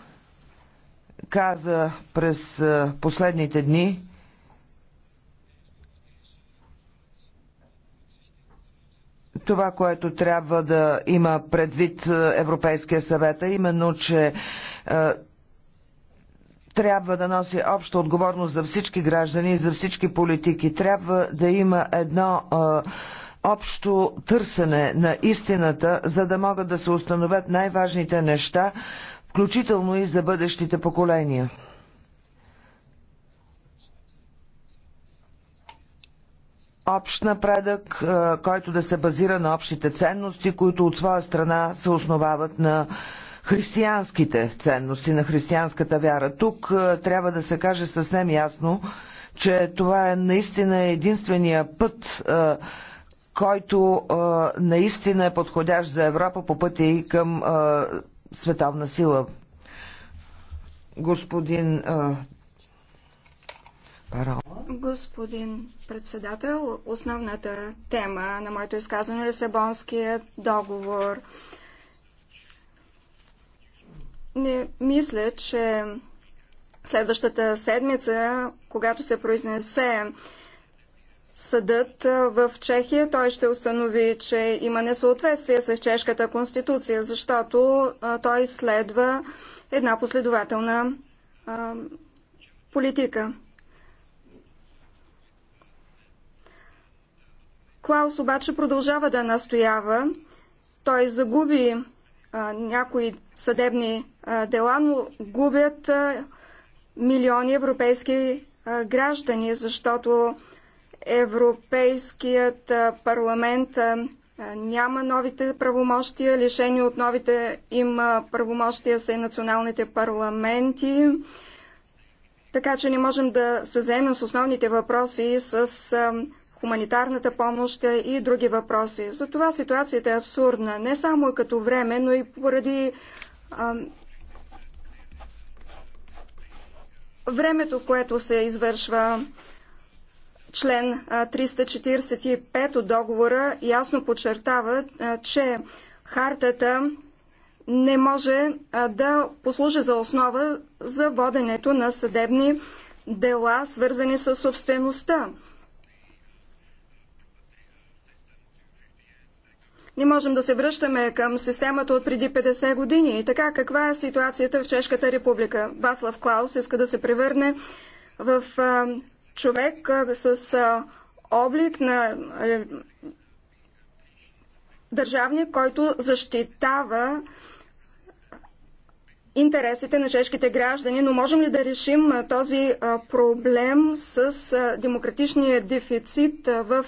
каза през последните дни, това, което трябва да има предвид е, Европейския съвет, а е именно, че е, трябва да носи обща отговорност за всички граждани и за всички политики. Трябва да има едно а, общо търсене на истината, за да могат да се установят най-важните неща, включително и за бъдещите поколения. общ напредък, който да се базира на общите ценности, които от своя страна се основават на християнските ценности, на християнската вяра. Тук трябва да се каже съвсем ясно, че това е наистина единствения път, който наистина е подходящ за Европа по пътя и към световна сила. Господин Господин председател, основната тема на моето изказване е Лисабонският договор. Не мисля, че следващата седмица, когато се произнесе съдът в Чехия, той ще установи, че има несъответствие с чешката конституция, защото той следва една последователна политика. Клаус обаче продължава да настоява. Той загуби а, някои съдебни а, дела, но губят а, милиони европейски а, граждани, защото Европейският а, парламент а, няма новите правомощия, лишени от новите им правомощия са и националните парламенти. Така че не можем да се заемем с основните въпроси с хуманитарната помощ и други въпроси. Затова ситуацията е абсурдна, не само като време, но и поради а, времето, в което се извършва член 345 от договора, ясно подчертава, че хартата не може да послужи за основа за воденето на съдебни дела, свързани с собствеността. Не можем да се връщаме към системата от преди 50 години. И така, каква е ситуацията в Чешката република? Васлав Клаус иска да се превърне в а, човек а, с а, облик на а, държавник, който защитава интересите на чешките граждани, но можем ли да решим този проблем с демократичния дефицит в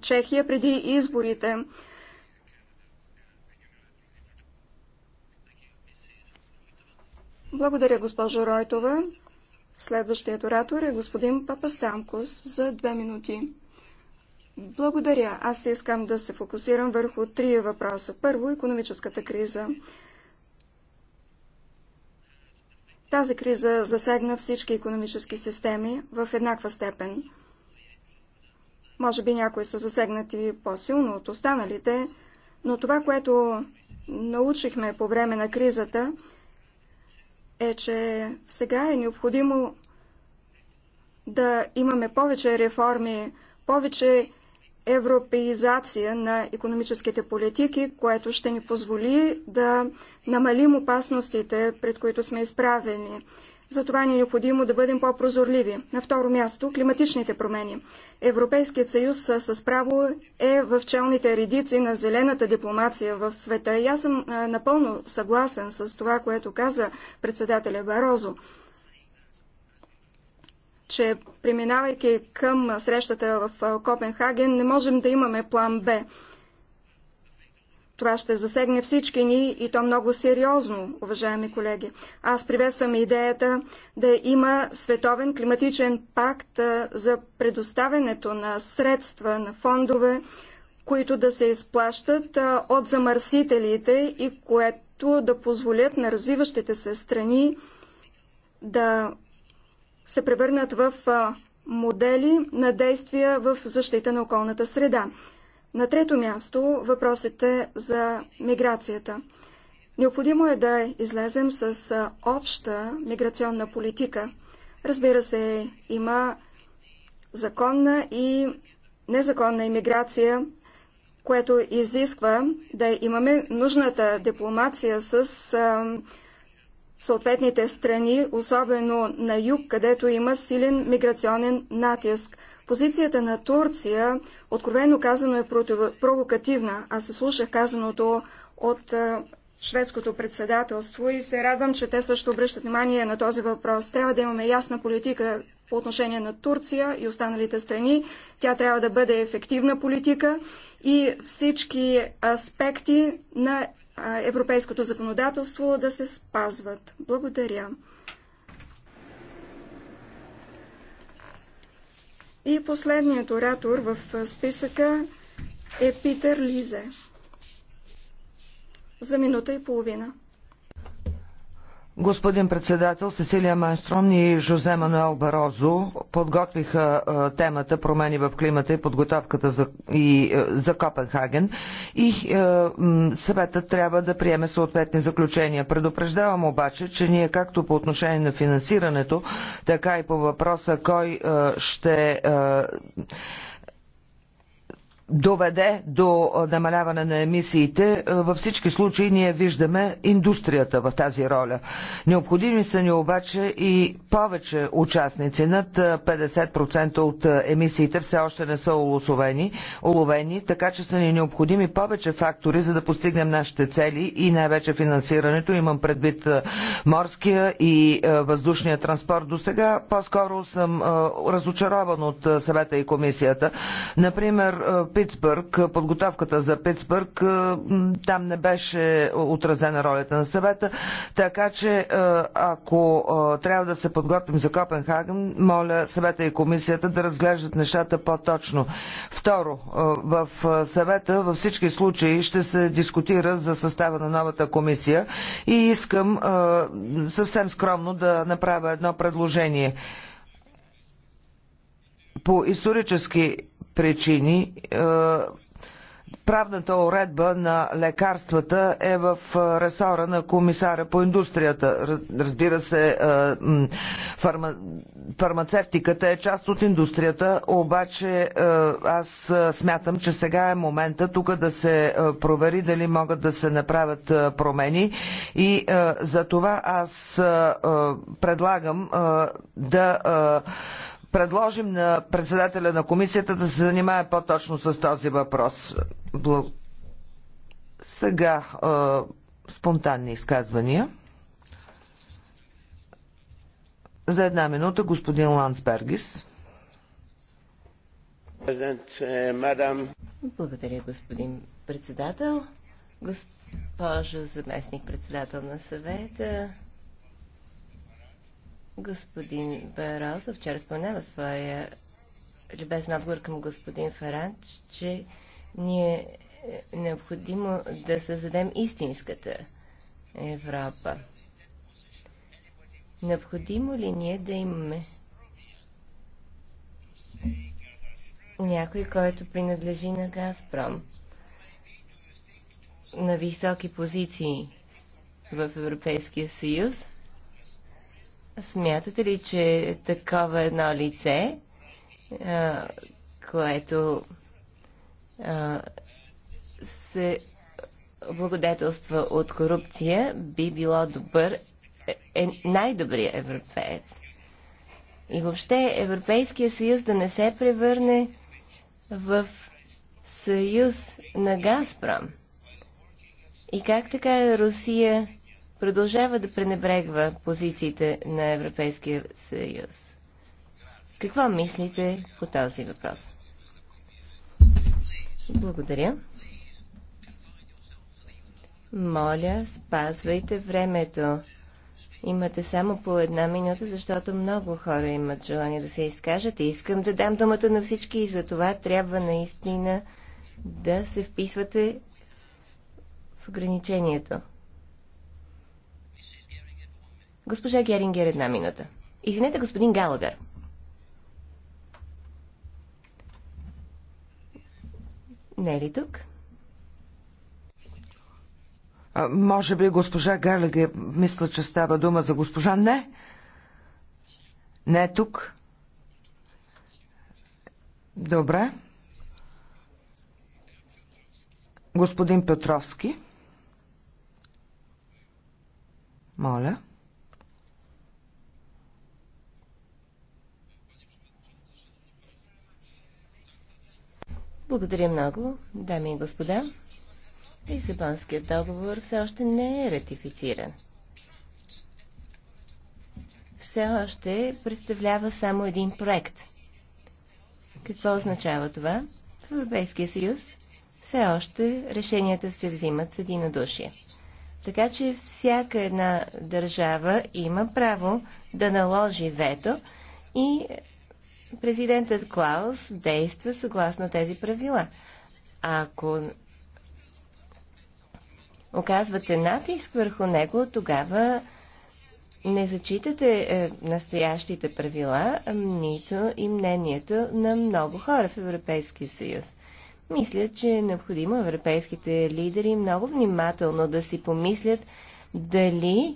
Чехия преди изборите? Благодаря, госпожо Ройтова. Следващият оратор е господин Папастамкос за две минути. Благодаря. Аз искам да се фокусирам върху три въпроса. Първо, економическата криза. Тази криза засегна всички економически системи в еднаква степен. Може би някои са засегнати по-силно от останалите, но това, което научихме по време на кризата, е, че сега е необходимо да имаме повече реформи, повече европеизация на економическите политики, което ще ни позволи да намалим опасностите, пред които сме изправени. Затова ни е необходимо да бъдем по-прозорливи. На второ място, климатичните промени. Европейският съюз с право е в челните редици на зелената дипломация в света. И аз съм напълно съгласен с това, което каза председателя Барозо че преминавайки към срещата в Копенхаген, не можем да имаме план Б. Това ще засегне всички ни и то много сериозно, уважаеми колеги. Аз приветствам идеята да има световен климатичен пакт за предоставянето на средства, на фондове, които да се изплащат от замърсителите и което да позволят на развиващите се страни да се превърнат в модели на действия в защита на околната среда. На трето място въпросите за миграцията. Необходимо е да излезем с обща миграционна политика. Разбира се, има законна и незаконна иммиграция, което изисква да имаме нужната дипломация с а, съответните страни, особено на юг, където има силен миграционен натиск. Позицията на Турция, откровено казано, е провокативна. Аз се слушах казаното от шведското председателство и се радвам, че те също обръщат внимание на този въпрос. Трябва да имаме ясна политика по отношение на Турция и останалите страни. Тя трябва да бъде ефективна политика и всички аспекти на европейското законодателство да се спазват. Благодаря. И последният оратор в списъка е Питер Лизе. За минута и половина. Господин председател, Сесилия Майнстром и Жозе Мануел Барозо подготвиха темата промени в климата и подготовката за, и, за Копенхаген и съветът трябва да приеме съответни заключения. Предупреждавам обаче, че ние както по отношение на финансирането, така и по въпроса кой ще доведе до намаляване на емисиите, във всички случаи ние виждаме индустрията в тази роля. Необходими са ни обаче и повече участници. Над 50% от емисиите все още не са уловени, уловени, така че са ни необходими повече фактори, за да постигнем нашите цели и най-вече финансирането. Имам предвид морския и въздушния транспорт. До сега по-скоро съм разочарован от съвета и комисията. Например, Питсбърг, подготовката за Питсбърг, там не беше отразена ролята на съвета, така че е, ако е, трябва да се подготвим за Копенхаген, моля съвета и комисията да разглеждат нещата по-точно. Второ, е, в съвета във всички случаи ще се дискутира за състава на новата комисия и искам съвсем скромно да направя едно предложение. По исторически причини е, правната уредба на лекарствата е в е, ресора на комисара по индустрията. Разбира се, е, фарма... фармацевтиката е част от индустрията, обаче аз смятам, че сега е момента тук да се провери дали могат да се направят промени и за това аз предлагам да предложим на председателя на комисията да се занимае по-точно с този въпрос. Сега спонтанни изказвания. За една минута господин Ландсбергис. Е, Благодаря, господин председател. Госпожо заместник председател на съвета, Господин Барозо вчера спомнява своя любезен отговор към господин Фаранч, че ние е необходимо да създадем истинската Европа. Необходимо ли ние да имаме някой, който принадлежи на Газпром, на високи позиции в Европейския съюз? Смятате ли, че е такова едно лице, което се благодетелства от корупция, би било добър, е, е най-добрият европеец? И въобще Европейския съюз да не се превърне в съюз на Газпром. И как така Русия продължава да пренебрегва позициите на Европейския съюз. Какво мислите по този въпрос? Благодаря. Моля, спазвайте времето. Имате само по една минута, защото много хора имат желание да се изкажат и искам да дам думата на всички и за това трябва наистина да се вписвате в ограничението. Госпожа Герингер, една минута. Извинете, господин Галагър. Не е ли тук? А, може би госпожа Галагър, мисля, че става дума за госпожа. Не. Не е тук. Добре. Господин Петровски. Моля. Благодаря много, дами и господа. Лисабонският договор все още не е ратифициран. Все още представлява само един проект. Какво означава това? В Европейския съюз все още решенията се взимат с единодушие. Така че всяка една държава има право да наложи вето и президентът Клаус действа съгласно тези правила. Ако оказвате натиск върху него, тогава не зачитате е, настоящите правила, нито и мнението на много хора в Европейския съюз. Мисля, че е необходимо европейските лидери много внимателно да си помислят дали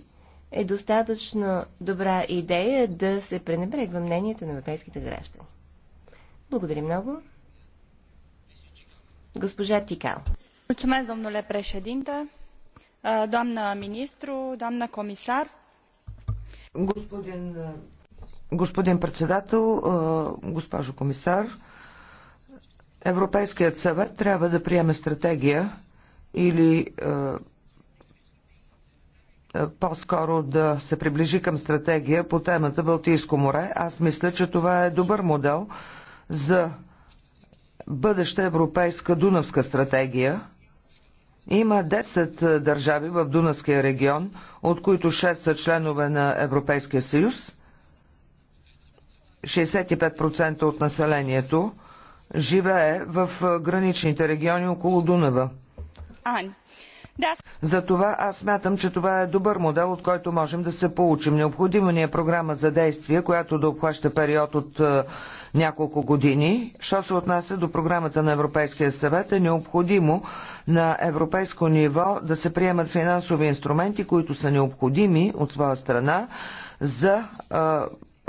е достатъчно добра идея да се пренебрегва мнението на европейските граждани. Благодаря много. Госпожа Тикал. Mulțumesc, domnule președinte, doamnă ministru, doamnă comisar. Господин, господин председател, госпожо комисар, Европейският съвет трябва да приеме стратегия или е, по-скоро да се приближи към стратегия по темата Балтийско море. Аз мисля, че това е добър модел за бъдеща европейска Дунавска стратегия. Има 10 е, държави в Дунавския регион, от които 6 са членове на Европейския съюз. 65% от населението живее в е, граничните региони около Дунава. Затова аз смятам, че това е добър модел, от който можем да се получим. Необходима ни е програма за действие, която да обхваща период от е, няколко години. Що се отнася до програмата на Европейския съвет, е необходимо на европейско ниво да се приемат финансови инструменти, които са необходими от своя страна за е,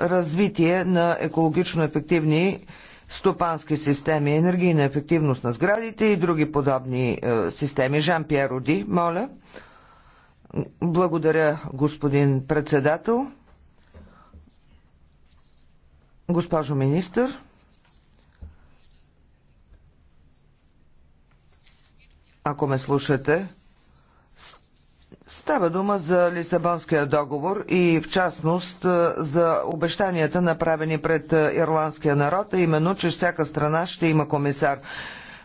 развитие на екологично ефективни стопански системи, енергийна ефективност на сградите и други подобни е, системи. Жан Пьер Роди, моля. Благодаря, господин председател. Госпожо министър, ако ме слушате, Става дума за Лисабонския договор и в частност е, за обещанията направени пред е, ирландския народ, а именно, че всяка страна ще има комисар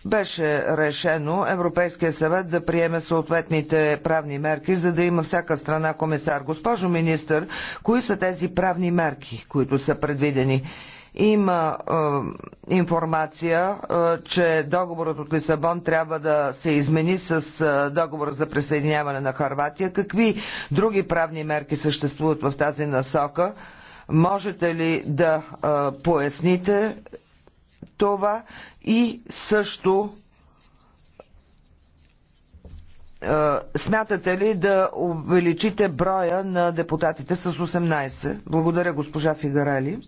беше решено Европейския съвет да приеме съответните правни мерки, за да има всяка страна комисар. Госпожо министър, кои са тези правни мерки, които са предвидени? Има е, информация, е, че договорът от Лисабон трябва да се измени с е, договор за присъединяване на Харватия. Какви други правни мерки съществуват в тази насока? Можете ли да е, поясните това и също е, смятате ли да увеличите броя на депутатите с 18? Благодаря, госпожа Фигарели.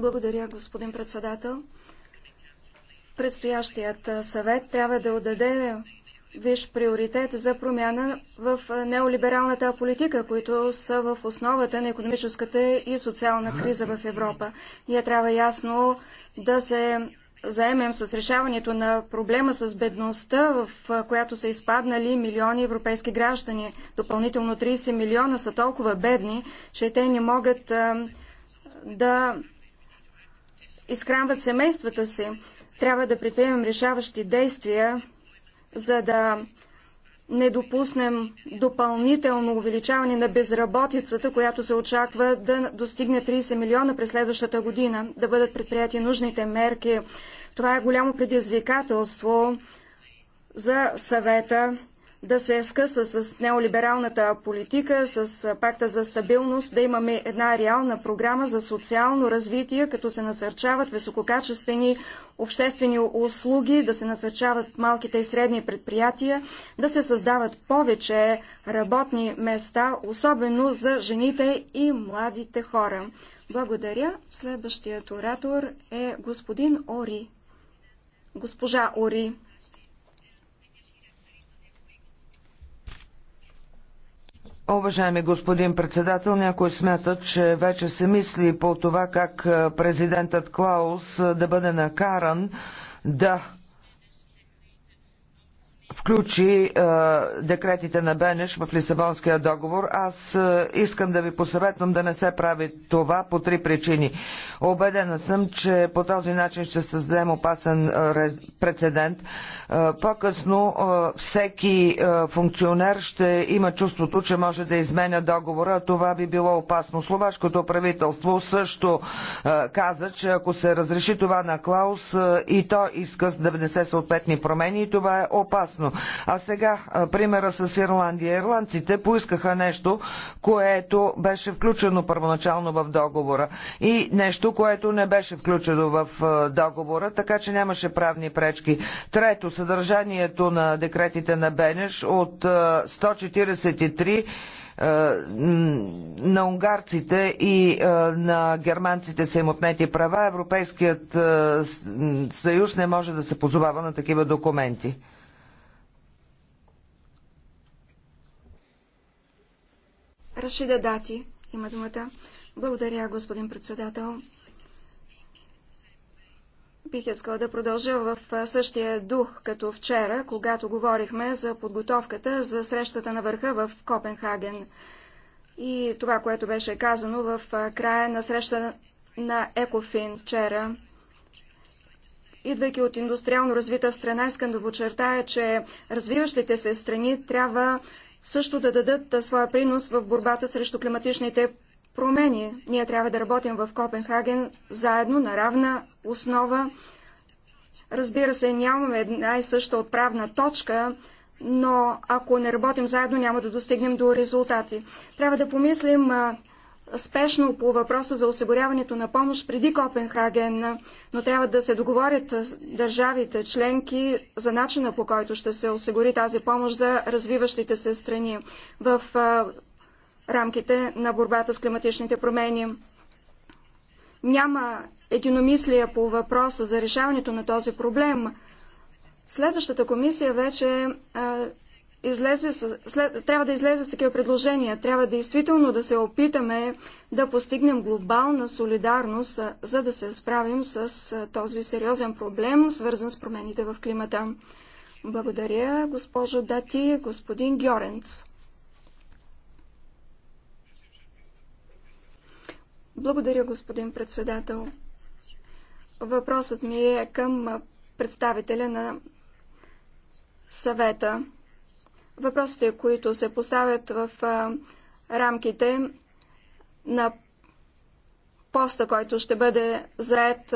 Благодаря, господин председател. Предстоящият съвет трябва да отдаде виж приоритет за промяна в неолибералната политика, които са в основата на економическата и социална криза в Европа. Ние трябва ясно да се заемем с решаването на проблема с бедността, в която са изпаднали милиони европейски граждани. Допълнително 30 милиона са толкова бедни, че те не могат да изхранват семействата си. Трябва да предприемем решаващи действия, за да не допуснем допълнително увеличаване на безработицата, която се очаква да достигне 30 милиона през следващата година, да бъдат предприяти нужните мерки. Това е голямо предизвикателство за съвета да се скъса с неолибералната политика, с пакта за стабилност, да имаме една реална програма за социално развитие, като се насърчават висококачествени обществени услуги, да се насърчават малките и средни предприятия, да се създават повече работни места, особено за жените и младите хора. Благодаря. Следващият оратор е господин Ори. Госпожа Ори. Уважаеми господин председател, някои смятат, че вече се мисли по това как президентът Клаус да бъде накаран да включи е, декретите на Бенеш в Лисабонския договор. Аз е, искам да ви посъветвам да не се прави това по три причини. Обедена съм, че по този начин ще създадем опасен е, прецедент. Е, по-късно е, всеки е, функционер ще има чувството, че може да изменя договора, а това би било опасно. Словашкото правителство също каза, че ако се разреши това на Клаус и то иска да внесе съответни промени, това е опасно. А сега примера с Ирландия. Ирландците поискаха нещо, което беше включено първоначално в договора и нещо, което не беше включено в договора, така че нямаше правни пречки. Трето, съдържанието на декретите на Бенеш от 143 на унгарците и на германците са им отнети права, Европейският съюз не може да се позовава на такива документи. Рашида Дати има думата. Благодаря, господин председател. Бих искала да продължа в същия дух, като вчера, когато говорихме за подготовката за срещата на върха в Копенхаген. И това, което беше казано в края на среща на Екофин вчера. Идвайки от индустриално развита страна, искам да подчертая, че развиващите се страни трябва също да дадат своя принос в борбата срещу климатичните промени. Ние трябва да работим в Копенхаген заедно, на равна основа. Разбира се, нямаме една и съща отправна точка, но ако не работим заедно, няма да достигнем до резултати. Трябва да помислим спешно по въпроса за осигуряването на помощ преди Копенхаген, но трябва да се договорят държавите членки за начина по който ще се осигури тази помощ за развиващите се страни. В рамките на борбата с климатичните промени. Няма единомислие по въпроса за решаването на този проблем. Следващата комисия вече а, излезе с, след, трябва да излезе с такива предложения. Трябва действително да се опитаме да постигнем глобална солидарност, а, за да се справим с а, този сериозен проблем, свързан с промените в климата. Благодаря, госпожо Дати, господин Гьоренц. Благодаря, господин председател. Въпросът ми е към представителя на съвета. Въпросите, които се поставят в рамките на поста, който ще бъде заед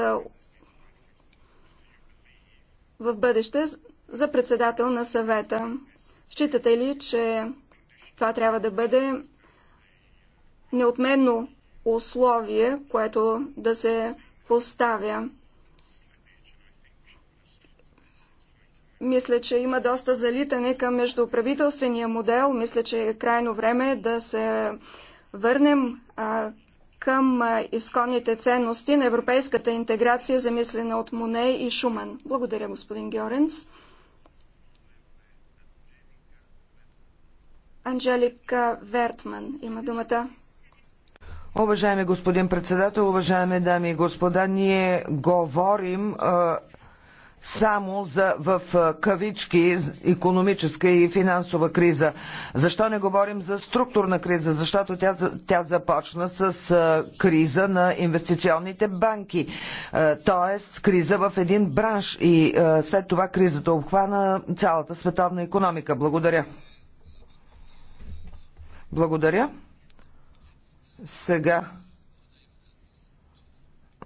в бъдеще за председател на съвета. Считате ли, че това трябва да бъде неотменно условие, което да се поставя. Мисля, че има доста залитане към междуправителствения модел. Мисля, че е крайно време да се върнем а, към а, изконните ценности на европейската интеграция, замислена от Моне и Шуман. Благодаря, господин Георенс. Анжелика Вертман има думата. Уважаеми господин председател, уважаеми дами и господа, ние говорим а, само за в кавички економическа и финансова криза. Защо не говорим за структурна криза? Защото тя, тя започна с а, криза на инвестиционните банки, т.е. криза в един бранш и а, след това кризата обхвана цялата световна економика. Благодаря. Благодаря. Сега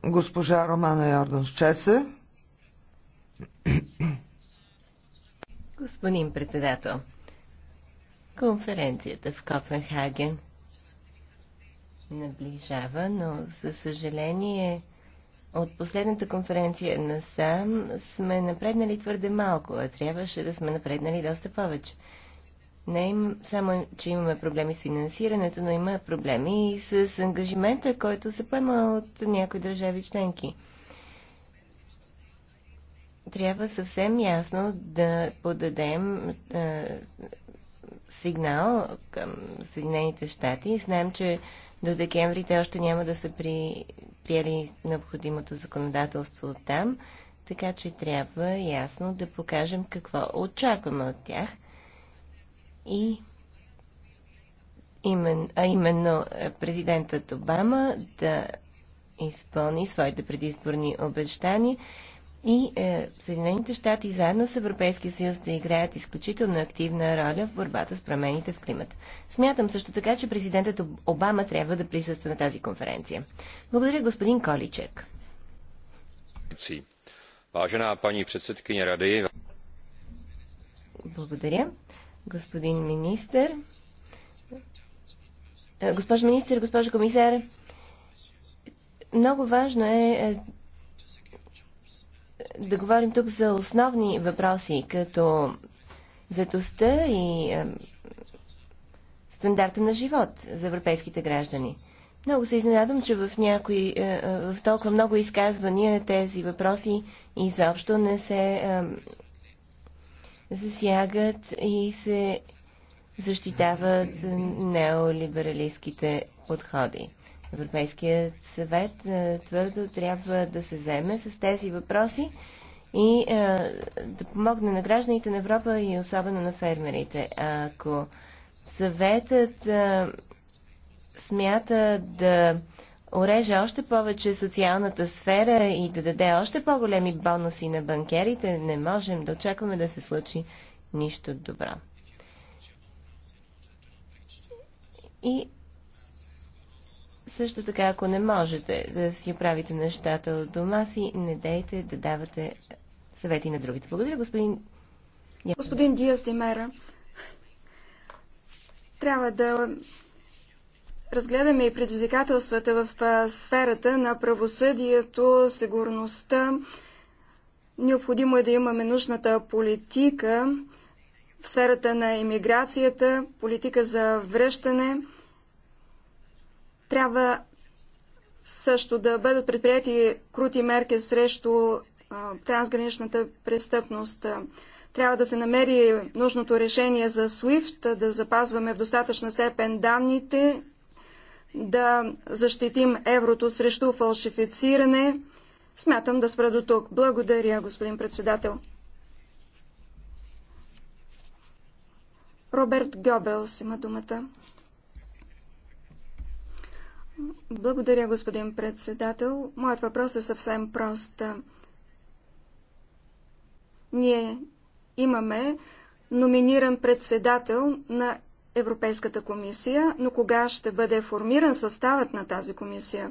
госпожа Романа Йордан Чесе. Господин председател, конференцията в Копенхаген наближава, но за съжаление от последната конференция насам сме напреднали твърде малко, а трябваше да сме напреднали доста повече. Не им, само, че имаме проблеми с финансирането, но има проблеми и с ангажимента, който се поема от някои държави членки. Трябва съвсем ясно да подадем да, сигнал към Съединените щати. Знаем, че до декември те още няма да са при, приели необходимото законодателство от там, така че трябва ясно да покажем какво очакваме от тях – и имен, а именно е, президентът Обама да изпълни своите предизборни обещания и е, Съединените щати заедно с Европейския съюз да играят изключително активна роля в борбата с промените в климата. Смятам също така, че президентът Обама трябва да присъства на тази конференция. Благодаря, господин Количек. пани председкиня Ради. Благодаря господин министър. Е, госпожо министър, госпожо комисар, много важно е, е да говорим тук за основни въпроси, като заетостта и е, стандарта на живот за европейските граждани. Много се изненадам, че в, някои, в толкова много изказвания тези въпроси изобщо не се засягат и се защитават неолибералистските подходи. Европейският съвет е, твърдо трябва да се заеме с тези въпроси и е, да помогне на гражданите на Европа и особено на фермерите. Ако съветът е, смята да Ореже още повече социалната сфера и да даде още по-големи бонуси на банкерите, не можем да очакваме да се случи нищо добро. И също така, ако не можете да си оправите нещата от дома си, не дейте да давате съвети на другите. Благодаря, господин... Господин Диас Димера, трябва да разгледаме и предизвикателствата в сферата на правосъдието, сигурността. Необходимо е да имаме нужната политика в сферата на иммиграцията, политика за връщане. Трябва също да бъдат предприяти крути мерки срещу трансграничната престъпност. Трябва да се намери нужното решение за SWIFT, да запазваме в достатъчна степен данните да защитим еврото срещу фалшифициране. Смятам да спра до тук. Благодаря, господин председател. Роберт Гобелс има думата. Благодаря, господин председател. Моят въпрос е съвсем прост. Ние имаме номиниран председател на Европейската комисия, но кога ще бъде формиран съставът на тази комисия?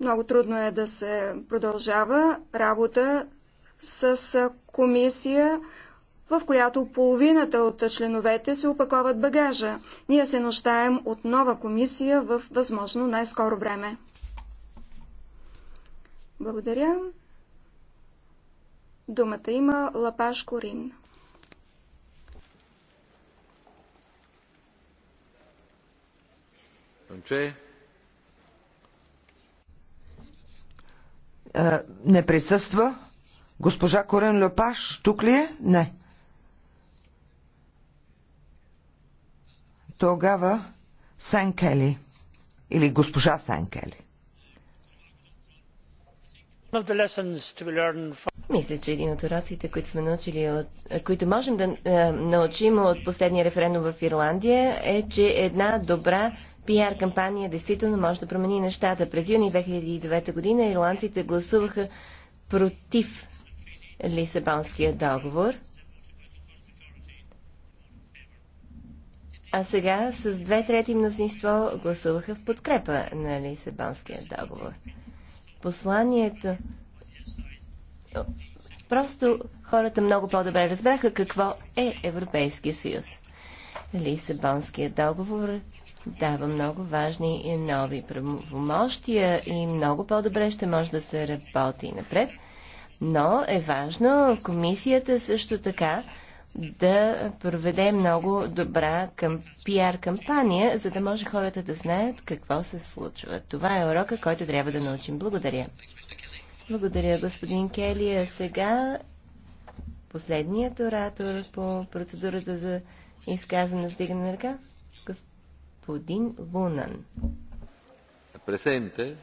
Много трудно е да се продължава работа с комисия, в която половината от членовете се опаковат багажа. Ние се нощаем от нова комисия в възможно най-скоро време. Благодаря. Думата има Лапаш Корин. Е, не присъства. Госпожа Корен Лепаш, тук ли е? Не. Тогава Сен Кели или госпожа Сен Кели. Мисля, че един от уроците, които сме научили, от, които можем да е, научим от последния референдум в Ирландия, е, че една добра пиар кампания действително може да промени нещата. През юни 2009 година ирландците гласуваха против Лисабонския договор. А сега с две трети мнозинство гласуваха в подкрепа на Лисабонския договор. Посланието Просто хората много по-добре разбраха какво е Европейския съюз. Лисабонския договор дава много важни и нови правомощия и много по-добре ще може да се работи напред. Но е важно комисията също така да проведе много добра към пиар кампания, за да може хората да знаят какво се случва. Това е урока, който трябва да научим. Благодаря. Благодаря, господин Кели. А сега последният оратор по процедурата за изказване с дигане на ръка господин Лунан. Презенте.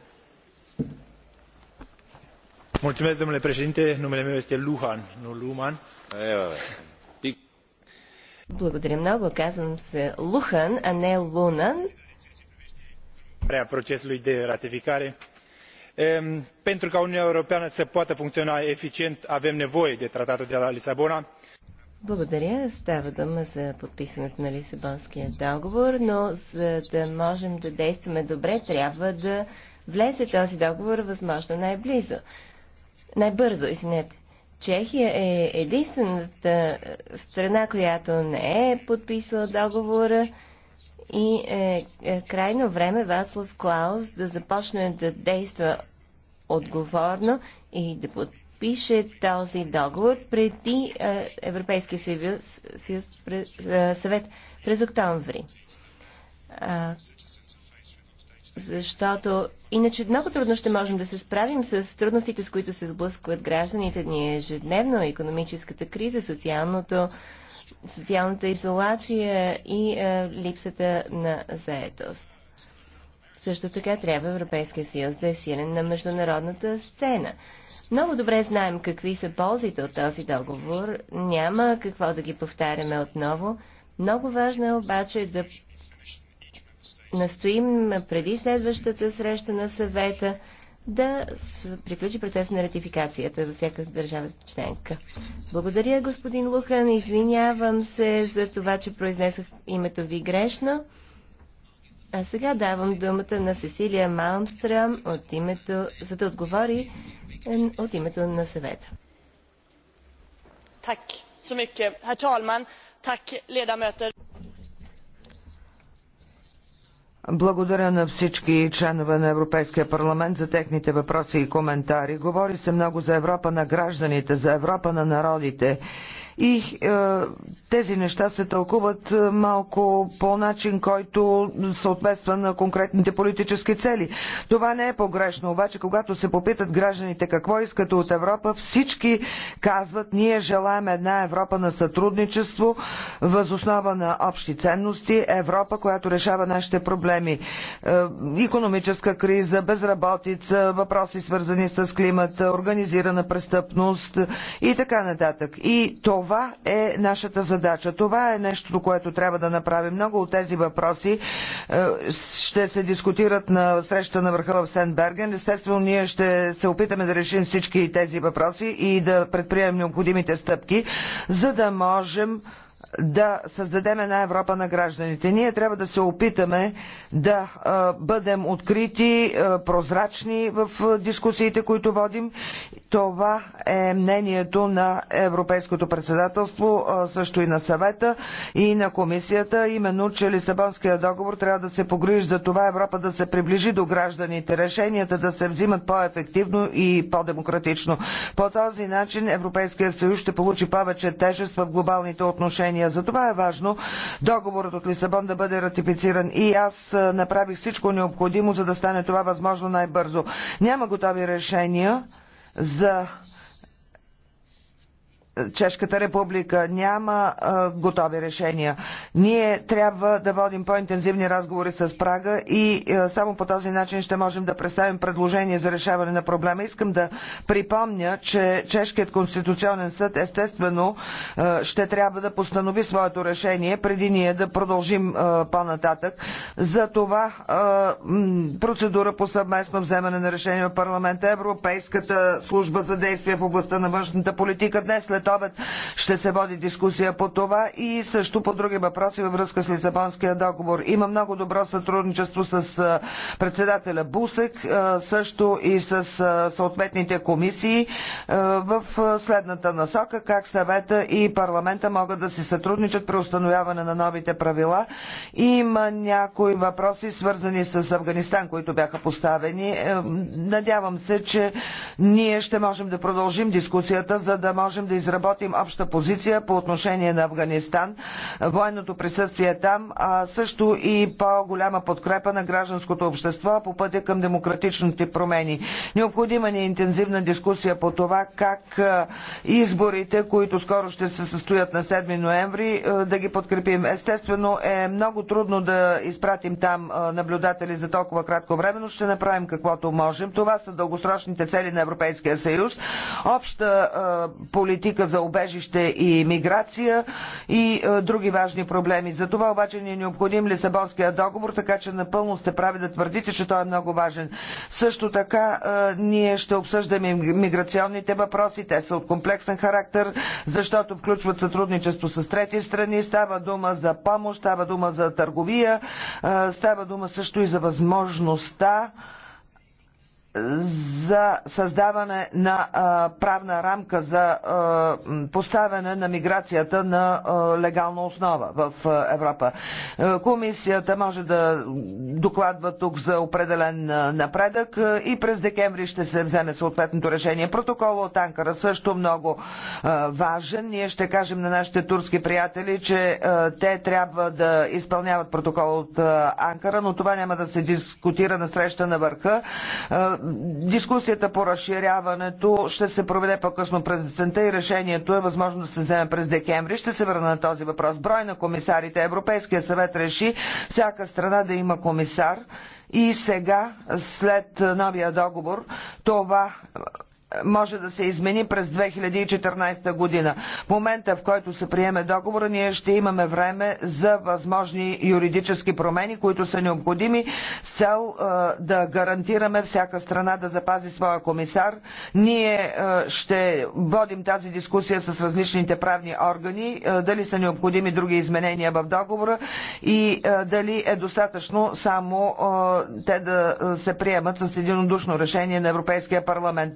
Mulțumesc, domnule președinte. Numele meu este Luhan, nu Luman. Благодаря много. Казвам се Лухан, а не Лунан. Процесului de ratificare. Pentru ca Uniunea Europeană să poată funcționa eficient, avem nevoie de tratatul de la Lisabona благодаря. Става дума за подписването на Лисабонския договор, но за да можем да действаме добре, трябва да влезе този договор възможно най-близо. Най-бързо, извинете. Чехия е единствената е, страна, която не е подписала договора и е, е крайно време Васлов Клаус да започне да действа отговорно и да подпише подпише този договор преди е, Европейския съюз, съюз през, е, съвет през октомври. А, защото иначе много трудно ще можем да се справим с трудностите, с които се сблъскват гражданите ни ежедневно, економическата криза, социалното, социалната изолация и а, е, липсата на заетост. Също така трябва Европейския съюз да е силен на международната сцена. Много добре знаем какви са ползите от този договор. Няма какво да ги повтаряме отново. Много важно е обаче да настоим преди следващата среща на съвета да приключи процес на ратификацията във всяка държава членка. Благодаря, господин Лухан. Извинявам се за това, че произнесох името ви грешно. А сега давам думата на Сесилия Малмстрам от името, за да отговори от името на съвета. Так, så herr talman. Благодаря на всички членове на Европейския парламент за техните въпроси и коментари. Говори се много за Европа на гражданите, за Европа на народите. И е, тези неща се тълкуват е, малко по начин, който съответства на конкретните политически цели. Това не е погрешно, обаче когато се попитат гражданите какво искат от Европа, всички казват, ние желаем една Европа на сътрудничество, възоснова на общи ценности, Европа, която решава нашите проблеми. Економическа криза, безработица, въпроси свързани с климата, организирана престъпност и така нататък. И това е нашата задача задача. Това е нещо, което трябва да направим. Много от тези въпроси е, ще се дискутират на среща на върха в Сенберген. Естествено, ние ще се опитаме да решим всички тези въпроси и да предприемем необходимите стъпки, за да можем да създадем една Европа на гражданите. Ние трябва да се опитаме да е, бъдем открити, е, прозрачни в дискусиите, които водим това е мнението на Европейското председателство, също и на съвета и на комисията, именно, че Лисабонския договор трябва да се погрижи за това Европа да се приближи до гражданите, решенията да се взимат по-ефективно и по-демократично. По този начин Европейския съюз ще получи повече тежест в глобалните отношения. За това е важно договорът от Лисабон да бъде ратифициран и аз направих всичко необходимо, за да стане това възможно най-бързо. Няма готови решения за Чешката република няма а, готови решения. Ние трябва да водим по-интензивни разговори с Прага и а, само по този начин ще можем да представим предложение за решаване на проблема. Искам да припомня, че Чешкият конституционен съд естествено а, ще трябва да постанови своето решение преди ние да продължим по-нататък. За това процедура по съвместно вземане на решение в парламента Европейската служба за действие в областта на външната политика днес след след обед ще се води дискусия по това и също по други въпроси във връзка с Лисабонския договор. Има много добро сътрудничество с председателя Бусек, също и с съответните комисии в следната насока, как съвета и парламента могат да си сътрудничат при установяване на новите правила. Има някои въпроси, свързани с Афганистан, които бяха поставени. Е, надявам се, че ние ще можем да продължим дискусията, за да можем да изработим разработим обща позиция по отношение на Афганистан, военното присъствие е там, а също и по-голяма подкрепа на гражданското общество по пътя към демократичните промени. Необходима ни е интензивна дискусия по това как изборите, които скоро ще се състоят на 7 ноември, да ги подкрепим. Естествено е много трудно да изпратим там наблюдатели за толкова кратко време, но ще направим каквото можем. Това са дългосрочните цели на Европейския съюз. Обща политика за обежище и миграция и е, други важни проблеми. За това обаче ни е необходим Лисабонския договор, така че напълно сте прави да твърдите, че той е много важен. Също така е, ние ще обсъждаме миграционните въпроси. Те са от комплексен характер, защото включват сътрудничество с трети страни. Става дума за помощ, става дума за търговия, е, става дума също и за възможността за създаване на а, правна рамка за а, поставяне на миграцията на а, легална основа в а, Европа. А, комисията може да докладва тук за определен а, напредък а, и през декември ще се вземе съответното решение. Протокола от Анкара също много а, важен. Ние ще кажем на нашите турски приятели, че а, те трябва да изпълняват протокола от а, Анкара, но това няма да се дискутира на среща на върха. А, Дискусията по разширяването ще се проведе по-късно през десента и решението е възможно да се вземе през декември. Ще се върна на този въпрос. Брой на комисарите. Европейския съвет реши всяка страна да има комисар и сега, след новия договор, това може да се измени през 2014 година. В момента, в който се приеме договора, ние ще имаме време за възможни юридически промени, които са необходими с цел да гарантираме всяка страна да запази своя комисар. Ние ще водим тази дискусия с различните правни органи, дали са необходими други изменения в договора и дали е достатъчно само те да се приемат с единодушно решение на Европейския парламент.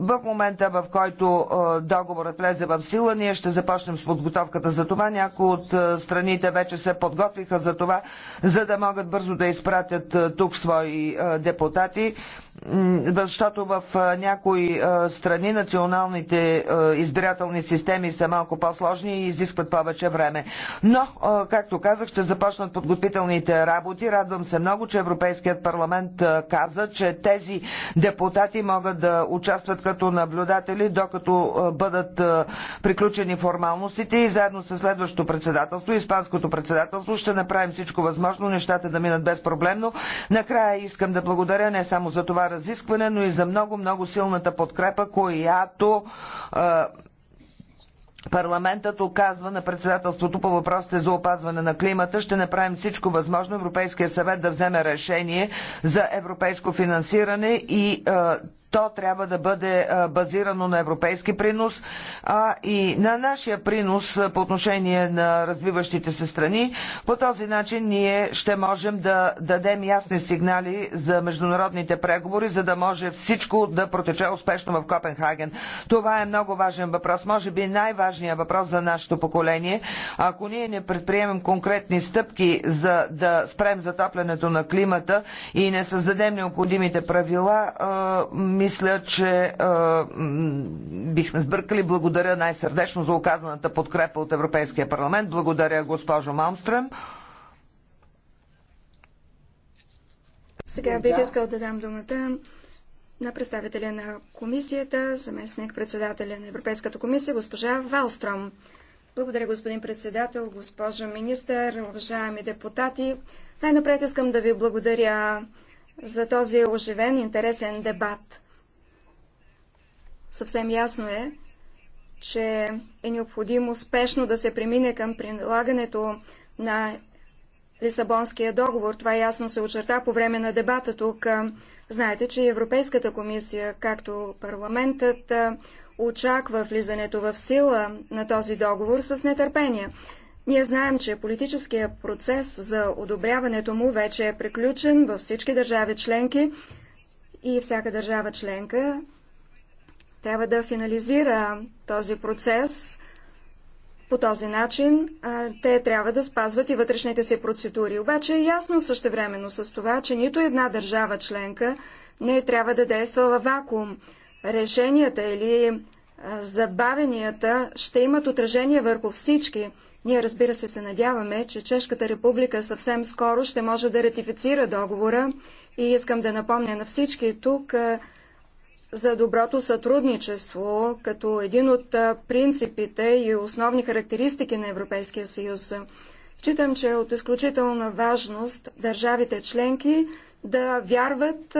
В момента, в който договорът влезе в сила, ние ще започнем с подготовката за това. Някои от страните вече се подготвиха за това, за да могат бързо да изпратят тук свои депутати защото в някои страни националните избирателни системи са малко по-сложни и изискват повече време. Но, както казах, ще започнат подготвителните работи. Радвам се много, че Европейският парламент каза, че тези депутати могат да участват като наблюдатели, докато бъдат приключени формалностите и заедно с следващото председателство, Испанското председателство, ще направим всичко възможно нещата да минат безпроблемно. Накрая искам да благодаря не само за това, разискване, но и за много-много силната подкрепа, която Парламентът оказва на председателството по въпросите за опазване на климата. Ще направим всичко възможно Европейския съвет да вземе решение за европейско финансиране и е, то трябва да бъде базирано на европейски принос а и на нашия принос по отношение на развиващите се страни. По този начин ние ще можем да дадем ясни сигнали за международните преговори, за да може всичко да протече успешно в Копенхаген. Това е много важен въпрос, може би най-важният въпрос за нашето поколение. Ако ние не предприемем конкретни стъпки за да спрем затоплянето на климата и не създадем необходимите правила, мисля, че а, бихме сбъркали. Благодаря най-сърдечно за оказаната подкрепа от Европейския парламент. Благодаря, госпожо Малмстрем. Сега бих искал да дам думата на представителя на комисията, заместник председателя на Европейската комисия, госпожа Валстром. Благодаря, господин председател, госпожа министър, уважаеми депутати. Най-напред искам да ви благодаря за този оживен, интересен дебат. Съвсем ясно е, че е необходимо спешно да се премине към прилагането на Лисабонския договор. Това ясно се очерта по време на дебата тук. Знаете, че Европейската комисия, както парламентът, очаква влизането в сила на този договор с нетърпение. Ние знаем, че политическия процес за одобряването му вече е приключен във всички държави членки и всяка държава членка трябва да финализира този процес. По този начин а, те трябва да спазват и вътрешните си процедури. Обаче е ясно същевременно с това, че нито една държава членка не трябва да действа във вакуум. Решенията или а, забавенията ще имат отражение върху всички. Ние разбира се се надяваме, че Чешката република съвсем скоро ще може да ратифицира договора и искам да напомня на всички тук, а, за доброто сътрудничество като един от принципите и основни характеристики на Европейския съюз. Считам, че е от изключителна важност държавите членки да вярват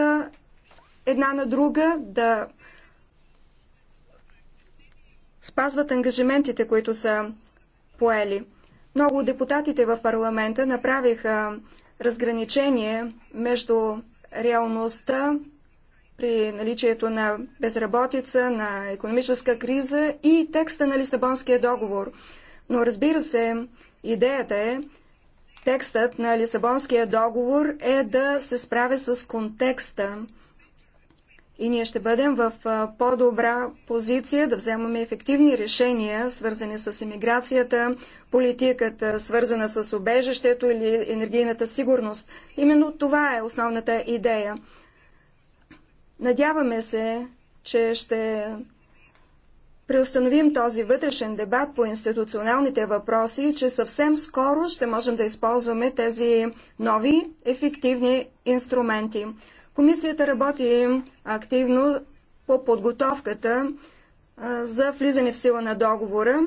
една на друга, да спазват ангажиментите, които са поели. Много депутатите в парламента направиха разграничение между реалността при наличието на безработица, на економическа криза и текста на Лисабонския договор. Но разбира се, идеята е, текстът на Лисабонския договор е да се справя с контекста и ние ще бъдем в по-добра позиция да вземаме ефективни решения, свързани с иммиграцията, политиката, свързана с обежището или енергийната сигурност. Именно това е основната идея. Надяваме се, че ще преустановим този вътрешен дебат по институционалните въпроси и че съвсем скоро ще можем да използваме тези нови ефективни инструменти. Комисията работи активно по подготовката за влизане в сила на договора.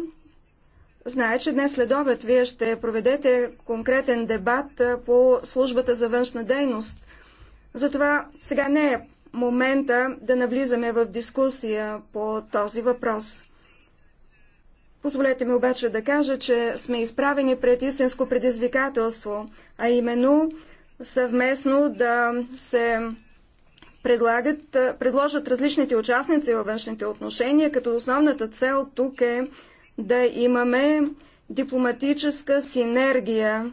Знае, че днес след обед вие ще проведете конкретен дебат по службата за външна дейност. Затова сега не е момента да навлизаме в дискусия по този въпрос. Позволете ми обаче да кажа, че сме изправени пред истинско предизвикателство, а именно съвместно да се предлагат, предложат различните участници във външните отношения, като основната цел тук е да имаме дипломатическа синергия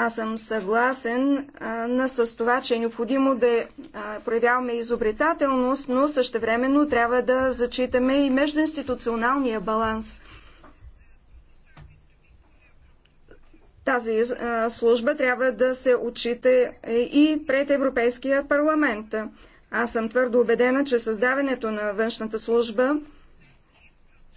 аз съм съгласен а, с това, че е необходимо да а, проявяваме изобретателност, но същевременно трябва да зачитаме и междуинституционалния баланс. Тази а, служба трябва да се отчита е, и пред Европейския парламент. Аз съм твърдо убедена, че създаването на външната служба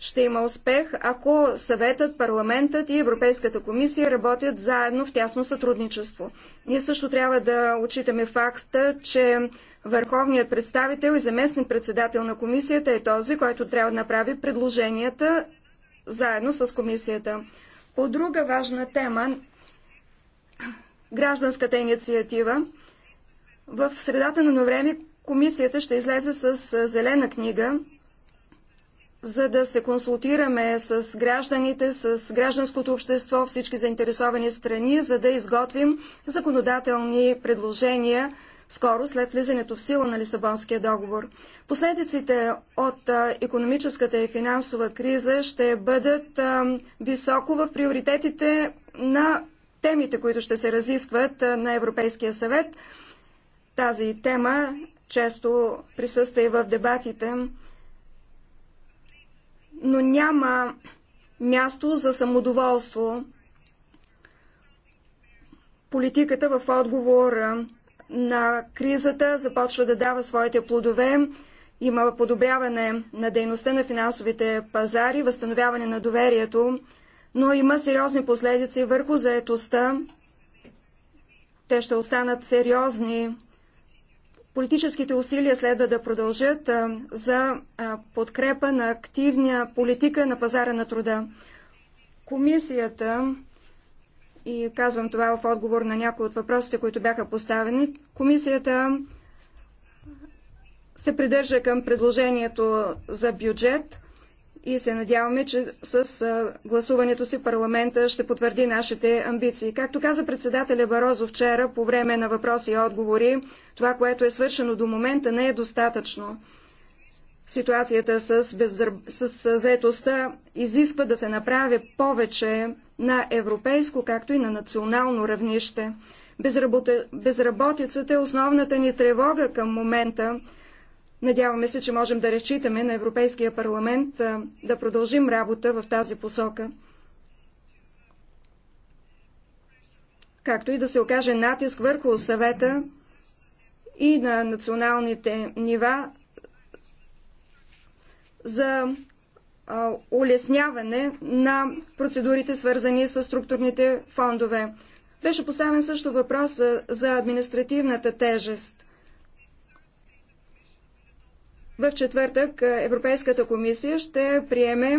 ще има успех, ако съветът, парламентът и Европейската комисия работят заедно в тясно сътрудничество. Ние също трябва да отчитаме факта, че върховният представител и заместник председател на комисията е този, който трябва да направи предложенията заедно с комисията. По друга важна тема, гражданската инициатива, в средата на време комисията ще излезе с зелена книга за да се консултираме с гражданите, с гражданското общество, всички заинтересовани страни, за да изготвим законодателни предложения скоро след влизането в сила на Лисабонския договор. Последиците от економическата и финансова криза ще бъдат високо в приоритетите на темите, които ще се разискват на Европейския съвет. Тази тема често присъства и в дебатите но няма място за самодоволство. Политиката в отговор на кризата започва да дава своите плодове. Има подобряване на дейността на финансовите пазари, възстановяване на доверието, но има сериозни последици върху заетостта. Те ще останат сериозни Политическите усилия следва да продължат за подкрепа на активния политика на пазара на труда. Комисията, и казвам това в отговор на някои от въпросите, които бяха поставени, комисията се придържа към предложението за бюджет, и се надяваме, че с гласуването си парламента ще потвърди нашите амбиции. Както каза председателя Барозо вчера по време на въпроси и отговори, това, което е свършено до момента, не е достатъчно. Ситуацията с, беззър... с заетостта изисква да се направи повече на европейско, както и на национално равнище. Безработ... Безработицата е основната ни тревога към момента Надяваме се, че можем да разчитаме на Европейския парламент да продължим работа в тази посока. както и да се окаже натиск върху съвета и на националните нива за улесняване на процедурите, свързани с структурните фондове. Беше поставен също въпрос за административната тежест – в четвъртък е, Европейската комисия ще приеме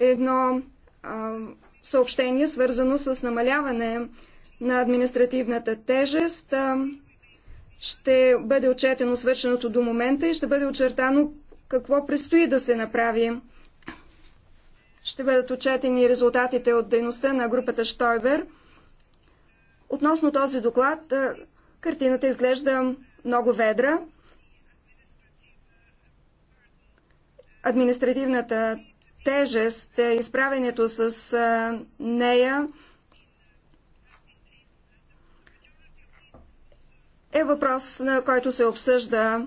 едно съобщение, свързано с намаляване на административната тежест. ще бъде отчетено свършеното до момента и ще бъде очертано какво предстои да се направи. Ще бъдат отчетени резултатите от дейността на групата Штойбер. Относно този доклад, картината изглежда много ведра. административната тежест, е, изправенето с нея е въпрос, на който се обсъжда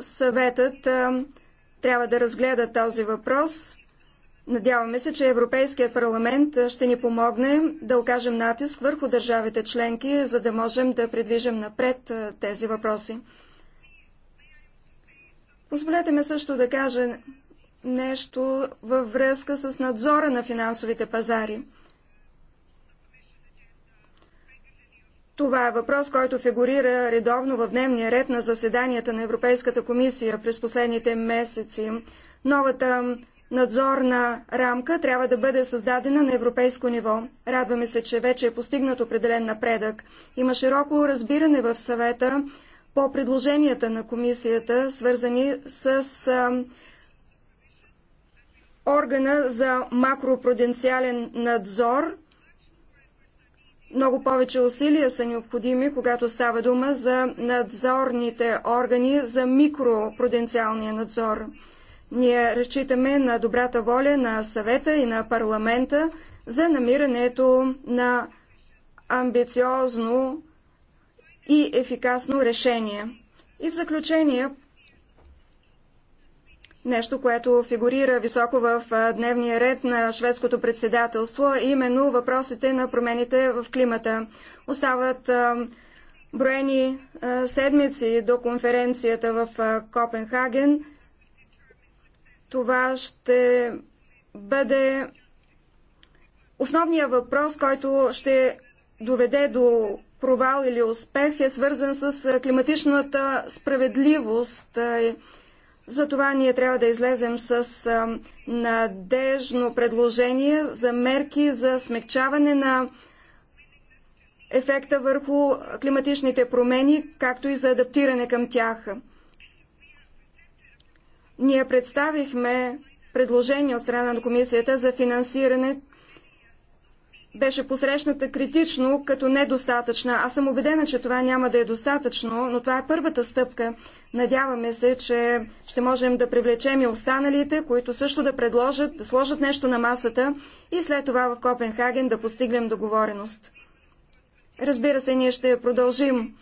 съветът трябва да разгледа този въпрос. Надяваме се, че Европейският парламент ще ни помогне да окажем натиск върху държавите членки, за да можем да предвижим напред тези въпроси. Позволете ме също да кажа нещо във връзка с надзора на финансовите пазари. Това е въпрос, който фигурира редовно в дневния ред на заседанията на Европейската комисия през последните месеци. Новата надзорна рамка трябва да бъде създадена на европейско ниво. Радваме се, че вече е постигнат определен напредък. Има широко разбиране в съвета по предложенията на комисията, свързани с органа за макропруденциален надзор. Много повече усилия са необходими, когато става дума за надзорните органи за микропруденциалния надзор. Ние разчитаме на добрата воля на съвета и на парламента за намирането на амбициозно и ефикасно решение. И в заключение, нещо, което фигурира високо в дневния ред на шведското председателство, е именно въпросите на промените в климата. Остават броени седмици до конференцията в Копенхаген. Това ще бъде основният въпрос, който ще доведе до провал или успех е свързан с климатичната справедливост. Затова ние трябва да излезем с надежно предложение за мерки за смягчаване на ефекта върху климатичните промени, както и за адаптиране към тях. Ние представихме предложение от страна на комисията за финансиране беше посрещната критично като недостатъчна. Аз съм убедена, че това няма да е достатъчно, но това е първата стъпка. Надяваме се, че ще можем да привлечем и останалите, които също да предложат, да сложат нещо на масата и след това в Копенхаген да постигнем договореност. Разбира се, ние ще продължим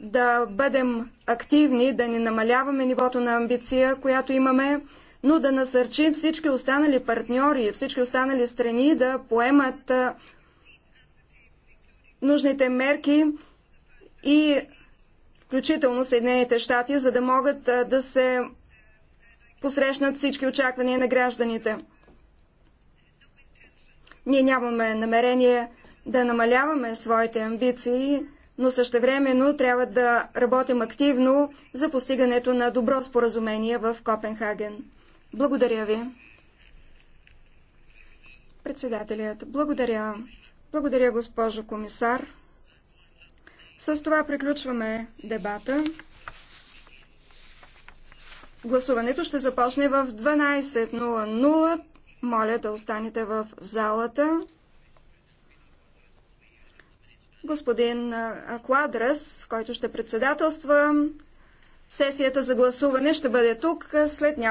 да бъдем активни, да не намаляваме нивото на амбиция, която имаме, но да насърчим всички останали партньори, всички останали страни да поемат нужните мерки и включително Съединените щати, за да могат да се посрещнат всички очаквания на гражданите. Ние нямаме намерение да намаляваме своите амбиции, но същевременно трябва да работим активно за постигането на добро споразумение в Копенхаген. Благодаря ви. Председателят, благодаря. Благодаря, госпожо комисар. С това приключваме дебата. Гласуването ще започне в 12.00. Моля да останете в залата. Господин Квадрас, който ще председателства, сесията за гласуване ще бъде тук след няколко.